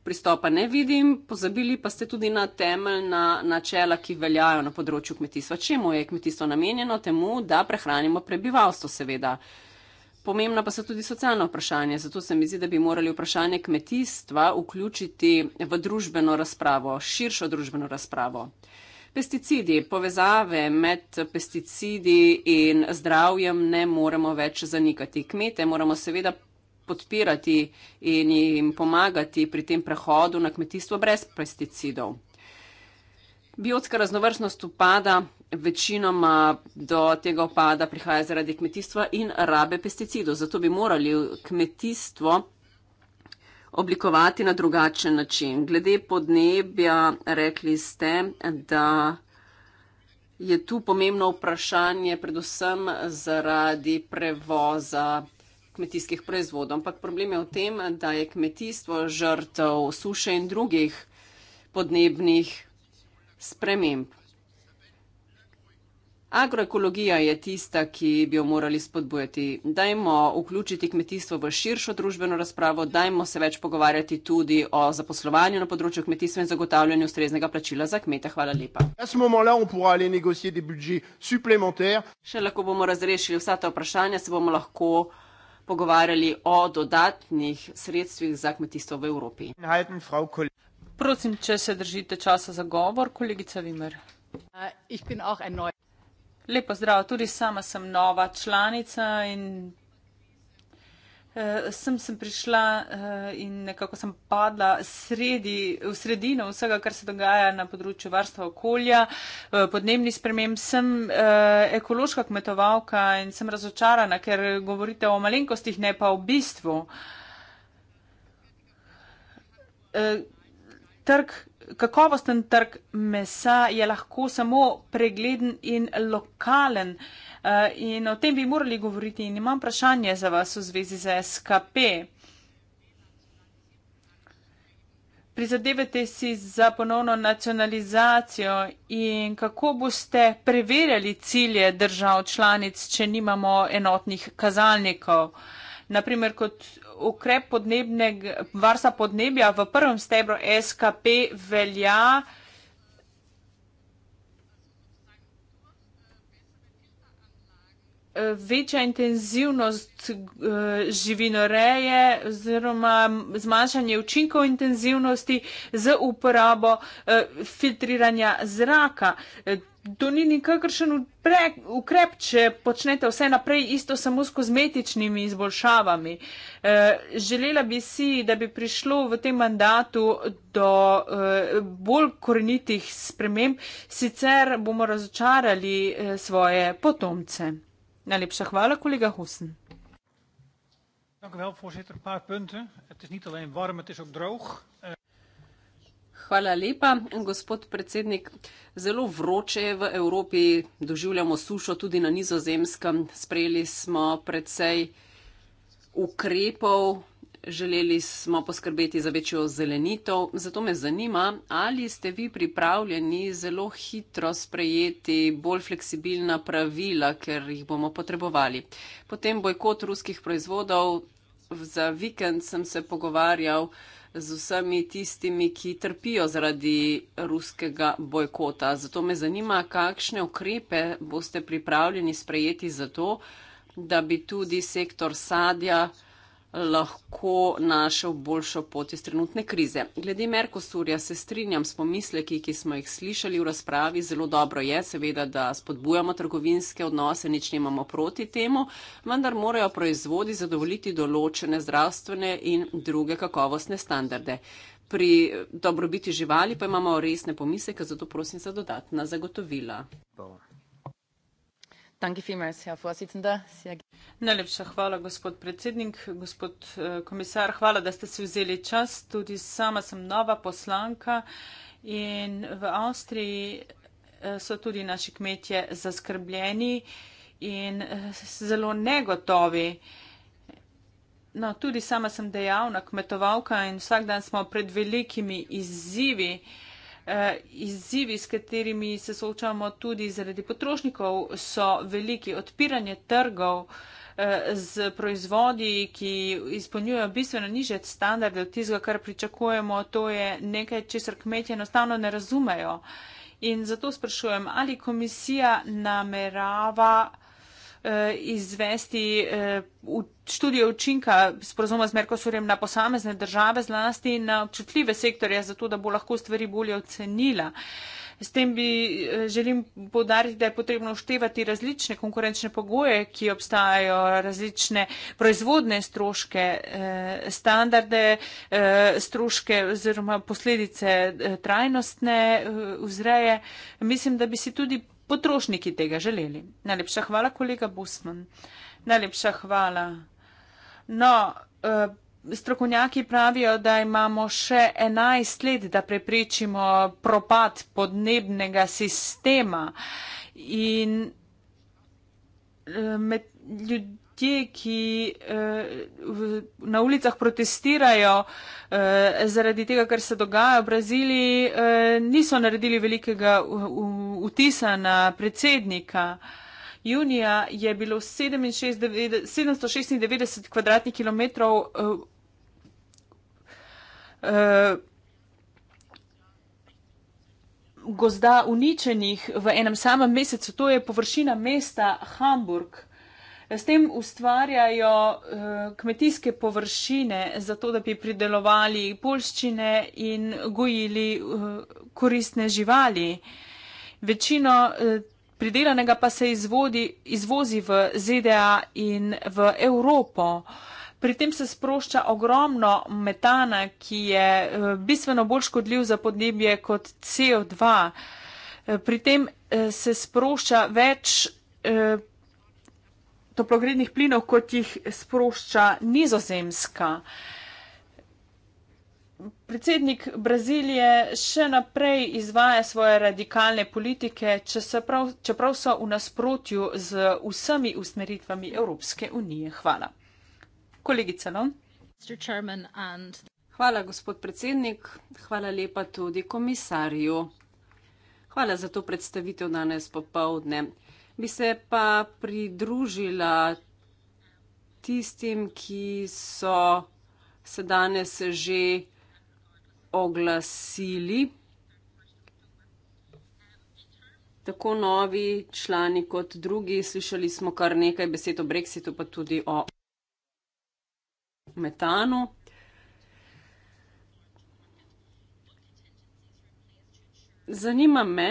Speaker 4: pristopa ne vidim, pozabili pa ste tudi na temeljna načela, ki veljajo na področju kmetijstva. Čemu je kmetijstvo namenjeno? Temu, da prehranimo prebivalstvo, seveda. Pomembna pa so tudi socialna vprašanja, zato se mi zdi, da bi morali vprašanje kmetijstva vključiti v družbeno razpravo, širšo družbeno razpravo. Pesticidi, povezave med pesticidi in zdravjem ne moremo več zanikati. Kmete moramo seveda podpirati in jim pomagati pri tem prehodu na kmetijstvo brez pesticidov. Biotska raznovrstnost upada, večinoma do tega upada prihaja zaradi kmetijstva in rabe pesticidov, zato bi morali kmetijstvo oblikovati na drugačen način. Glede podnebja, rekli ste, da je tu pomembno vprašanje predvsem zaradi prevoza kmetijskih proizvodov. Ampak problem je v tem, da je kmetijstvo žrtev suše in drugih podnebnih sprememb. Agroekologija je tista, ki bi jo morali spodbujati. Dajmo vključiti kmetijstvo v širšo družbeno razpravo, dajmo se več pogovarjati tudi o zaposlovanju na področju kmetijstva in zagotavljanju ustreznega plačila za kmete. Hvala lepa. Še lahko bomo razrešili vsa ta vprašanja, se bomo lahko pogovarjali o dodatnih sredstvih za kmetijstvo v Evropi.
Speaker 2: Prosim, če se držite časa za govor, kolegica Vimer. Uh, Lepo zdrav, tudi sama sem nova članica in Uh, sem, sem prišla uh, in nekako sem padla sredi, v sredino vsega, kar se dogaja na področju varstva okolja, uh, eh, podnebni sprememb. Sem uh, ekološka kmetovalka in sem razočarana, ker govorite o malenkostih, ne pa o bistvu. Uh, trg, kakovosten trg mesa je lahko samo pregleden in lokalen. Uh, Eh, in o tem bi morali govoriti in imam vprašanje za vas v zvezi z SKP. Prizadevate si za ponovno nacionalizacijo in kako boste preverjali cilje držav članic, če nimamo enotnih kazalnikov? Naprimer, kot ukrep podnebne, varsa podnebja v prvem stebru SKP velja, večja intenzivnost eh, živinoreje oziroma zmanjšanje učinkov intenzivnosti z uporabo eh, filtriranja zraka. Eh, to ni nikakršen ukrep, če počnete vse naprej isto samo s kozmetičnimi izboljšavami. Želela bi si, da bi prišlo v tem mandatu do bolj korenitih sprememb, sicer bomo razočarali svoje potomce. Najlepša hvala, kolega Hosen.
Speaker 1: Dank u wel, voorzitter. Een paar punten. Het is niet alleen warm, het is ook droog. Eh,
Speaker 4: hvala lepa, gospod predsednik. Zelo vroče je v Evropi, doživljamo sušo tudi na nizozemskem. Sprejeli smo precej ukrepov, Želeli smo poskrbeti za večjo zelenitev, zato me zanima, ali ste vi pripravljeni zelo hitro sprejeti bolj fleksibilna pravila, ker jih bomo potrebovali. Potem bojkot ruskih proizvodov. Za vikend sem se pogovarjal z vsemi tistimi, ki trpijo zaradi ruskega bojkota. Zato me zanima, kakšne ukrepe boste pripravljeni sprejeti za to, da bi tudi sektor sadja lahko našel boljšo pot iz trenutne krize. Glede Merkosurja se strinjam s pomisleki, ki smo jih slišali v razpravi. Zelo dobro je seveda, da spodbujamo trgovinske odnose, nič nimamo proti temu, vendar morajo proizvodi zadovoljiti določene zdravstvene in druge kakovostne standarde. Pri dobrobiti živali pa imamo resne pomisleke, zato prosim za dodatna
Speaker 2: zagotovila. Dobar. Najlepša hvala, gospod predsednik. Gospod eh, komisar, hvala, da ste si vzeli čas. Tudi sama sem nova poslanka in v Avstriji eh, so tudi naši kmetje zaskrbljeni in eh, zelo negotovi. No, tudi sama sem dejavna kmetovalka in vsak dan smo pred velikimi izzivi. Eh, izzivi, s katerimi se soočamo tudi zaradi potrošnikov, so veliki. Odpiranje trgov eh, z proizvodi, ki izpolnjujejo bistveno niže standarde od tistega, kar pričakujemo, to je nekaj, česar kmetje enostavno ne razumejo. In zato sprašujem, ali komisija namerava Eh, izvesti eh, študijo učinka sporozuma z Merkosurjem na posamezne države, zlasti na občutljive sektorje, zato da bo lahko stvari bolje ocenila. S tem bi eh, želim podariti, da je potrebno uštevati različne konkurenčne pogoje, ki obstajajo, različne proizvodne stroške, standarde, stroške oziroma posledice trajnostne vzreje. Mislim, da bi si tudi potrošniki tega želeli. Najlepša hvala, kolega Busman. Najlepša hvala. No, eh, strokovnjaki pravijo, da imamo še 11 let, da prepričimo propad podnebnega sistema in eh, med ljudmi ljudje, ki eh, v, na ulicah protestirajo eh, zaradi tega, kar se dogaja v Braziliji, eh, niso naredili velikega vtisa na predsednika. Junija je bilo 796 km2 eh, eh, gozda uničenih v enem samem mesecu, to je površina mesta Hamburg s tem ustvarjajo eh, kmetijske površine, zato da bi pridelovali polščine in gojili eh, koristne živali. Večino eh, pridelanega pa se izvodi, izvozi v ZDA in v Evropo. Pri tem se sprošča ogromno metana, ki je bistveno bolj škodljiv za podnebje kot CO2. Pri tem se sprošča več toplogrednih plinov, kot jih sprošča nizozemska. Predsednik Brazilije še naprej izvaja svoje radikalne politike, čeprav, čeprav so v nasprotju z vsemi usmeritvami Evropske unije. Hvala. Kolegica Lon.
Speaker 3: No? Hvala, gospod
Speaker 4: predsednik. Hvala lepa tudi komisarju. Hvala za to predstavitev danes popovdne bi se pa pridružila tistim, ki so se danes že oglasili. Tako novi člani kot drugi. Slišali smo kar nekaj besed o Brexitu, pa tudi o metanu. Zanima me,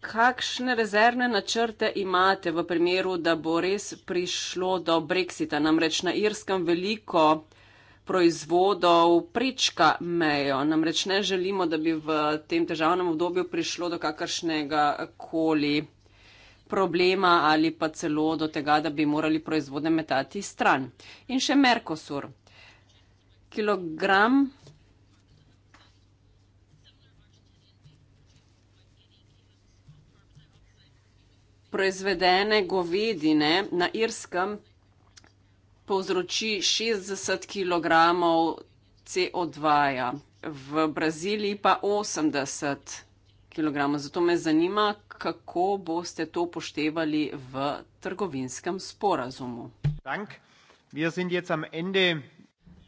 Speaker 4: kakšne rezervne načrte imate v primeru, da bo res prišlo do brexita? Namreč na Irskem veliko proizvodov prečka mejo, namreč ne želimo, da bi v tem težavnem obdobju prišlo do kakršnega koli problema ali pa celo do tega, da bi morali proizvode metati stran. In še Mercosur. Kilogram proizvedene govedine na Irskem povzroči 60 kg CO2, -ja, v Braziliji pa 80 kg. Zato me zanima, kako boste to poštevali v trgovinskem sporazumu. Dank.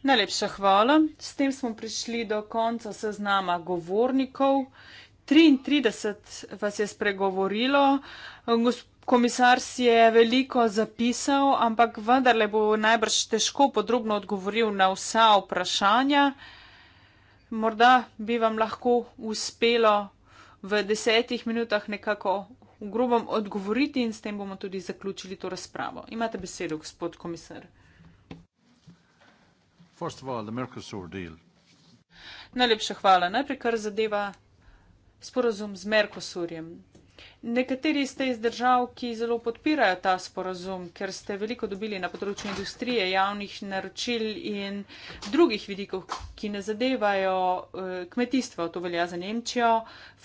Speaker 2: Najlepša hvala. S tem smo prišli do konca seznama govornikov. 33 vas je spregovorilo. Komisar si je veliko zapisal, ampak vendarle bo najbrž težko podrobno odgovoril na vsa vprašanja. Morda bi vam lahko uspelo v desetih minutah nekako v grobom odgovoriti in s tem bomo tudi zaključili to razpravo. Imate besedo, gospod komisar. Najlepša hvala. Najprej, kar zadeva sporazum z Merkosurjem. Nekateri ste iz držav, ki zelo podpirajo ta sporazum, ker ste veliko dobili na področju industrije, javnih naročil in drugih vidikov, ki ne zadevajo eh, kmetijstva. To velja za Nemčijo,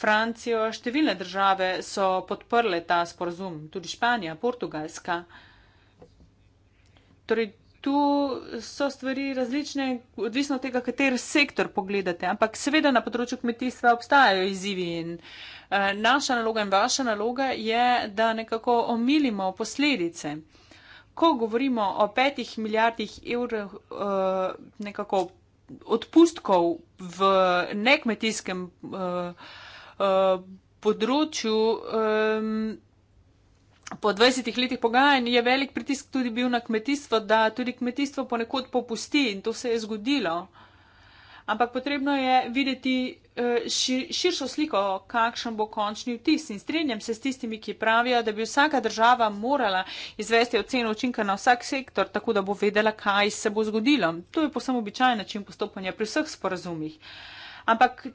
Speaker 2: Francijo, številne države so podprle ta sporazum, tudi Španija, Portugalska. Torej, tu so stvari različne, odvisno od tega, kateri sektor pogledate. Ampak seveda na področju kmetijstva obstajajo izzivi in eh, naša naloga in vaša naloga je, da nekako omilimo posledice. Ko govorimo o petih milijardih evrov eh, nekako odpustkov v nekmetijskem eh, področju, ehm, po 20 letih pogajanj je velik pritisk tudi bil na kmetijstvo, da tudi kmetijstvo ponekod popusti in to se je zgodilo. Ampak potrebno je videti eh, širšo sliko, kakšen bo končni vtis. In strenjam se s tistimi, ki pravijo, da bi vsaka država morala izvesti oceno učinka na vsak sektor, tako da bo vedela, kaj se bo zgodilo. To je posebno običajen način postopanja pri vseh sporazumih. Ampak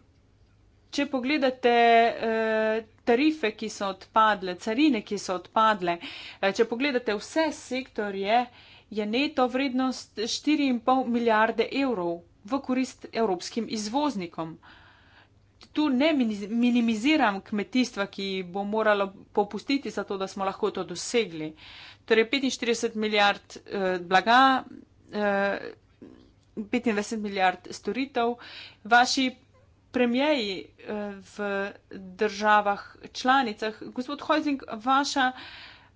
Speaker 2: če pogledate eh, tarife, ki so odpadle, carine, ki so odpadle, eh, če pogledate vse sektorje, je neto vrednost 4,5 milijarde evrov v korist evropskim izvoznikom. Tu ne minimiziram kmetijstva, ki bo moralo popustiti za to, da smo lahko to dosegli. Torej 45 milijard eh, blaga, eh, 25 milijard storitev. Vaši premjeji eh, v državah članicah. Gospod Hojzing, vaša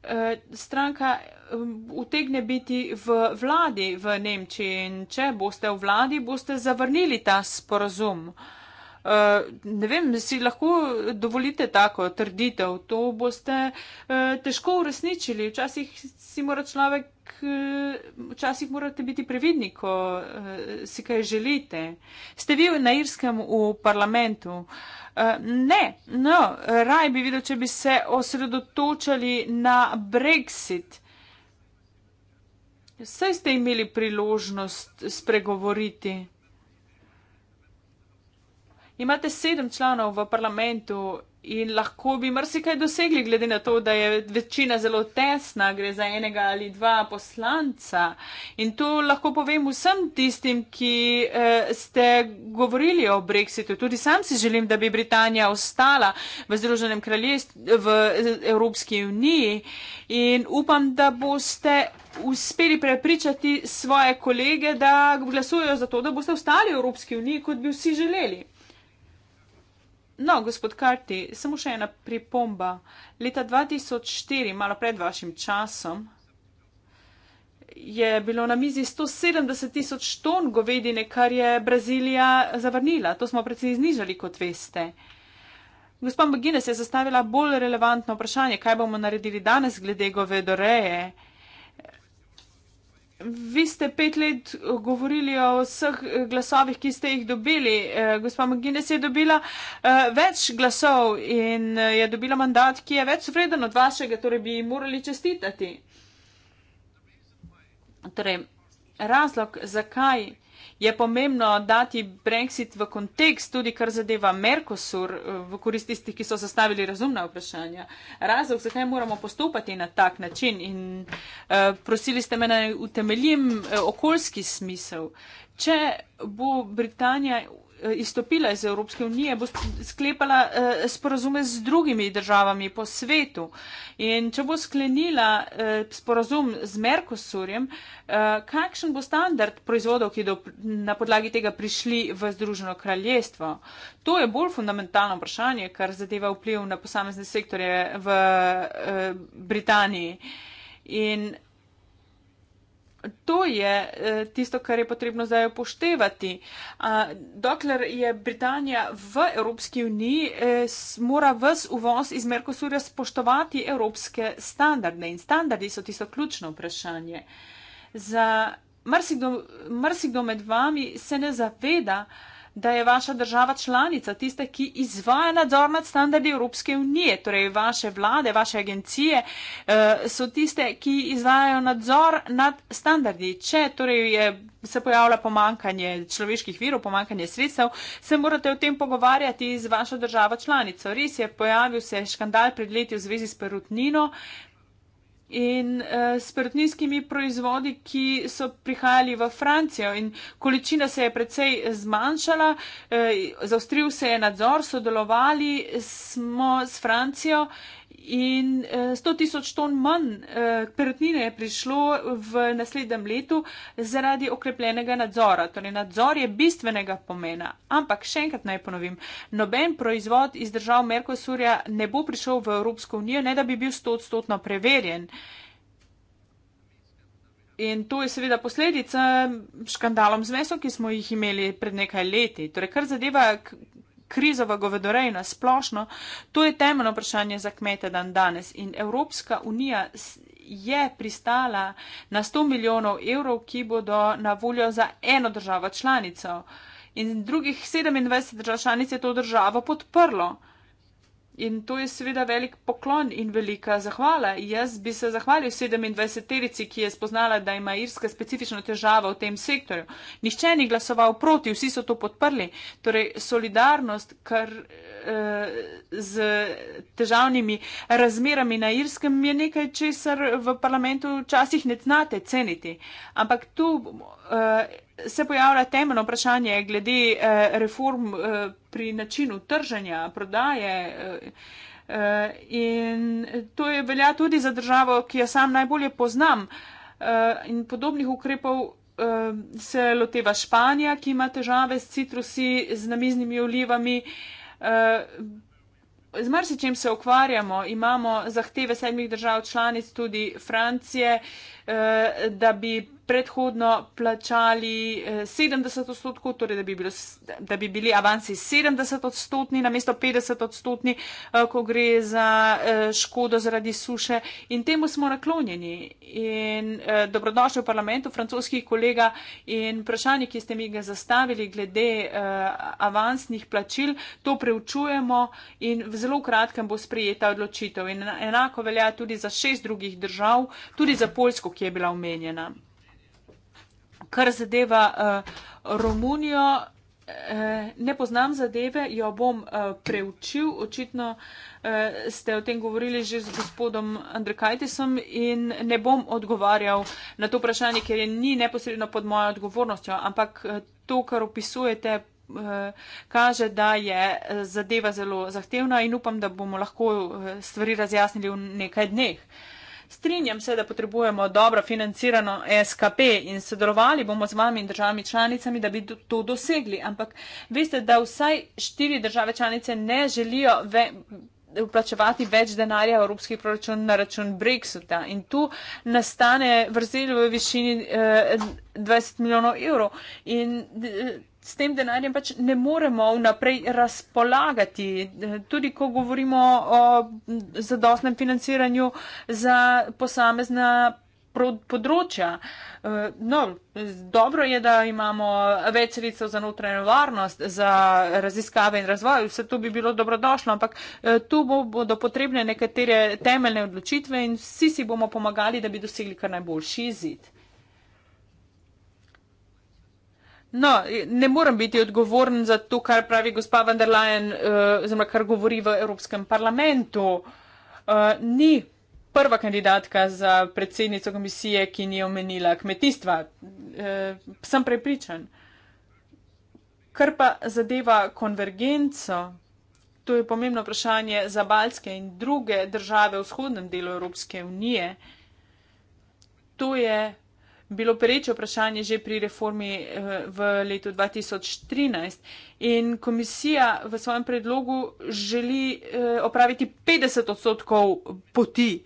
Speaker 2: eh, stranka eh, utegne biti v vladi v Nemčiji in če boste v vladi, boste zavrnili ta sporazum. Uh, Eh, ne vem, si lahko dovolite tako trditev, to boste eh, težko uresničili. Včasih si mora človek, eh, včasih morate biti previdni, ko si kaj želite. Ste vi na irskem v parlamentu? Ne, no, raj bi videl, če bi se osredotočali na Brexit. Saj ste imeli priložnost spregovoriti imate sedem članov v parlamentu in lahko bi marsikaj dosegli, glede na to, da je večina zelo tesna, gre za enega ali dva poslanca. In to lahko povem vsem tistim, ki eh, ste govorili o brexitu. Tudi sam si želim, da bi Britanija ostala v Združenem kraljestvu, v Evropski uniji in upam, da boste uspeli prepričati svoje kolege, da glasujejo za to, da boste ostali v Evropski uniji, kot bi vsi želeli. No, gospod Karti, samo še ena pripomba. Leta 2004, malo pred vašim časom, je bilo na mizi 170 tisoč ton govedine, kar je Brazilija zavrnila. To smo precej znižali, kot veste. Gospod McGuinness je zastavila bolj relevantno vprašanje, kaj bomo naredili danes glede govedoreje vi ste pet let govorili o vseh eh, glasovih, ki ste jih dobili. Eh, gospa McGuinness je dobila eh, več glasov in je dobila mandat, ki je več vreden od vašega, torej bi morali čestitati. Torej, razlog, zakaj je pomembno dati Brexit v kontekst tudi, kar zadeva Mercosur, v korist tistih, ki so zastavili razumna vprašanja. Razlog, zakaj moramo postopati na tak način in uh, prosili ste me, da utemeljim uh, okoljski smisel. Če bo Britanija Eh, izstopila iz Evropske unije, bo sklepala eh, sporazume z drugimi državami po svetu. In če bo sklenila eh, sporazum z Merkosurjem, eh, kakšen bo standard proizvodov, ki bodo na podlagi tega prišli v Združeno kraljestvo? To je bolj fundamentalno vprašanje, kar zadeva vpliv na posamezne sektorje v eh, Britaniji. In To je eh, tisto, kar je potrebno zdaj upoštevati. Dokler je Britanija v Evropski uniji, eh, mora vs uvoz iz Merkosurja spoštovati evropske standarde in standardi so tisto ključno vprašanje. Za marsikdo, marsikdo med vami se ne zaveda, da da je vaša država članica tista, ki izvaja nadzor nad standardi Evropske unije. Torej, vaše vlade, vaše agencije eh, so tiste, ki izvajajo nadzor nad standardi. Če torej je, se pojavlja pomankanje človeških virov, pomankanje sredstev, se morate o tem pogovarjati z vašo državo članico. Res je, pojavil se je škandal pred leti v zvezi s perutnino, in uh, eh, s perutninskimi proizvodi, ki so prihajali v Francijo in količina se je precej zmanjšala, uh, eh, zaustril se je nadzor, sodelovali smo s Francijo In 100 eh, tisoč ton manj eh, perutnine je prišlo v naslednjem letu zaradi okrepljenega nadzora. Torej, nadzor je bistvenega pomena. Ampak še enkrat naj ponovim, noben proizvod iz držav Merkosurja ne bo prišel v Evropsko unijo, ne da bi bil 100 odstotno preverjen. In to je seveda posledica škandalom z mesom, ki smo jih imeli pred nekaj leti. Torej, kar zadeva krizo v govedoreji na splošno, to je temeljno vprašanje za kmete dan danes. In Evropska unija je pristala na 100 milijonov evrov, ki bodo na voljo za eno državo članico. In drugih 27 držav članic je to državo podprlo. In to je seveda velik poklon in velika zahvala. Jaz bi se zahvalil 27-terici, ki je spoznala, da ima Irska specifično težavo v tem sektorju. Nihče ni glasoval proti, vsi so to podprli. Torej, solidarnost kar, eh, z težavnimi razmerami na Irskem je nekaj, česar v parlamentu včasih ne znate ceniti. Ampak tu. Eh, se pojavlja temeljno vprašanje glede eh, reform eh, pri načinu trženja, prodaje. Eh, eh, in to je velja tudi za državo, ki jo sam najbolje poznam. Eh, in podobnih ukrepov eh, se loteva Španija, ki ima težave s citrusi, z namiznimi olivami. Eh, Z marsičem se ukvarjamo, imamo zahteve sedmih držav članic, tudi Francije, eh, da bi predhodno plačali 70 eh, odstotkov, torej da bi, bilo, da bi bili avansi 70 odstotni na mesto 50 odstotni, eh, ko gre za eh, škodo zaradi suše. In temu smo naklonjeni. In dobrodošli v parlamentu, francoski kolega in vprašanje, ki ste mi ga zastavili glede avansnih plačil, to preučujemo in v zelo kratkem bo sprijeta odločitev. In enako velja tudi za šest drugih držav, tudi za Poljsko, ki je bila omenjena kar zadeva uh, Romunijo, eh, ne poznam zadeve, jo bom eh, preučil. Očitno eh, ste o tem govorili že z gospodom Andrekajtisom in ne bom odgovarjal na to vprašanje, ker je ni neposredno pod mojo odgovornostjo, ampak eh, to, kar opisujete, eh, kaže, da je eh, zadeva zelo zahtevna in upam, da bomo lahko stvari razjasnili v nekaj dneh. Eh, Strinjam se, da potrebujemo dobro financirano SKP in sodelovali bomo z vami in državami članicami, da bi to dosegli. Ampak veste, da vsaj štiri države članice ne želijo ve vplačevati več denarja v evropski proračun na račun Brexita. In tu nastane vrzel v višini eh, 20 milijonov evrov. In, eh, s tem denarjem pač ne moremo vnaprej razpolagati. Tudi, ko govorimo o zadostnem financiranju za posamezna področja. No, dobro je, da imamo več sredstev za notranjo varnost, za raziskave in razvoj, vse to bi bilo dobrodošlo, ampak tu bodo potrebne nekatere temeljne odločitve in vsi si bomo pomagali, da bi dosegli kar najboljši izid. No, ne morem biti odgovoren za to, kar pravi gospa von der Leyen, uh, eh, zelo kar govori v Evropskem parlamentu. Uh, ni prva kandidatka za predsednico komisije, ki ni omenila kmetijstva. Uh, sem prepričan. Kar pa zadeva konvergenco, to je pomembno vprašanje za Balske in druge države v vzhodnem delu Evropske unije. To je bilo pereče vprašanje že pri reformi eh, v letu 2013 in komisija v svojem predlogu želi eh, opraviti 50 odstotkov poti.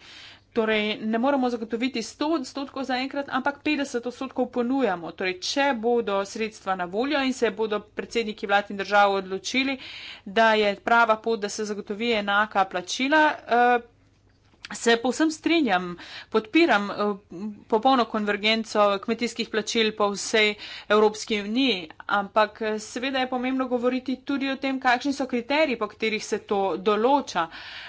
Speaker 2: Torej, ne moramo zagotoviti 100 odstotkov zaenkrat, ampak 50 odstotkov ponujamo. Torej, če bodo sredstva na voljo in se bodo predsedniki vlad in držav odločili, da je prava pot, da se zagotovi enaka plačila, eh, Se povsem strinjam, podpiram eh, popolno konvergenco kmetijskih plačil po vsej Evropski uniji, ampak eh, seveda je pomembno govoriti tudi o tem, kakšni so kriteriji, po katerih se to določa.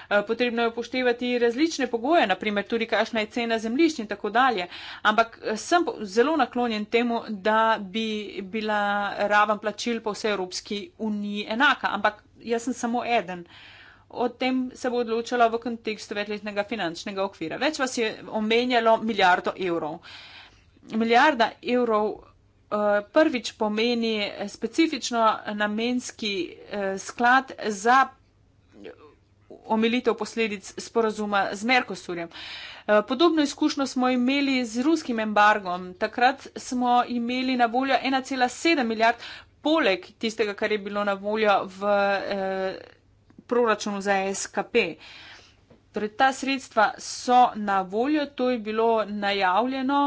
Speaker 2: Eh, potrebno je upoštevati različne pogoje, naprimer tudi kakšna je cena zemlišč in tako dalje. Ampak sem zelo naklonjen temu, da bi bila raven plačil po vsej Evropski uniji enaka, ampak jaz sem samo eden o tem se bo odločala v kontekstu večletnega finančnega okvira. Več vas je omenjalo milijardo evrov. Milijarda evrov eh, prvič pomeni specifično namenski eh, sklad za omilitev posledic sporazuma z Merkosurjem. Eh, podobno izkušnjo smo imeli z ruskim embargom. Takrat smo imeli na voljo 1,7 milijard, poleg tistega, kar je bilo na voljo v. Eh, proračunu za SKP. Torej, ta sredstva so na voljo, to je bilo najavljeno,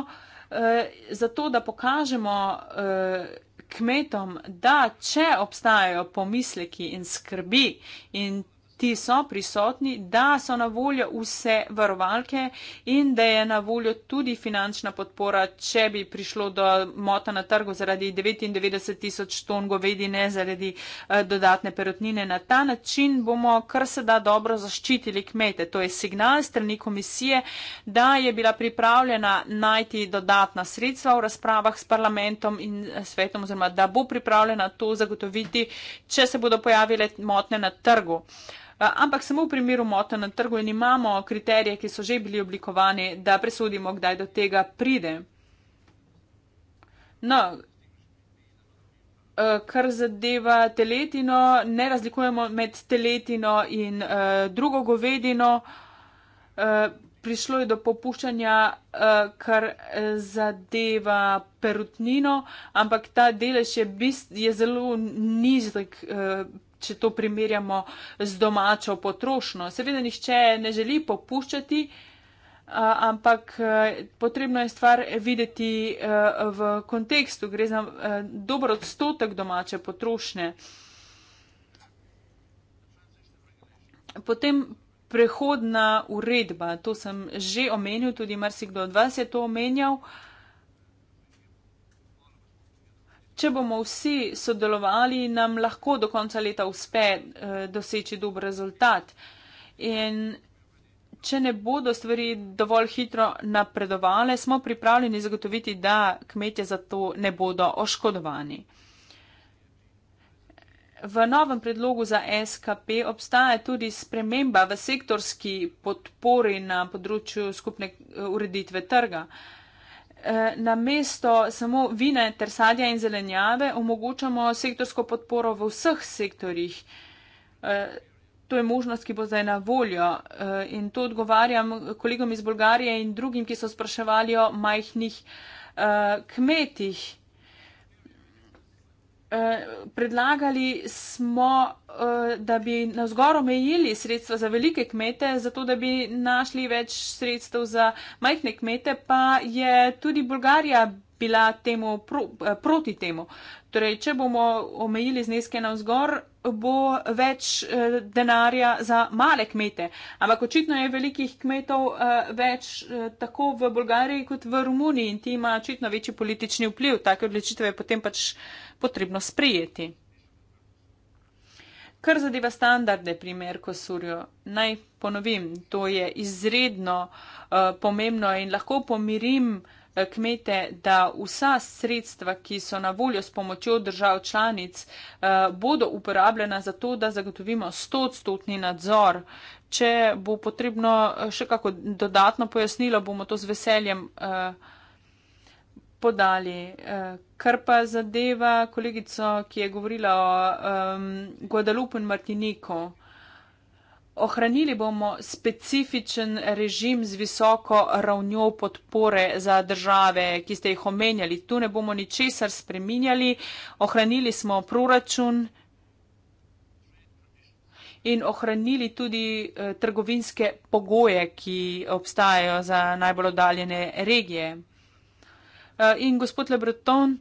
Speaker 2: eh, zato da pokažemo eh, kmetom, da če obstajajo pomisleki in skrbi in ti so prisotni, da so na voljo vse varovalke in da je na voljo tudi finančna podpora, če bi prišlo do mota na trgu zaradi 99 tisoč ton govedine, zaradi eh, dodatne perotnine. Na ta način bomo kar se da dobro zaščitili kmete. To je signal strani komisije, da je bila pripravljena najti dodatna sredstva v razpravah s parlamentom in eh, svetom, oziroma da bo pripravljena to zagotoviti, če se bodo pojavile motne na trgu ampak samo v primeru moten na trgu in imamo kriterije, ki so že bili oblikovani, da presodimo, kdaj do tega pride. No, eh, kar zadeva teletino, ne razlikujemo med teletino in eh, drugo govedino. Eh, prišlo je do popuščanja, kar zadeva perutnino, ampak ta delež je, bist, je zelo nizek če to primerjamo z domačo potrošnjo. Seveda nihče ne želi popuščati, eh, ampak eh, potrebno je stvar videti eh, v kontekstu. Gre za dober odstotek domače potrošnje. Potem prehodna uredba, to sem že omenil, tudi marsikdo od vas je to omenjal. Uh, če bomo vsi sodelovali, nam lahko do konca leta uspe uh, doseči dober rezultat. In če ne bodo stvari dovolj hitro napredovale, smo pripravljeni zagotoviti, da kmetje za to ne bodo oškodovani. V novem predlogu za SKP obstaja tudi sprememba v sektorski podpori na področju skupne eh, ureditve trga. Uh, Eh, na mesto samo vine, ter sadja in zelenjave omogočamo sektorsko podporo v vseh sektorjih. Eh, to je možnost, ki bo zdaj na voljo. Eh, in to odgovarjam kolegom iz Bolgarije in drugim, ki so spraševali o majhnih kmetih predlagali smo, eh, da bi na zgor omejili sredstva za velike kmete, zato da bi našli več sredstev za majhne kmete, pa je tudi Bolgarija bila temu pro, eh, proti temu. Torej, če bomo omejili zneske na vzgor, bo več eh, denarja za male kmete. Ampak očitno je velikih kmetov eh, več tako v Bolgariji kot v Romuniji in ti ima očitno večji politični vpliv. Take odločitve je potem pač potrebno sprijeti. Kar zadeva standarde pri Merkosurju, naj ponovim, to je izredno uh, pomembno in lahko pomirim uh, Eh, kmete, da vsa sredstva, ki so na voljo s pomočjo držav članic, eh, bodo uporabljena za to, da zagotovimo 100-stotni nadzor. Če bo potrebno eh, še kako dodatno pojasnilo, bomo to z veseljem podali. Kar pa zadeva kolegico, ki je govorila o um, Guadalupe in Martiniku. Ohranili bomo specifičen režim z visoko ravnjo podpore za države, ki ste jih omenjali. Tu ne bomo ničesar spreminjali. Ohranili smo proračun in ohranili tudi eh, trgovinske pogoje, ki obstajajo za najbolj oddaljene regije. Eh, in gospod Lebreton.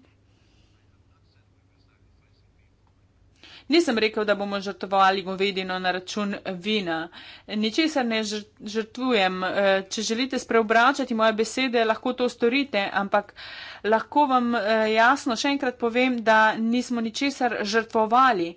Speaker 2: Nisem rekel, da bomo žrtvovali govedino na račun vina. Ničesar ne žrtvujem. Eh, če želite spreobračati moje besede, lahko to storite, ampak lahko vam eh, jasno še enkrat povem, da nismo ničesar žrtvovali.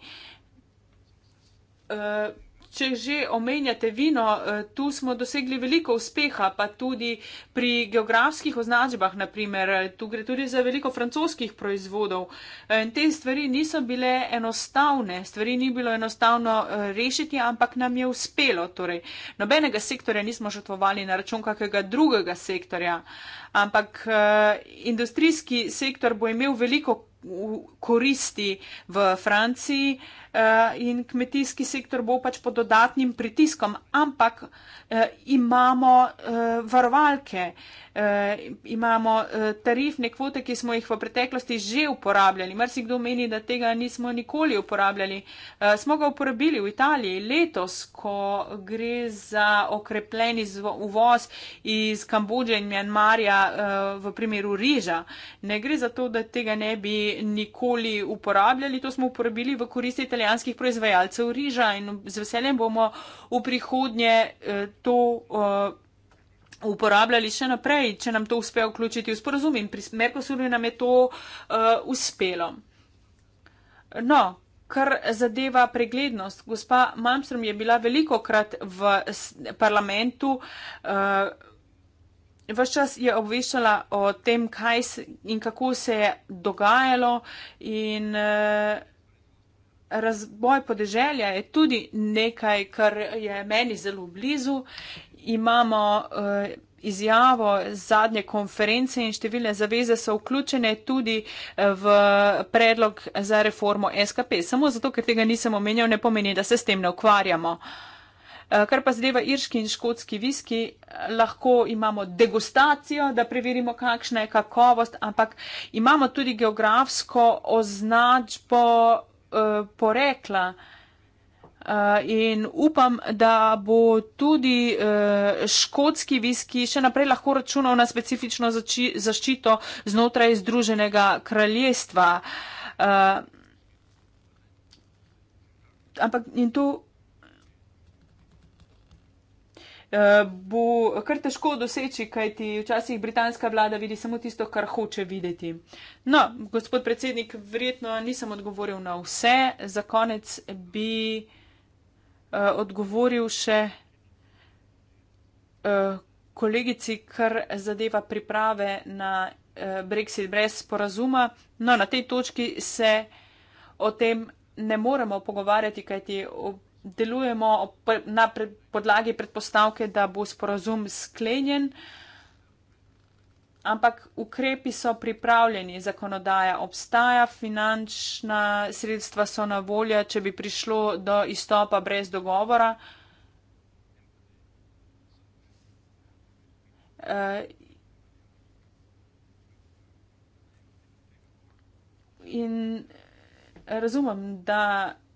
Speaker 2: Eh, če že omenjate vino, eh, tu smo dosegli veliko uspeha, pa tudi pri geografskih označbah, naprimer, eh, tu gre tudi za veliko francoskih proizvodov. Eh, in te stvari niso bile enostavne, stvari ni bilo enostavno rešiti, ampak nam je uspelo. Torej, nobenega sektorja nismo žrtvovali na račun kakega drugega sektorja, ampak eh, industrijski sektor bo imel veliko koristi v Franciji. Eh, in kmetijski sektor bo pač pod dodatnim pritiskom, ampak eh, imamo eh, varovalke, imamo tarifne kvote, ki smo jih v preteklosti že uporabljali. Mrzikdo meni, da tega nismo nikoli uporabljali. Smo ga uporabili v Italiji letos, ko gre za okrepljeni uvoz iz Kambodže in Mjanmarja v primeru riža. Ne gre za to, da tega ne bi nikoli uporabljali, to smo uporabili v korist Italije italijanskih proizvajalcev riža in z veseljem bomo v prihodnje eh, to eh, uporabljali še naprej, če nam to uspe vključiti v sporozum in pri Merkosuru nam je to eh, uspelo. No, kar zadeva preglednost, gospa Malmström je bila veliko krat v parlamentu. Ves čas je obveščala o tem, kaj in kako se je dogajalo in razvoj podeželja je tudi nekaj, kar je meni zelo blizu. Imamo uh, izjavo zadnje konference in številne zaveze so vključene tudi eh, v predlog za reformo SKP. Samo zato, ker tega nisem omenjal, ne pomeni, da se s tem ne ukvarjamo. Eh, kar pa zdaj v irški in škotski viski, lahko imamo degustacijo, da preverimo, kakšna je kakovost, ampak imamo tudi geografsko označbo Eh, porekla. Uh, in upam, da bo tudi uh, škotski viski še naprej lahko računal na specifično zači, zaščito znotraj Združenega kraljestva. Uh, ampak in tu Eh, bo kar težko doseči, kajti včasih britanska vlada vidi samo tisto, kar hoče videti. No, gospod predsednik, verjetno nisem odgovoril na vse. Za konec bi uh, odgovoril še uh, kolegici, kar zadeva priprave na uh, Brexit brez sporazuma. No, na tej točki se o tem ne moremo pogovarjati, kajti ob delujemo na podlagi predpostavke, da bo sporazum sklenjen, ampak ukrepi so pripravljeni, zakonodaja obstaja, finančna sredstva so na voljo, če bi prišlo do izstopa brez dogovora. Eh, in razumem, da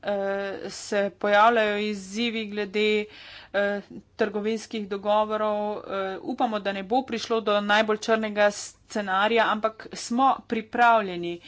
Speaker 2: uh, se pojavljajo izzivi glede uh, trgovinskih dogovorov. Uh, upamo, da ne bo prišlo do najbolj črnega scenarija, ampak smo pripravljeni. Uh,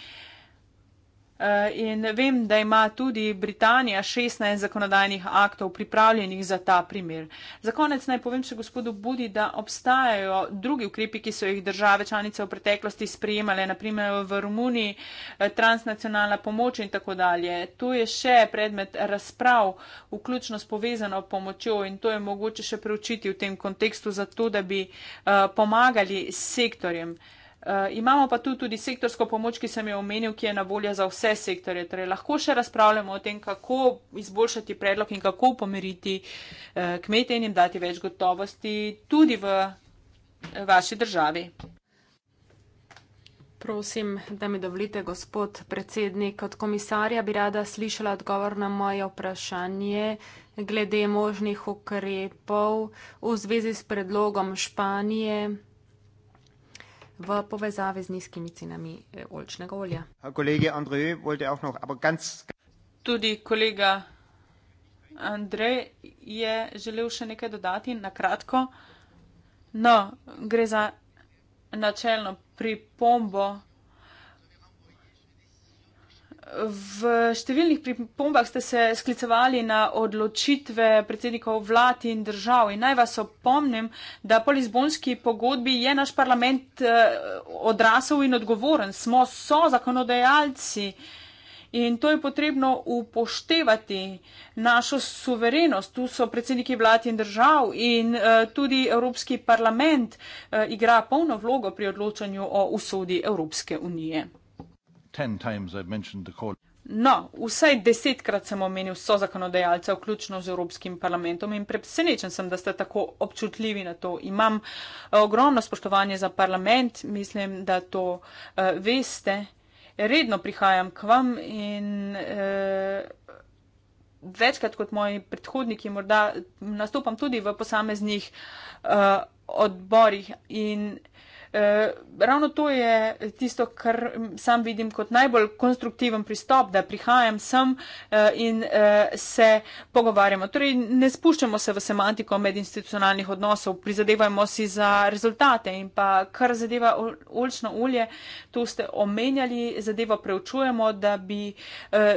Speaker 2: Eh, in vem, da ima tudi Britanija 16 zakonodajnih aktov pripravljenih za ta primer. Za konec naj povem še gospodu Budi, da obstajajo drugi ukrepi, ki so jih države članice v preteklosti sprejemale, naprimer v Romuniji eh, transnacionalna pomoč in tako dalje. To je še predmet razprav, vključno s povezano pomočjo in to je mogoče še preučiti v tem kontekstu, zato da bi eh, pomagali sektorjem. Eh, imamo pa tu tudi sektorsko pomoč, ki sem jo omenil, ki je na voljo za vse sektore. Torej, lahko še razpravljamo o tem, kako izboljšati predlog in kako pomiriti eh, kmete in jim dati več gotovosti tudi v eh, vaši državi.
Speaker 3: Prosim, da mi dovolite, gospod predsednik. Kot komisarja bi rada slišala odgovor na moje vprašanje glede možnih ukrepov v zvezi s predlogom Španije v povezavi z nizkimi cenami eh, oljčnega olja.
Speaker 2: Tudi kolega Andrej je želel še nekaj dodati na kratko. No, gre za načelno pripombo. V številnih pripombah ste se sklicevali na odločitve predsednikov vlad in držav in naj vas opomnim, da po Lizbonski pogodbi je naš parlament eh, odrasel in odgovoren. Smo so zakonodajalci in to je potrebno upoštevati našo suverenost. Tu so predsedniki vlad in držav in eh, tudi Evropski parlament eh, igra polno vlogo pri odločanju o usodi Evropske unije. No, vsaj desetkrat sem omenil so zakonodajalce, vključno z Evropskim parlamentom in presenečen sem, da ste tako občutljivi na to. Imam eh, ogromno spoštovanje za parlament, mislim, da to uh, veste. Redno prihajam k vam in uh, večkrat kot moji predhodniki morda nastopam tudi v posameznih uh, odborih in Eh, ravno to je tisto, kar sam vidim kot najbolj konstruktiven pristop, da prihajam sem eh, in eh, se pogovarjamo. Torej, ne spuščamo se v semantiko medinstitucionalnih odnosov, prizadevajmo si za rezultate in pa kar zadeva olčno olje, to ste omenjali, zadevo preučujemo, da bi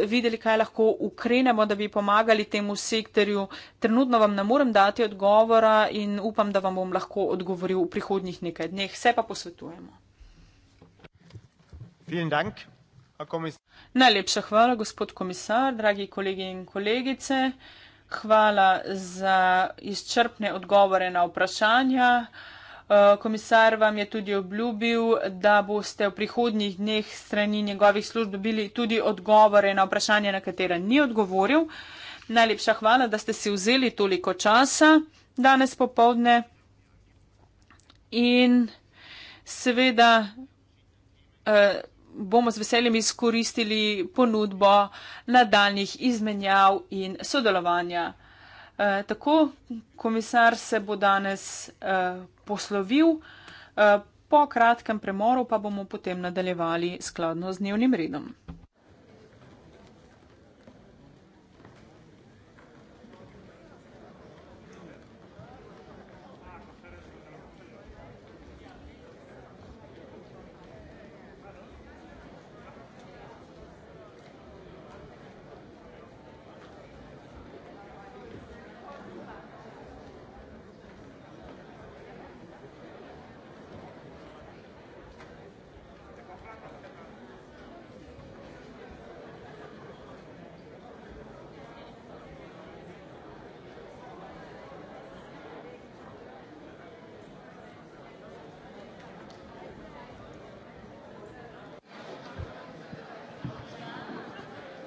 Speaker 2: videli, kaj lahko ukrenemo, da bi pomagali temu sektorju. Trenutno vam ne morem dati odgovora in upam, da vam bom lahko odgovoril v prihodnjih nekaj dneh. Vse pa posvetujemo. Dank, Najlepša hvala, gospod komisar, dragi kolegi in kolegice. Hvala za izčrpne odgovore na vprašanja. Eh, komisar vam je tudi obljubil, da boste v prihodnjih dneh strani njegovih služb dobili tudi odgovore na vprašanja, na katera ni odgovoril. Najlepša hvala, da ste si vzeli toliko časa danes popovdne. In seveda eh, bomo z veseljem izkoristili ponudbo nadaljnih izmenjav in sodelovanja. Eh, tako komisar se bo danes eh, poslovil, eh, po kratkem premoru pa bomo potem nadaljevali skladno z dnevnim redom.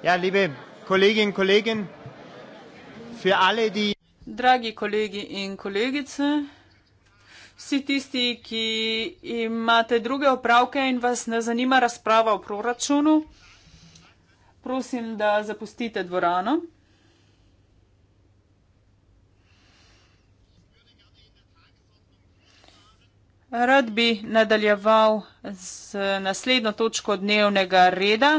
Speaker 1: Ja, liebe Kolleginnen und Kollegen, für alle, die. Dragi kolegi in kolegice,
Speaker 2: vsi tisti, ki imate druge opravke in vas ne zanima razprava o proračunu, prosim, da zapustite dvorano. Rad bi nadaljeval z naslednjo točko dnevnega reda.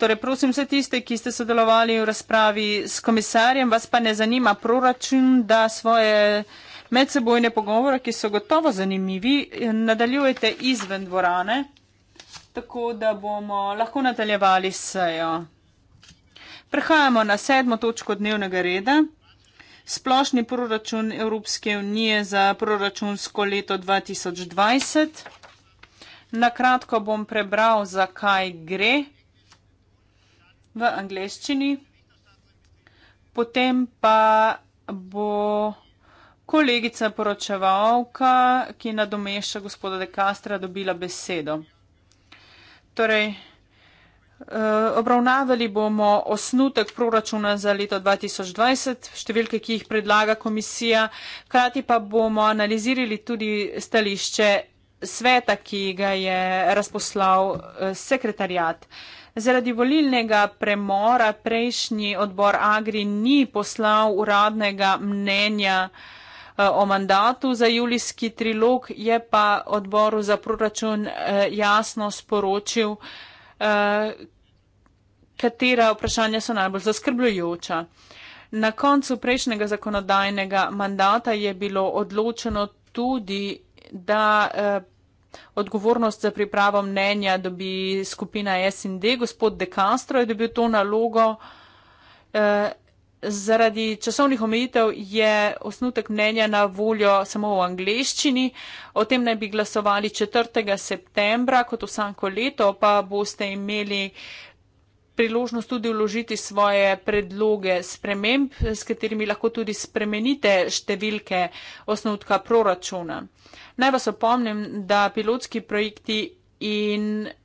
Speaker 2: Torej, prosim vse tiste, ki ste sodelovali v razpravi s komisarjem, vas pa ne zanima proračun, da svoje medsebojne pogovore, ki so gotovo zanimivi, nadaljujete izven dvorane, tako da bomo lahko nadaljevali sejo. Prehajamo na sedmo točko dnevnega reda. Splošni proračun Evropske unije za proračunsko leto 2020. Na kratko bom prebral, zakaj gre v angleščini. Potem pa bo kolegica poročevalka, ki nadomešča gospoda De Castra, dobila besedo. Torej, eh, obravnavali bomo osnutek proračuna za leto 2020, številke, ki jih predlaga komisija, krati pa bomo analizirali tudi stališče sveta, ki ga je razposlal eh, sekretarjat. Zaradi volilnega premora prejšnji odbor Agri ni poslal uradnega mnenja eh, o mandatu za julijski trilog, je pa odboru za proračun eh, jasno sporočil, eh, katera vprašanja so najbolj zaskrbljujoča. Na koncu prejšnjega zakonodajnega mandata je bilo odločeno tudi, da Odgovornost za pripravo mnenja dobi skupina SND, gospod De Castro je dobil to nalogo. Eh, zaradi časovnih omejitev je osnutek mnenja na voljo samo v angleščini. O tem naj bi glasovali 4. septembra, kot vsako leto, pa boste imeli eh, priložnost tudi vložiti svoje predloge sprememb, s katerimi lahko tudi spremenite številke osnovka proračuna. Naj vas opomnim, da pilotski projekti in eh,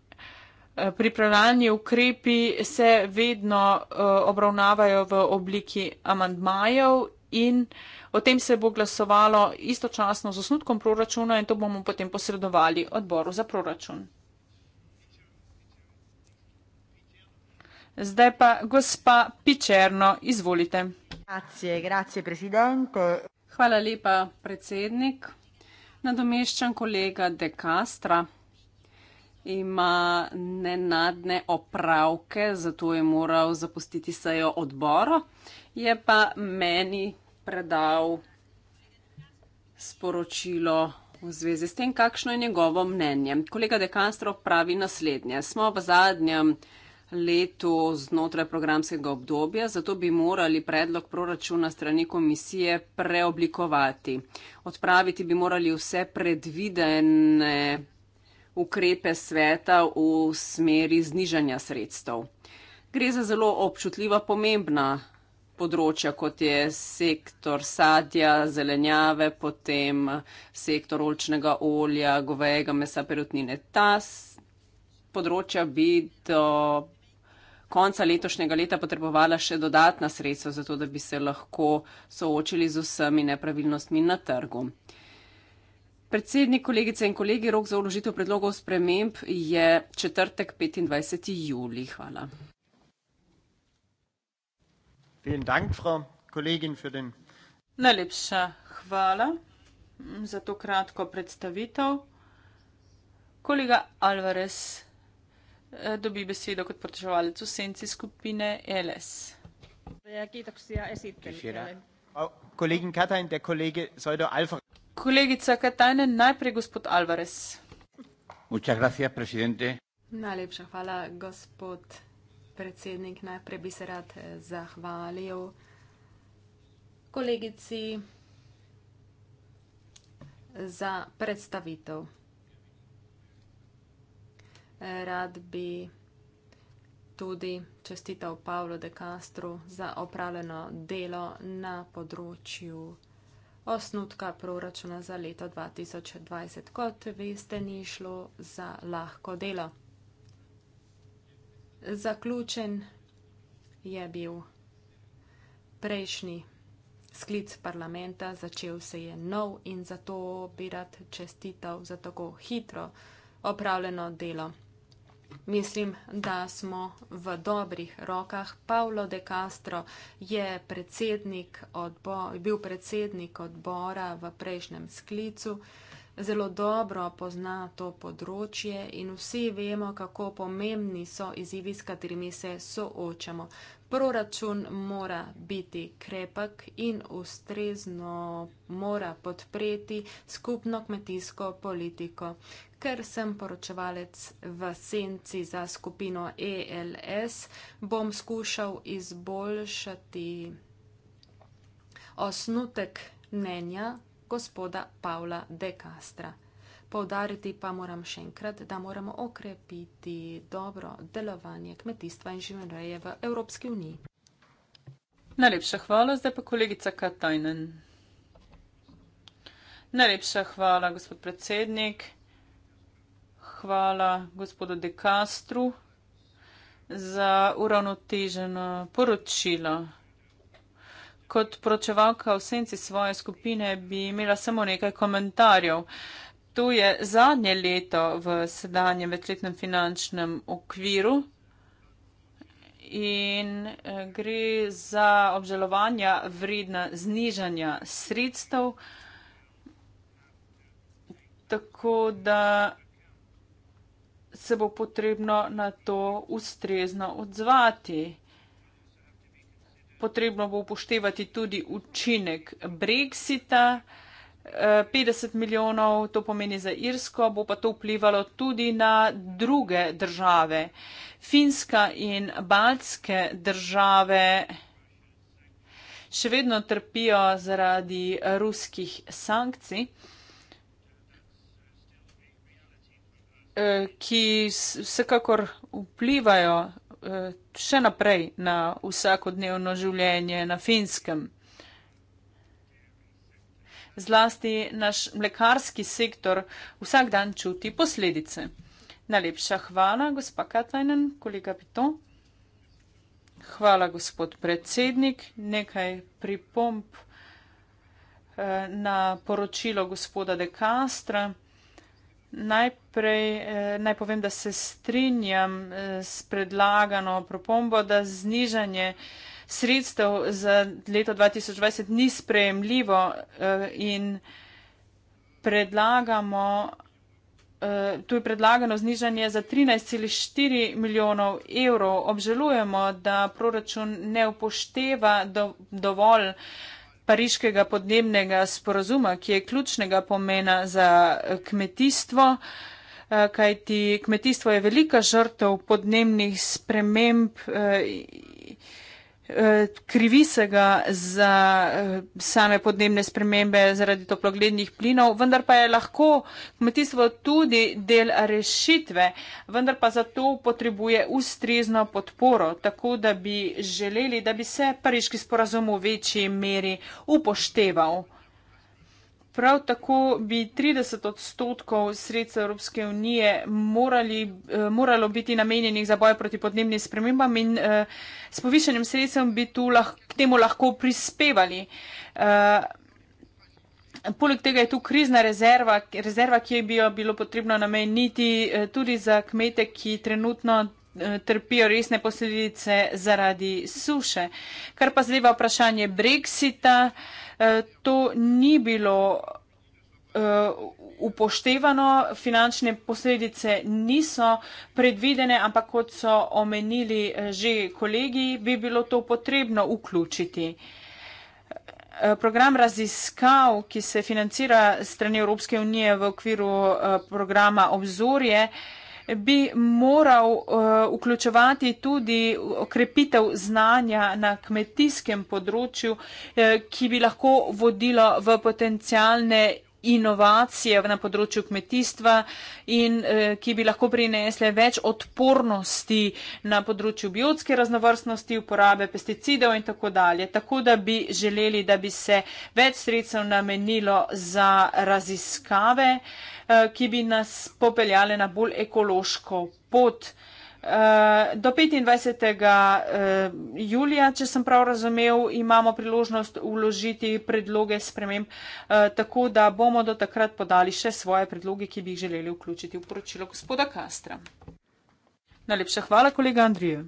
Speaker 2: pripravljanje ukrepi se vedno eh, obravnavajo v obliki amandmajev in o tem se bo glasovalo istočasno z osnutkom proračuna in to bomo potem posredovali odboru za proračun. Zdaj pa gospa Pičerno, izvolite. Grazie, grazie presidente. Hvala lepa, predsednik.
Speaker 4: Nadomeščen kolega De Castra ima nenadne opravke, zato je moral zapustiti sejo odbora. Je pa meni predal sporočilo v zvezi s tem, kakšno je njegovo mnenje. Kolega De Castro pravi naslednje. Smo v zadnjem letu znotraj programskega obdobja, zato bi morali predlog proračuna strani komisije preoblikovati. Odpraviti bi morali vse predvidene ukrepe sveta v smeri znižanja sredstev. Gre za zelo občutljiva, pomembna področja, kot je sektor sadja, zelenjave, potem sektor olčnega olja, govejega mesa, perutnine, tas področja bi do konca letošnjega leta potrebovala še dodatna sredstva, zato da bi se lahko soočili z vsemi nepravilnostmi na trgu. Predsednik, kolegice in kolegi, rok za uložitev predlogov sprememb je
Speaker 1: četrtek 25. juli. Hvala. Dank, den... Najlepša hvala
Speaker 2: za to kratko predstavitev. Kolega Alvarez, Eh, dobi besedo kot poročevalec v senci skupine LS.
Speaker 3: Kolegica Katajnen, najprej gospod Alvarez. Najlepša hvala, gospod predsednik. Najprej bi se rad eh, zahvalil kolegici za predstavitev rad bi tudi čestital Pavlo de Castro za opravljeno delo na področju osnutka proračuna za leto 2020. Kot veste, ni šlo za lahko delo. Zaključen je bil prejšnji sklic parlamenta, začel se je nov in zato bi rad čestital za tako hitro opravljeno delo. Mislim, da smo v dobrih rokah. Paulo de Castro je predsednik odbo bil predsednik odbora v prejšnjem sklicu zelo dobro pozna to področje in vsi vemo, kako pomembni so izzivi, s katerimi se soočamo. Proračun mora biti krepek in ustrezno mora podpreti skupno kmetijsko politiko. Ker sem poročevalec v senci za skupino ELS, bom skušal izboljšati osnutek mnenja gospoda Pavla De Castra. Povdariti pa moram še enkrat, da moramo okrepiti dobro delovanje kmetijstva in živinoreje v Evropski uniji.
Speaker 2: Najlepša hvala, zdaj pa kolegica Katajnen. Najlepša hvala, gospod predsednik. Hvala gospodu De Castru za uravnoteženo poročilo. Kot pročevalka v senci svoje skupine bi imela samo nekaj komentarjev. Tu je zadnje leto v sedanjem večletnem finančnem okviru in eh, gre za obžalovanja vredna znižanja sredstev. Tako da se bo potrebno na to ustrezno odzvati potrebno bo upoštevati tudi učinek Brexita. 50 eh, milijonov, to pomeni za Irsko, bo pa to vplivalo tudi na druge države. Finska in Baltske države še vedno trpijo zaradi ruskih sankcij, eh, ki vsekakor vplivajo Eh, še naprej na vsakodnevno življenje na finskem. Zlasti naš mlekarski sektor vsak dan čuti posledice. Najlepša hvala, gospa Katajnen, kolega Pito. Hvala, gospod predsednik. Nekaj pripomp eh, na poročilo gospoda De Castra. Najprej eh, naj povem, da se strinjam eh, s predlagano propombo, da znižanje sredstev za leto 2020 ni sprejemljivo eh, in predlagamo, tu je predlagano znižanje za 13,4 milijonov evrov. Obžalujemo, da proračun ne upošteva dovolj pariškega podnebnega sporozuma, ki je ključnega pomena za eh, kmetijstvo, eh, kajti kmetijstvo je velika žrtev podnebnih sprememb eh, Eh, krivi se ga za eh, same podnebne spremembe zaradi toploglednih plinov, vendar pa je lahko kmetijstvo tudi del rešitve, vendar pa zato potrebuje ustrezno podporo, tako da bi želeli, da bi se pariški sporazum v večji meri upošteval. Prav tako bi 30 odstotkov sredstev Evropske unije morali, eh, moralo biti namenjenih za boj proti podnebnim spremembam in uh, s povišenjem sredstvom bi tu lah, k temu lahko prispevali. Uh, Poleg tega je tu krizna rezerva, rezerva, ki bi jo bilo potrebno nameniti tudi za kmete, ki trenutno Eh, trpijo resne posledice zaradi suše. Kar pa zdaj vprašanje Brexita, eh, to ni bilo eh, upoštevano, finančne posledice niso predvidene, ampak kot so omenili že kolegi, bi bilo to potrebno vključiti. Program raziskav, ki se financira strani Evropske unije v okviru programa Obzorje, bi moral uh, vključevati tudi okrepitev znanja na kmetijskem področju, eh, ki bi lahko vodilo v potencijalne inovacije na področju kmetijstva in eh, ki bi lahko prinesle več odpornosti na področju biotske raznovrstnosti, uporabe pesticidov in tako dalje. Tako da bi želeli, da bi se več sredstev namenilo za raziskave eh, Eh, ki bi nas popeljale na bolj ekološko pot. Eh, do 25. Eh, julija, če sem prav razumev, imamo priložnost uložiti predloge sprememb, tako da bomo do takrat podali še svoje predloge, ki bi jih želeli vključiti v poročilo gospoda Kastra. Najlepša hvala, kolega Andrije.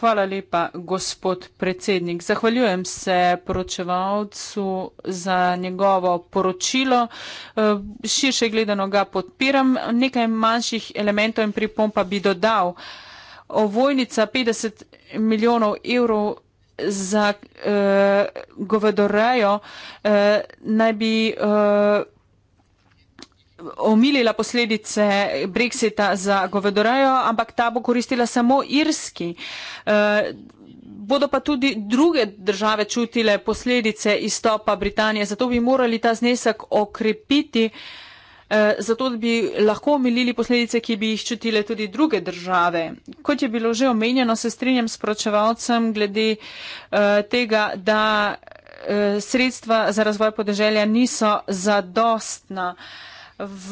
Speaker 2: Hvala lepa, gospod predsednik. Zahvaljujem se poročevalcu za njegovo poročilo. Eh, širše gledano ga podpiram. Nekaj manjših elementov in pripompa bi dodal. Ovojnica 50 milijonov evrov za eh, govedorejo eh, naj bi eh, omilila posledice brexita za govedorajo, ampak ta bo koristila samo irski. Eh, bodo pa tudi druge države čutile posledice izstopa Britanije, zato bi morali ta znesek okrepiti, eh, zato da bi lahko omilili posledice, ki bi jih čutile tudi druge države. Kot je bilo že omenjeno, se strinjam s pročevalcem glede eh, tega, da sredstva za razvoj podeželja niso zadostna v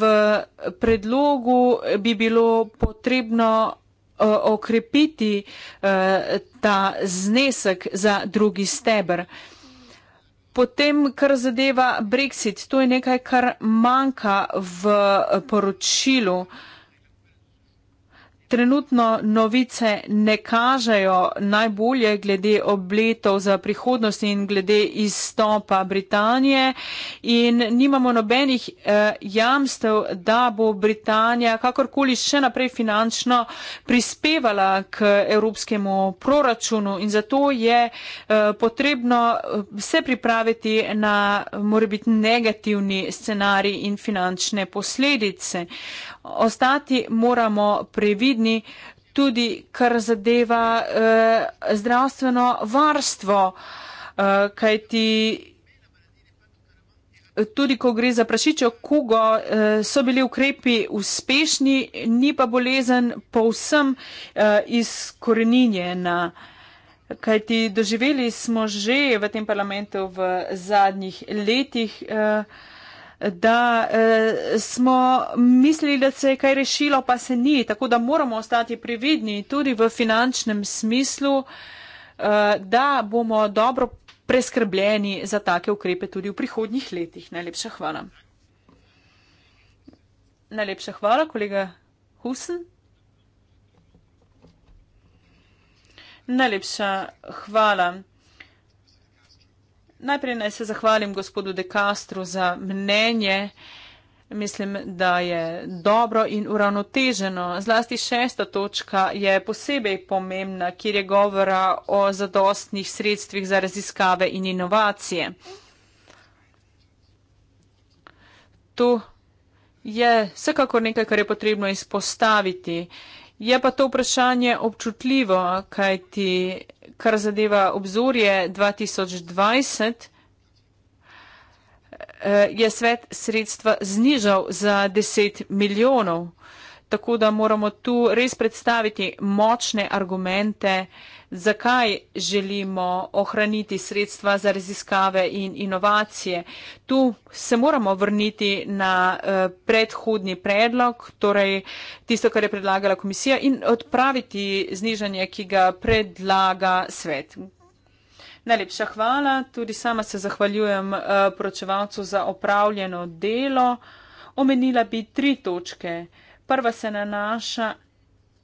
Speaker 2: predlogu bi bilo potrebno eh, okrepiti eh, ta znesek za drugi steber. Potem, kar zadeva Brexit, to je nekaj, kar manjka v poročilu. Uh, trenutno novice ne kažejo najbolje glede obletov za prihodnost in glede izstopa Britanije in nimamo nobenih eh, jamstev, da bo Britanija kakorkoli še naprej finančno prispevala k evropskemu proračunu in zato je eh, potrebno vse eh, pripraviti na morebit negativni scenarij in finančne posledice ostati moramo previdni tudi, kar zadeva eh, zdravstveno varstvo, eh, kajti tudi, ko gre za prašičo kugo, eh, so bili ukrepi uspešni, ni pa bolezen povsem eh, izkoreninjena. Kajti doživeli smo že v tem parlamentu v zadnjih letih. Eh, da eh, smo mislili, da se je kaj rešilo, pa se ni. Tako da moramo ostati previdni tudi v finančnem smislu, eh, da bomo dobro preskrbljeni za take ukrepe tudi v prihodnjih letih. Najlepša hvala. Najlepša hvala, kolega Husen. Najlepša hvala. Najprej naj se zahvalim gospodu De Castru za mnenje. Mislim, da je dobro in uravnoteženo. Zlasti šesta točka je posebej pomembna, kjer je govora o zadostnih sredstvih za raziskave in inovacije. To je vsekakor nekaj, kar je potrebno izpostaviti. Je pa to vprašanje občutljivo, kaj ti, kar zadeva obzorje 2020, eh, je svet sredstva znižal za 10 milijonov tako da moramo tu res predstaviti močne argumente, zakaj želimo ohraniti sredstva za raziskave in inovacije. Tu se moramo vrniti na eh, predhodni predlog, torej tisto, kar je predlagala komisija in odpraviti znižanje, ki ga predlaga svet. Najlepša hvala, tudi sama se zahvaljujem uh, eh, pročevalcu za opravljeno delo. Omenila bi tri točke. Uh, Prva se nanaša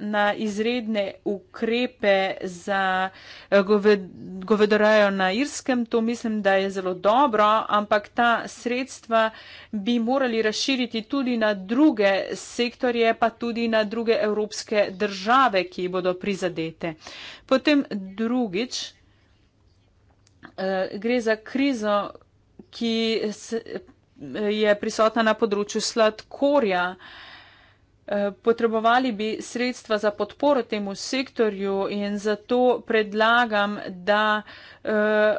Speaker 2: na izredne ukrepe za eh, goved, govedorejo na Irskem. To mislim, da je zelo dobro, ampak ta sredstva bi morali razširiti tudi na druge sektorje, pa tudi na druge evropske države, ki bodo prizadete. Potem drugič, eh, gre za krizo, ki eh, je prisotna na področju sladkorja. Eh, potrebovali bi sredstva za podporo temu sektorju in zato predlagam, da eh,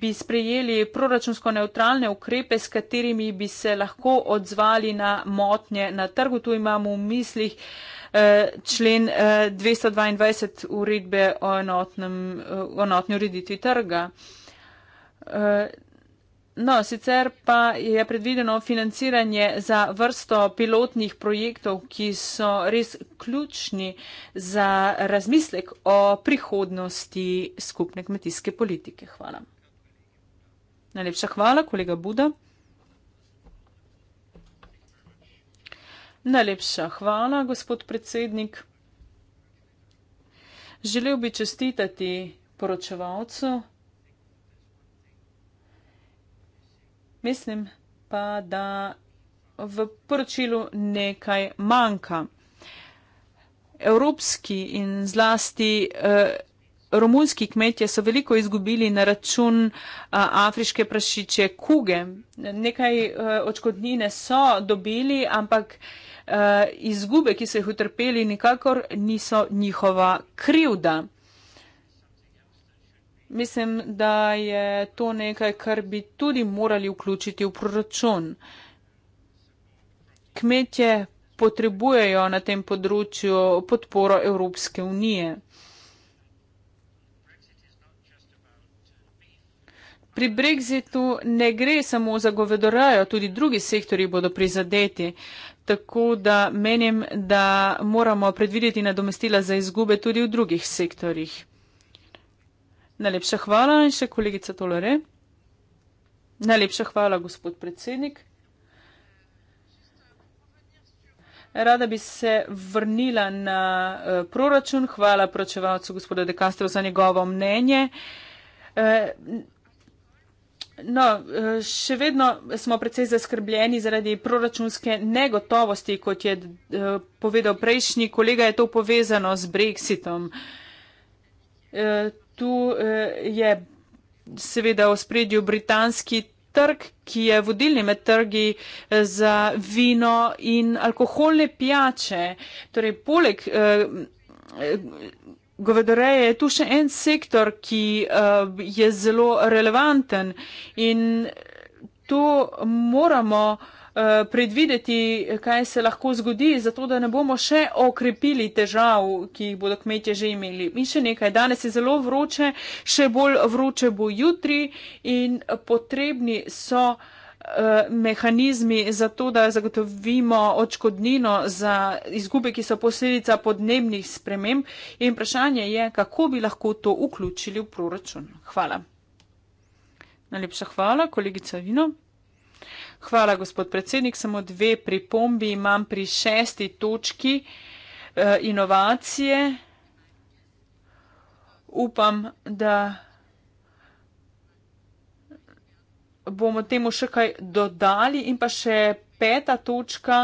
Speaker 2: bi sprejeli proračunsko neutralne ukrepe, s katerimi bi se lahko odzvali na motnje na trgu. Tu imamo v mislih eh, člen 222 uredbe o enotnem, enotni ureditvi trga. No, sicer pa je predvideno financiranje za vrsto pilotnih projektov, ki so res ključni za razmislek o prihodnosti skupne kmetijske politike. Hvala. Najlepša hvala, kolega Buda. Najlepša hvala, gospod predsednik. Želel bi čestitati poročevalcu. Mislim pa, da v poročilu nekaj manjka. Evropski in zlasti eh, romunski kmetje so veliko izgubili na račun eh, afriške prašiče kuge. Nekaj eh, očkodnine so dobili, ampak eh, izgube, ki so jih utrpeli, nikakor niso njihova krivda. Mislim, da je to nekaj, kar bi tudi morali vključiti v proračun. Kmetje potrebujejo na tem področju podporo Evropske unije. Pri Brexitu ne gre samo za govedorajo, tudi drugi sektori bodo prizadeti. Tako da menim, da moramo predvideti nadomestila za izgube tudi v drugih sektorjih. Najlepša hvala in še kolegica Tolare. Najlepša hvala, gospod predsednik. Rada bi se vrnila na eh, proračun. Hvala pročevalcu gospoda Dekastro za njegovo mnenje. Eh, no, eh, še vedno smo precej zaskrbljeni zaradi proračunske negotovosti, kot je povedal prejšnji kolega, je to povezano z brexitom tu eh, je seveda v spredju britanski trg, ki je vodilni med trgi eh, za vino in alkoholne pijače. Torej, poleg eh, govedoreje je tu še en sektor, ki je zelo relevanten in to moramo Eh, predvideti, kaj se lahko zgodi, zato da ne bomo še okrepili težav, ki jih bodo kmetje že imeli. In še nekaj, danes je zelo vroče, še bolj vroče bo jutri in potrebni so eh, mehanizmi za to, da zagotovimo očkodnino za izgube, ki so posledica podnebnih sprememb in vprašanje je, kako bi lahko to vključili v proračun. Hvala. Najlepša hvala, kolegica Vino. Hvala, gospod predsednik. Samo dve pripombi imam pri šesti točki eh, inovacije. Upam, da bomo temu še kaj dodali in pa še peta točka.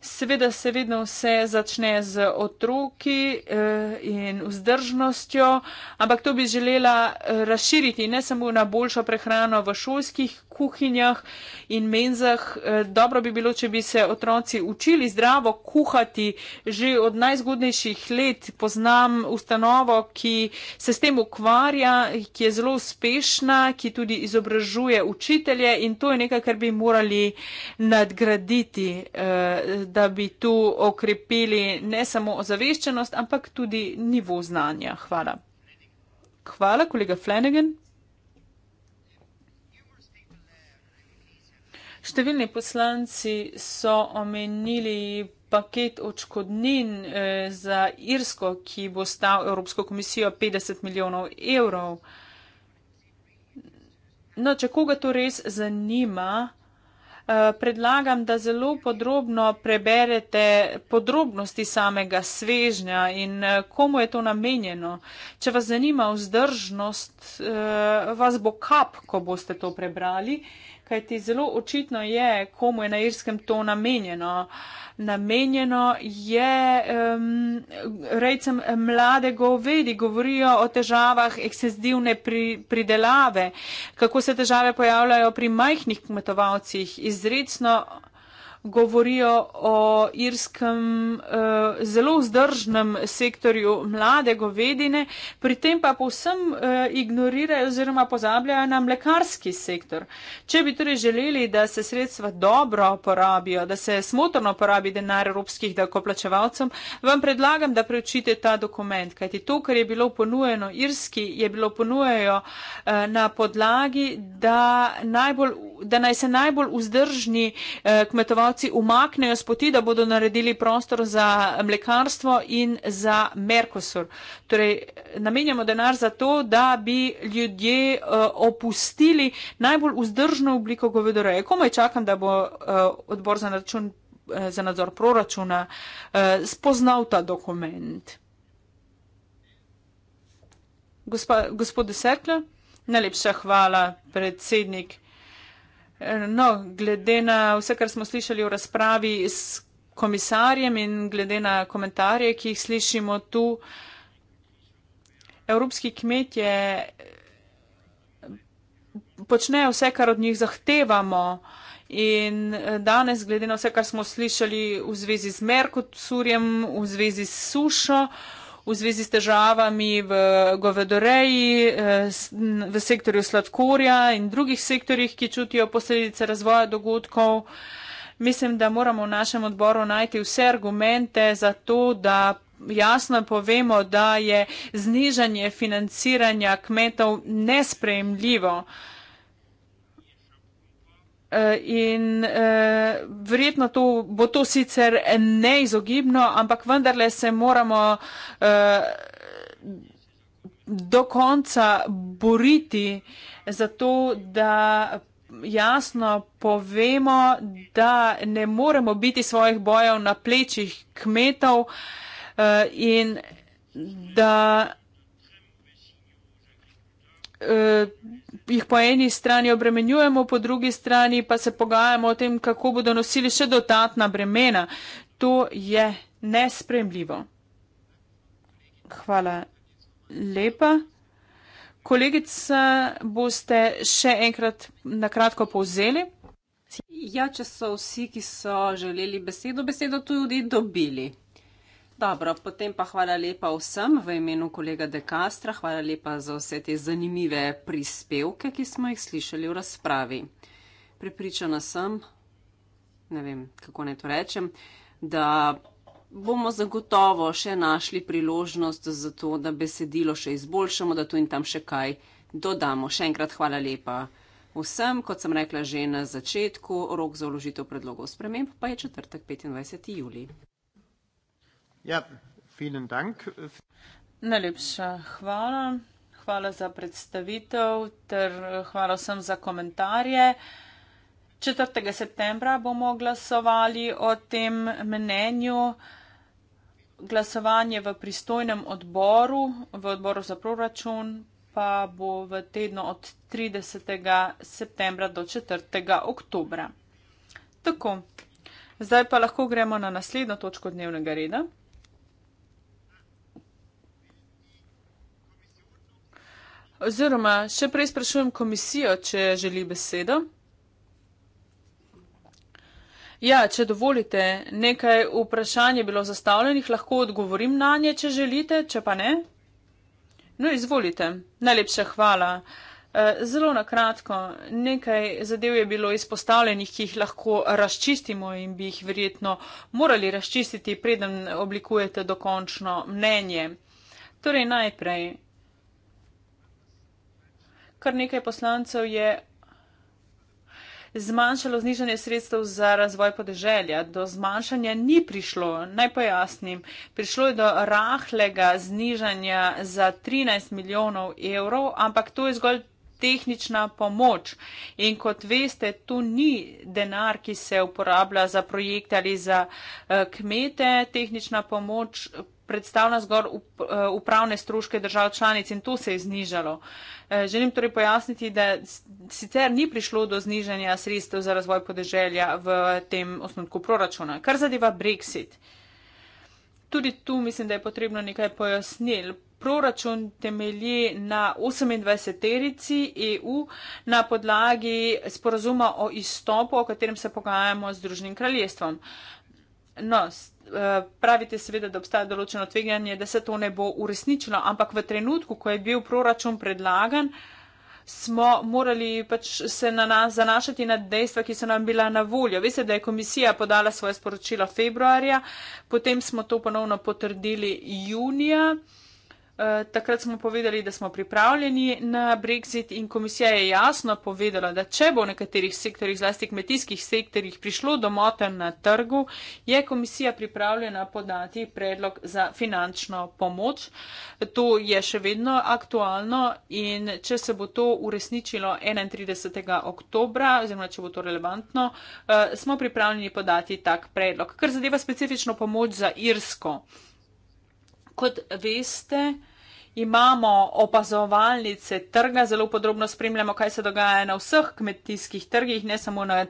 Speaker 2: Seveda se vedno vse začne z otroki eh, in vzdržnostjo, ampak to bi želela eh, razširiti ne samo na boljšo prehrano v šolskih kuhinjah in menzah. Eh, dobro bi bilo, če bi se otroci učili zdravo kuhati že od najzgodnejših let. Poznam ustanovo, ki se s tem ukvarja, ki je zelo uspešna, ki tudi izobražuje učitelje in to je nekaj, kar bi morali nadgraditi, eh, da bi tu okrepili ne samo ozaveščenost, ampak tudi nivo znanja. Hvala. Hvala, kolega Flanagan. Številni poslanci so omenili paket očkodnin eh, za Irsko, ki bo stal Evropsko komisijo 50 milijonov evrov. No, če koga to res zanima, eh, predlagam, da zelo podrobno preberete podrobnosti samega svežnja in eh, komu je to namenjeno. Če vas zanima vzdržnost, vas bo kap, ko boste to prebrali kajti zelo očitno je, komu je na irskem to namenjeno. Namenjeno je, um, rečem, mlade govedi, govorijo o težavah ekscesivne pri, pridelave, kako se težave pojavljajo pri majhnih kmetovalcih, izredno govorijo o irskem uh, zelo vzdržnem sektorju mlade govedine, pri tem pa povsem uh, ignorirajo oziroma pozabljajo na mlekarski sektor. Če bi torej želeli, da se sredstva dobro porabijo, da se smotrno porabi denar evropskih dokoplačevalcem, vam predlagam, da preučite ta dokument, kajti to, kar je bilo ponujeno irski, je bilo ponujejo uh, eh, na podlagi, da, najbolj, da naj se najbolj vzdržni uh, kmetovalci proizvajalci umaknejo z poti, da bodo naredili prostor za mlekarstvo in za Merkosur. Torej, namenjamo denar za to, da bi ljudje uh, opustili najbolj vzdržno obliko govedoreje. Komaj čakam, da bo uh, odbor za, račun, uh, za nadzor proračuna uh, spoznal ta dokument. Gospa, gospod Desertler, najlepša hvala, predsednik. Eh, no, glede na vse, kar smo slišali v razpravi s komisarjem in glede na komentarje, ki jih slišimo tu, evropski kmetje počnejo vse, kar od njih zahtevamo. In eh, danes, glede na vse, kar smo slišali v zvezi z Merkosurjem, v zvezi s sušo, uh, v zvezi s težavami v govedoreji, eh, v sektorju sladkorja in drugih sektorjih, ki čutijo posledice razvoja dogodkov. Mislim, da moramo v našem odboru najti vse argumente za to, da jasno povemo, da je znižanje financiranja kmetov nesprejemljivo. Eh, in uh, verjetno to, bo to sicer neizogibno, ampak vendarle se moramo uh, do konca boriti za to, da jasno povemo, da ne moremo biti svojih bojev na plečih kmetov uh, in da uh, jih po eni strani obremenjujemo, po drugi strani pa se pogajamo o tem, kako bodo nosili še dodatna bremena. To je nespremljivo. Hvala lepa. Kolegica, boste še enkrat na kratko povzeli?
Speaker 4: Ja, če so vsi, ki so želeli besedo, besedo tudi dobili. Dobro, potem pa hvala lepa vsem v imenu kolega Dekastra, hvala lepa za vse te zanimive prispevke, ki smo jih slišali v razpravi. Pripričana sem, ne vem, kako naj to rečem, da bomo zagotovo še našli priložnost za to, da besedilo še izboljšamo, da tu in tam še kaj dodamo. Še enkrat hvala lepa vsem, kot sem rekla že na začetku, rok za vložitev predlogov sprememb pa je četrtek 25. julij.
Speaker 1: Ja, vielen Dank.
Speaker 2: Najlepša hvala. Hvala za predstavitev ter eh, hvala vsem za komentarje. 4. septembra bomo glasovali o tem mnenju. Glasovanje v pristojnem odboru, v odboru za proračun, pa bo v tednu od 30. septembra do 4. oktobra. Tako, zdaj pa lahko gremo na naslednjo točko dnevnega reda. Oziroma, še prej sprašujem komisijo, če želi besedo. Ja, če dovolite, nekaj vprašanj je bilo zastavljenih, lahko odgovorim na nje, če želite, če pa ne. No, izvolite. Najlepša hvala. Eh, zelo na kratko, nekaj zadev je bilo izpostavljenih, ki jih lahko razčistimo in bi jih verjetno morali razčistiti, preden oblikujete dokončno mnenje. Torej najprej, kar nekaj poslancev je zmanjšalo znižanje sredstev za razvoj podeželja. Do zmanjšanja ni prišlo, naj pojasnim, prišlo je do rahlega znižanja za 13 milijonov evrov, ampak to je zgolj tehnična pomoč. In kot veste, to ni denar, ki se uporablja za projekte ali za eh, kmete, tehnična pomoč predstavlja zgor eh, upravne stroške držav članic in to se je znižalo. Eh, želim torej pojasniti, da sicer ni prišlo do znižanja sredstev za razvoj podeželja v tem osnutku proračuna. Kar zadeva Brexit, tudi tu mislim, da je potrebno nekaj pojasnil. Proračun temelji na 28 terici EU na podlagi sporazuma o izstopu, o katerem se pogajamo z Združenim kraljestvom. No, Eh, pravite seveda, da obstaja določeno tveganje, da se to ne bo uresničilo, ampak v trenutku, ko je bil proračun predlagan, smo morali pač se na nas zanašati na dejstva, ki so nam bila na voljo. Veste, da je komisija podala svoje sporočilo februarja, potem smo to ponovno potrdili junija. Eh, takrat smo povedali, da smo pripravljeni na Brexit in komisija je jasno povedala, da če bo v nekaterih sektorjih, zlasti kmetijskih sektorjih, prišlo do moten na trgu, je komisija pripravljena podati predlog za finančno pomoč. To je še vedno aktualno in če se bo to uresničilo 31. oktobra, oziroma če bo to relevantno, eh, smo pripravljeni podati tak predlog. Kar zadeva specifično pomoč za Irsko. Kot veste, imamo opazovalnice trga, zelo podrobno spremljamo, kaj se dogaja na vseh kmetijskih trgih, ne samo na eh,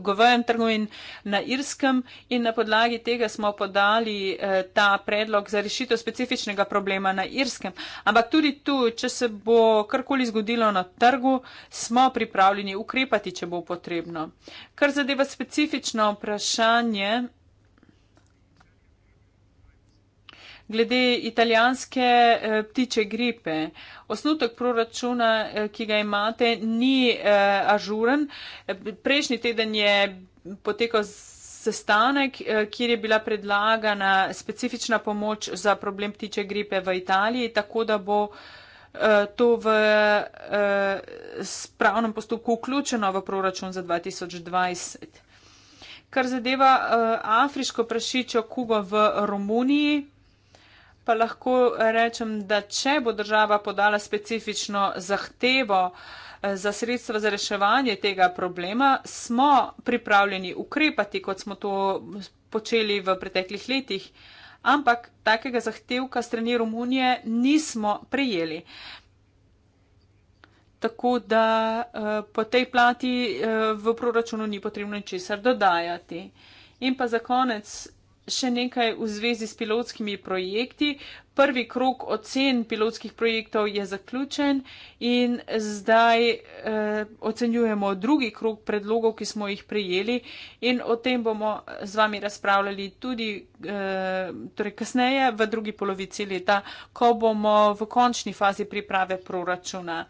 Speaker 2: govejem trgu in na irskem. In na podlagi tega smo podali eh, ta predlog za rešitev specifičnega problema na irskem. Ampak tudi tu, če se bo karkoli zgodilo na trgu, smo pripravljeni ukrepati, če bo potrebno. Kar zadeva specifično vprašanje, glede italijanske eh, ptiče gripe. Osnutek proračuna, eh, ki ga imate, ni eh, ažuren. Prejšnji teden je potekal sestanek, kjer je bila predlagana specifična pomoč za problem ptiče gripe v Italiji, tako da bo to v spravnem postopku vključeno v proračun za 2020. Kar zadeva afriško prašičo kugo v Romuniji, pa lahko rečem, da če bo država podala specifično zahtevo eh, za sredstva za reševanje tega problema, smo pripravljeni ukrepati, kot smo to počeli v preteklih letih. Ampak takega zahtevka strani Romunije nismo prejeli. Tako da eh, po tej plati eh, v proračunu ni potrebno ničesar dodajati. In pa za konec še nekaj v zvezi s pilotskimi projekti. Prvi krok ocen pilotskih projektov je zaključen in zdaj eh, ocenjujemo drugi krok predlogov, ki smo jih prijeli in o tem bomo z vami razpravljali tudi eh, torej kasneje v drugi polovici leta, ko bomo v končni fazi priprave proračuna.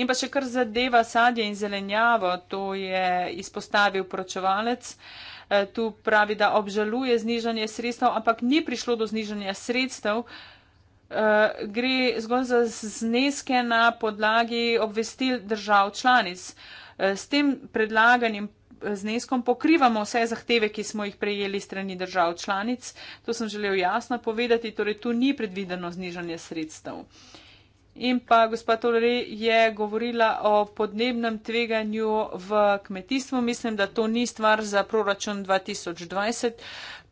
Speaker 2: In pa še kar zadeva sadje in zelenjavo, to je izpostavil poročevalec. Eh, E, tu pravi, da obžaluje znižanje sredstev, ampak ni prišlo do znižanja sredstev. E, gre zgolj za zneske na podlagi obvestil držav članic. E, s tem predlaganim zneskom pokrivamo vse zahteve, ki smo jih prejeli strani držav članic. To sem želel jasno povedati, torej tu ni predvideno znižanje sredstev. Uh, In pa gospa Tolere je govorila o podnebnem tveganju v kmetijstvu. Mislim, da to ni stvar za proračun 2020.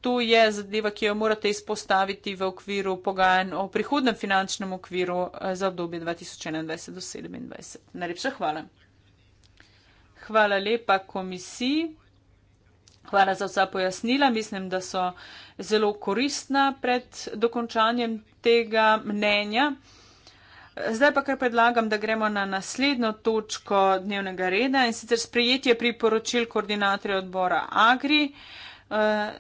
Speaker 2: To je zadeva, ki jo morate izpostaviti v okviru pogajanj o prihodnem finančnem okviru eh, za obdobje 2021 do 2027. Najlepša hvala. Hvala lepa komisiji. Hvala za vsa pojasnila. Mislim, da so zelo koristna pred dokončanjem tega mnenja. Zdaj pa kar predlagam, da gremo na naslednjo točko dnevnega reda in sicer sprejetje priporočil koordinatorja odbora Agri. Eh,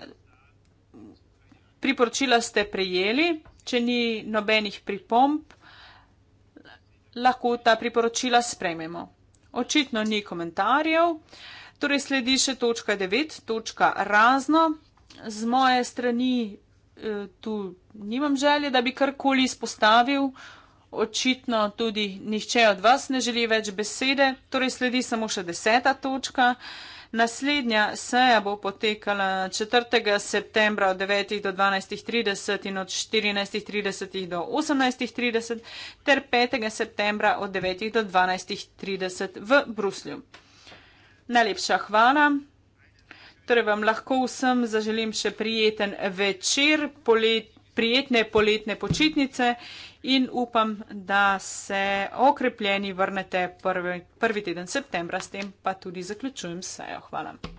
Speaker 2: priporočila ste prejeli, če ni nobenih pripomp, lahko ta priporočila sprejmemo. Očitno ni komentarjev, torej sledi še točka 9, točka razno. Z moje strani eh, tu nimam želje, da bi karkoli izpostavil, očitno tudi nihče od vas ne želi več besede, torej sledi samo še deseta točka. Naslednja seja bo potekala 4. septembra od 9. do 12.30 in od 14.30 do 18.30 ter 5. septembra od 9. do 12.30 v Bruslju. Najlepša hvala. Torej vam lahko vsem zaželim še prijeten večer, polet, prijetne poletne počitnice in upam, da se okrepljeni vrnete prvi, prvi teden septembra. S tem pa tudi zaključujem sejo. Hvala.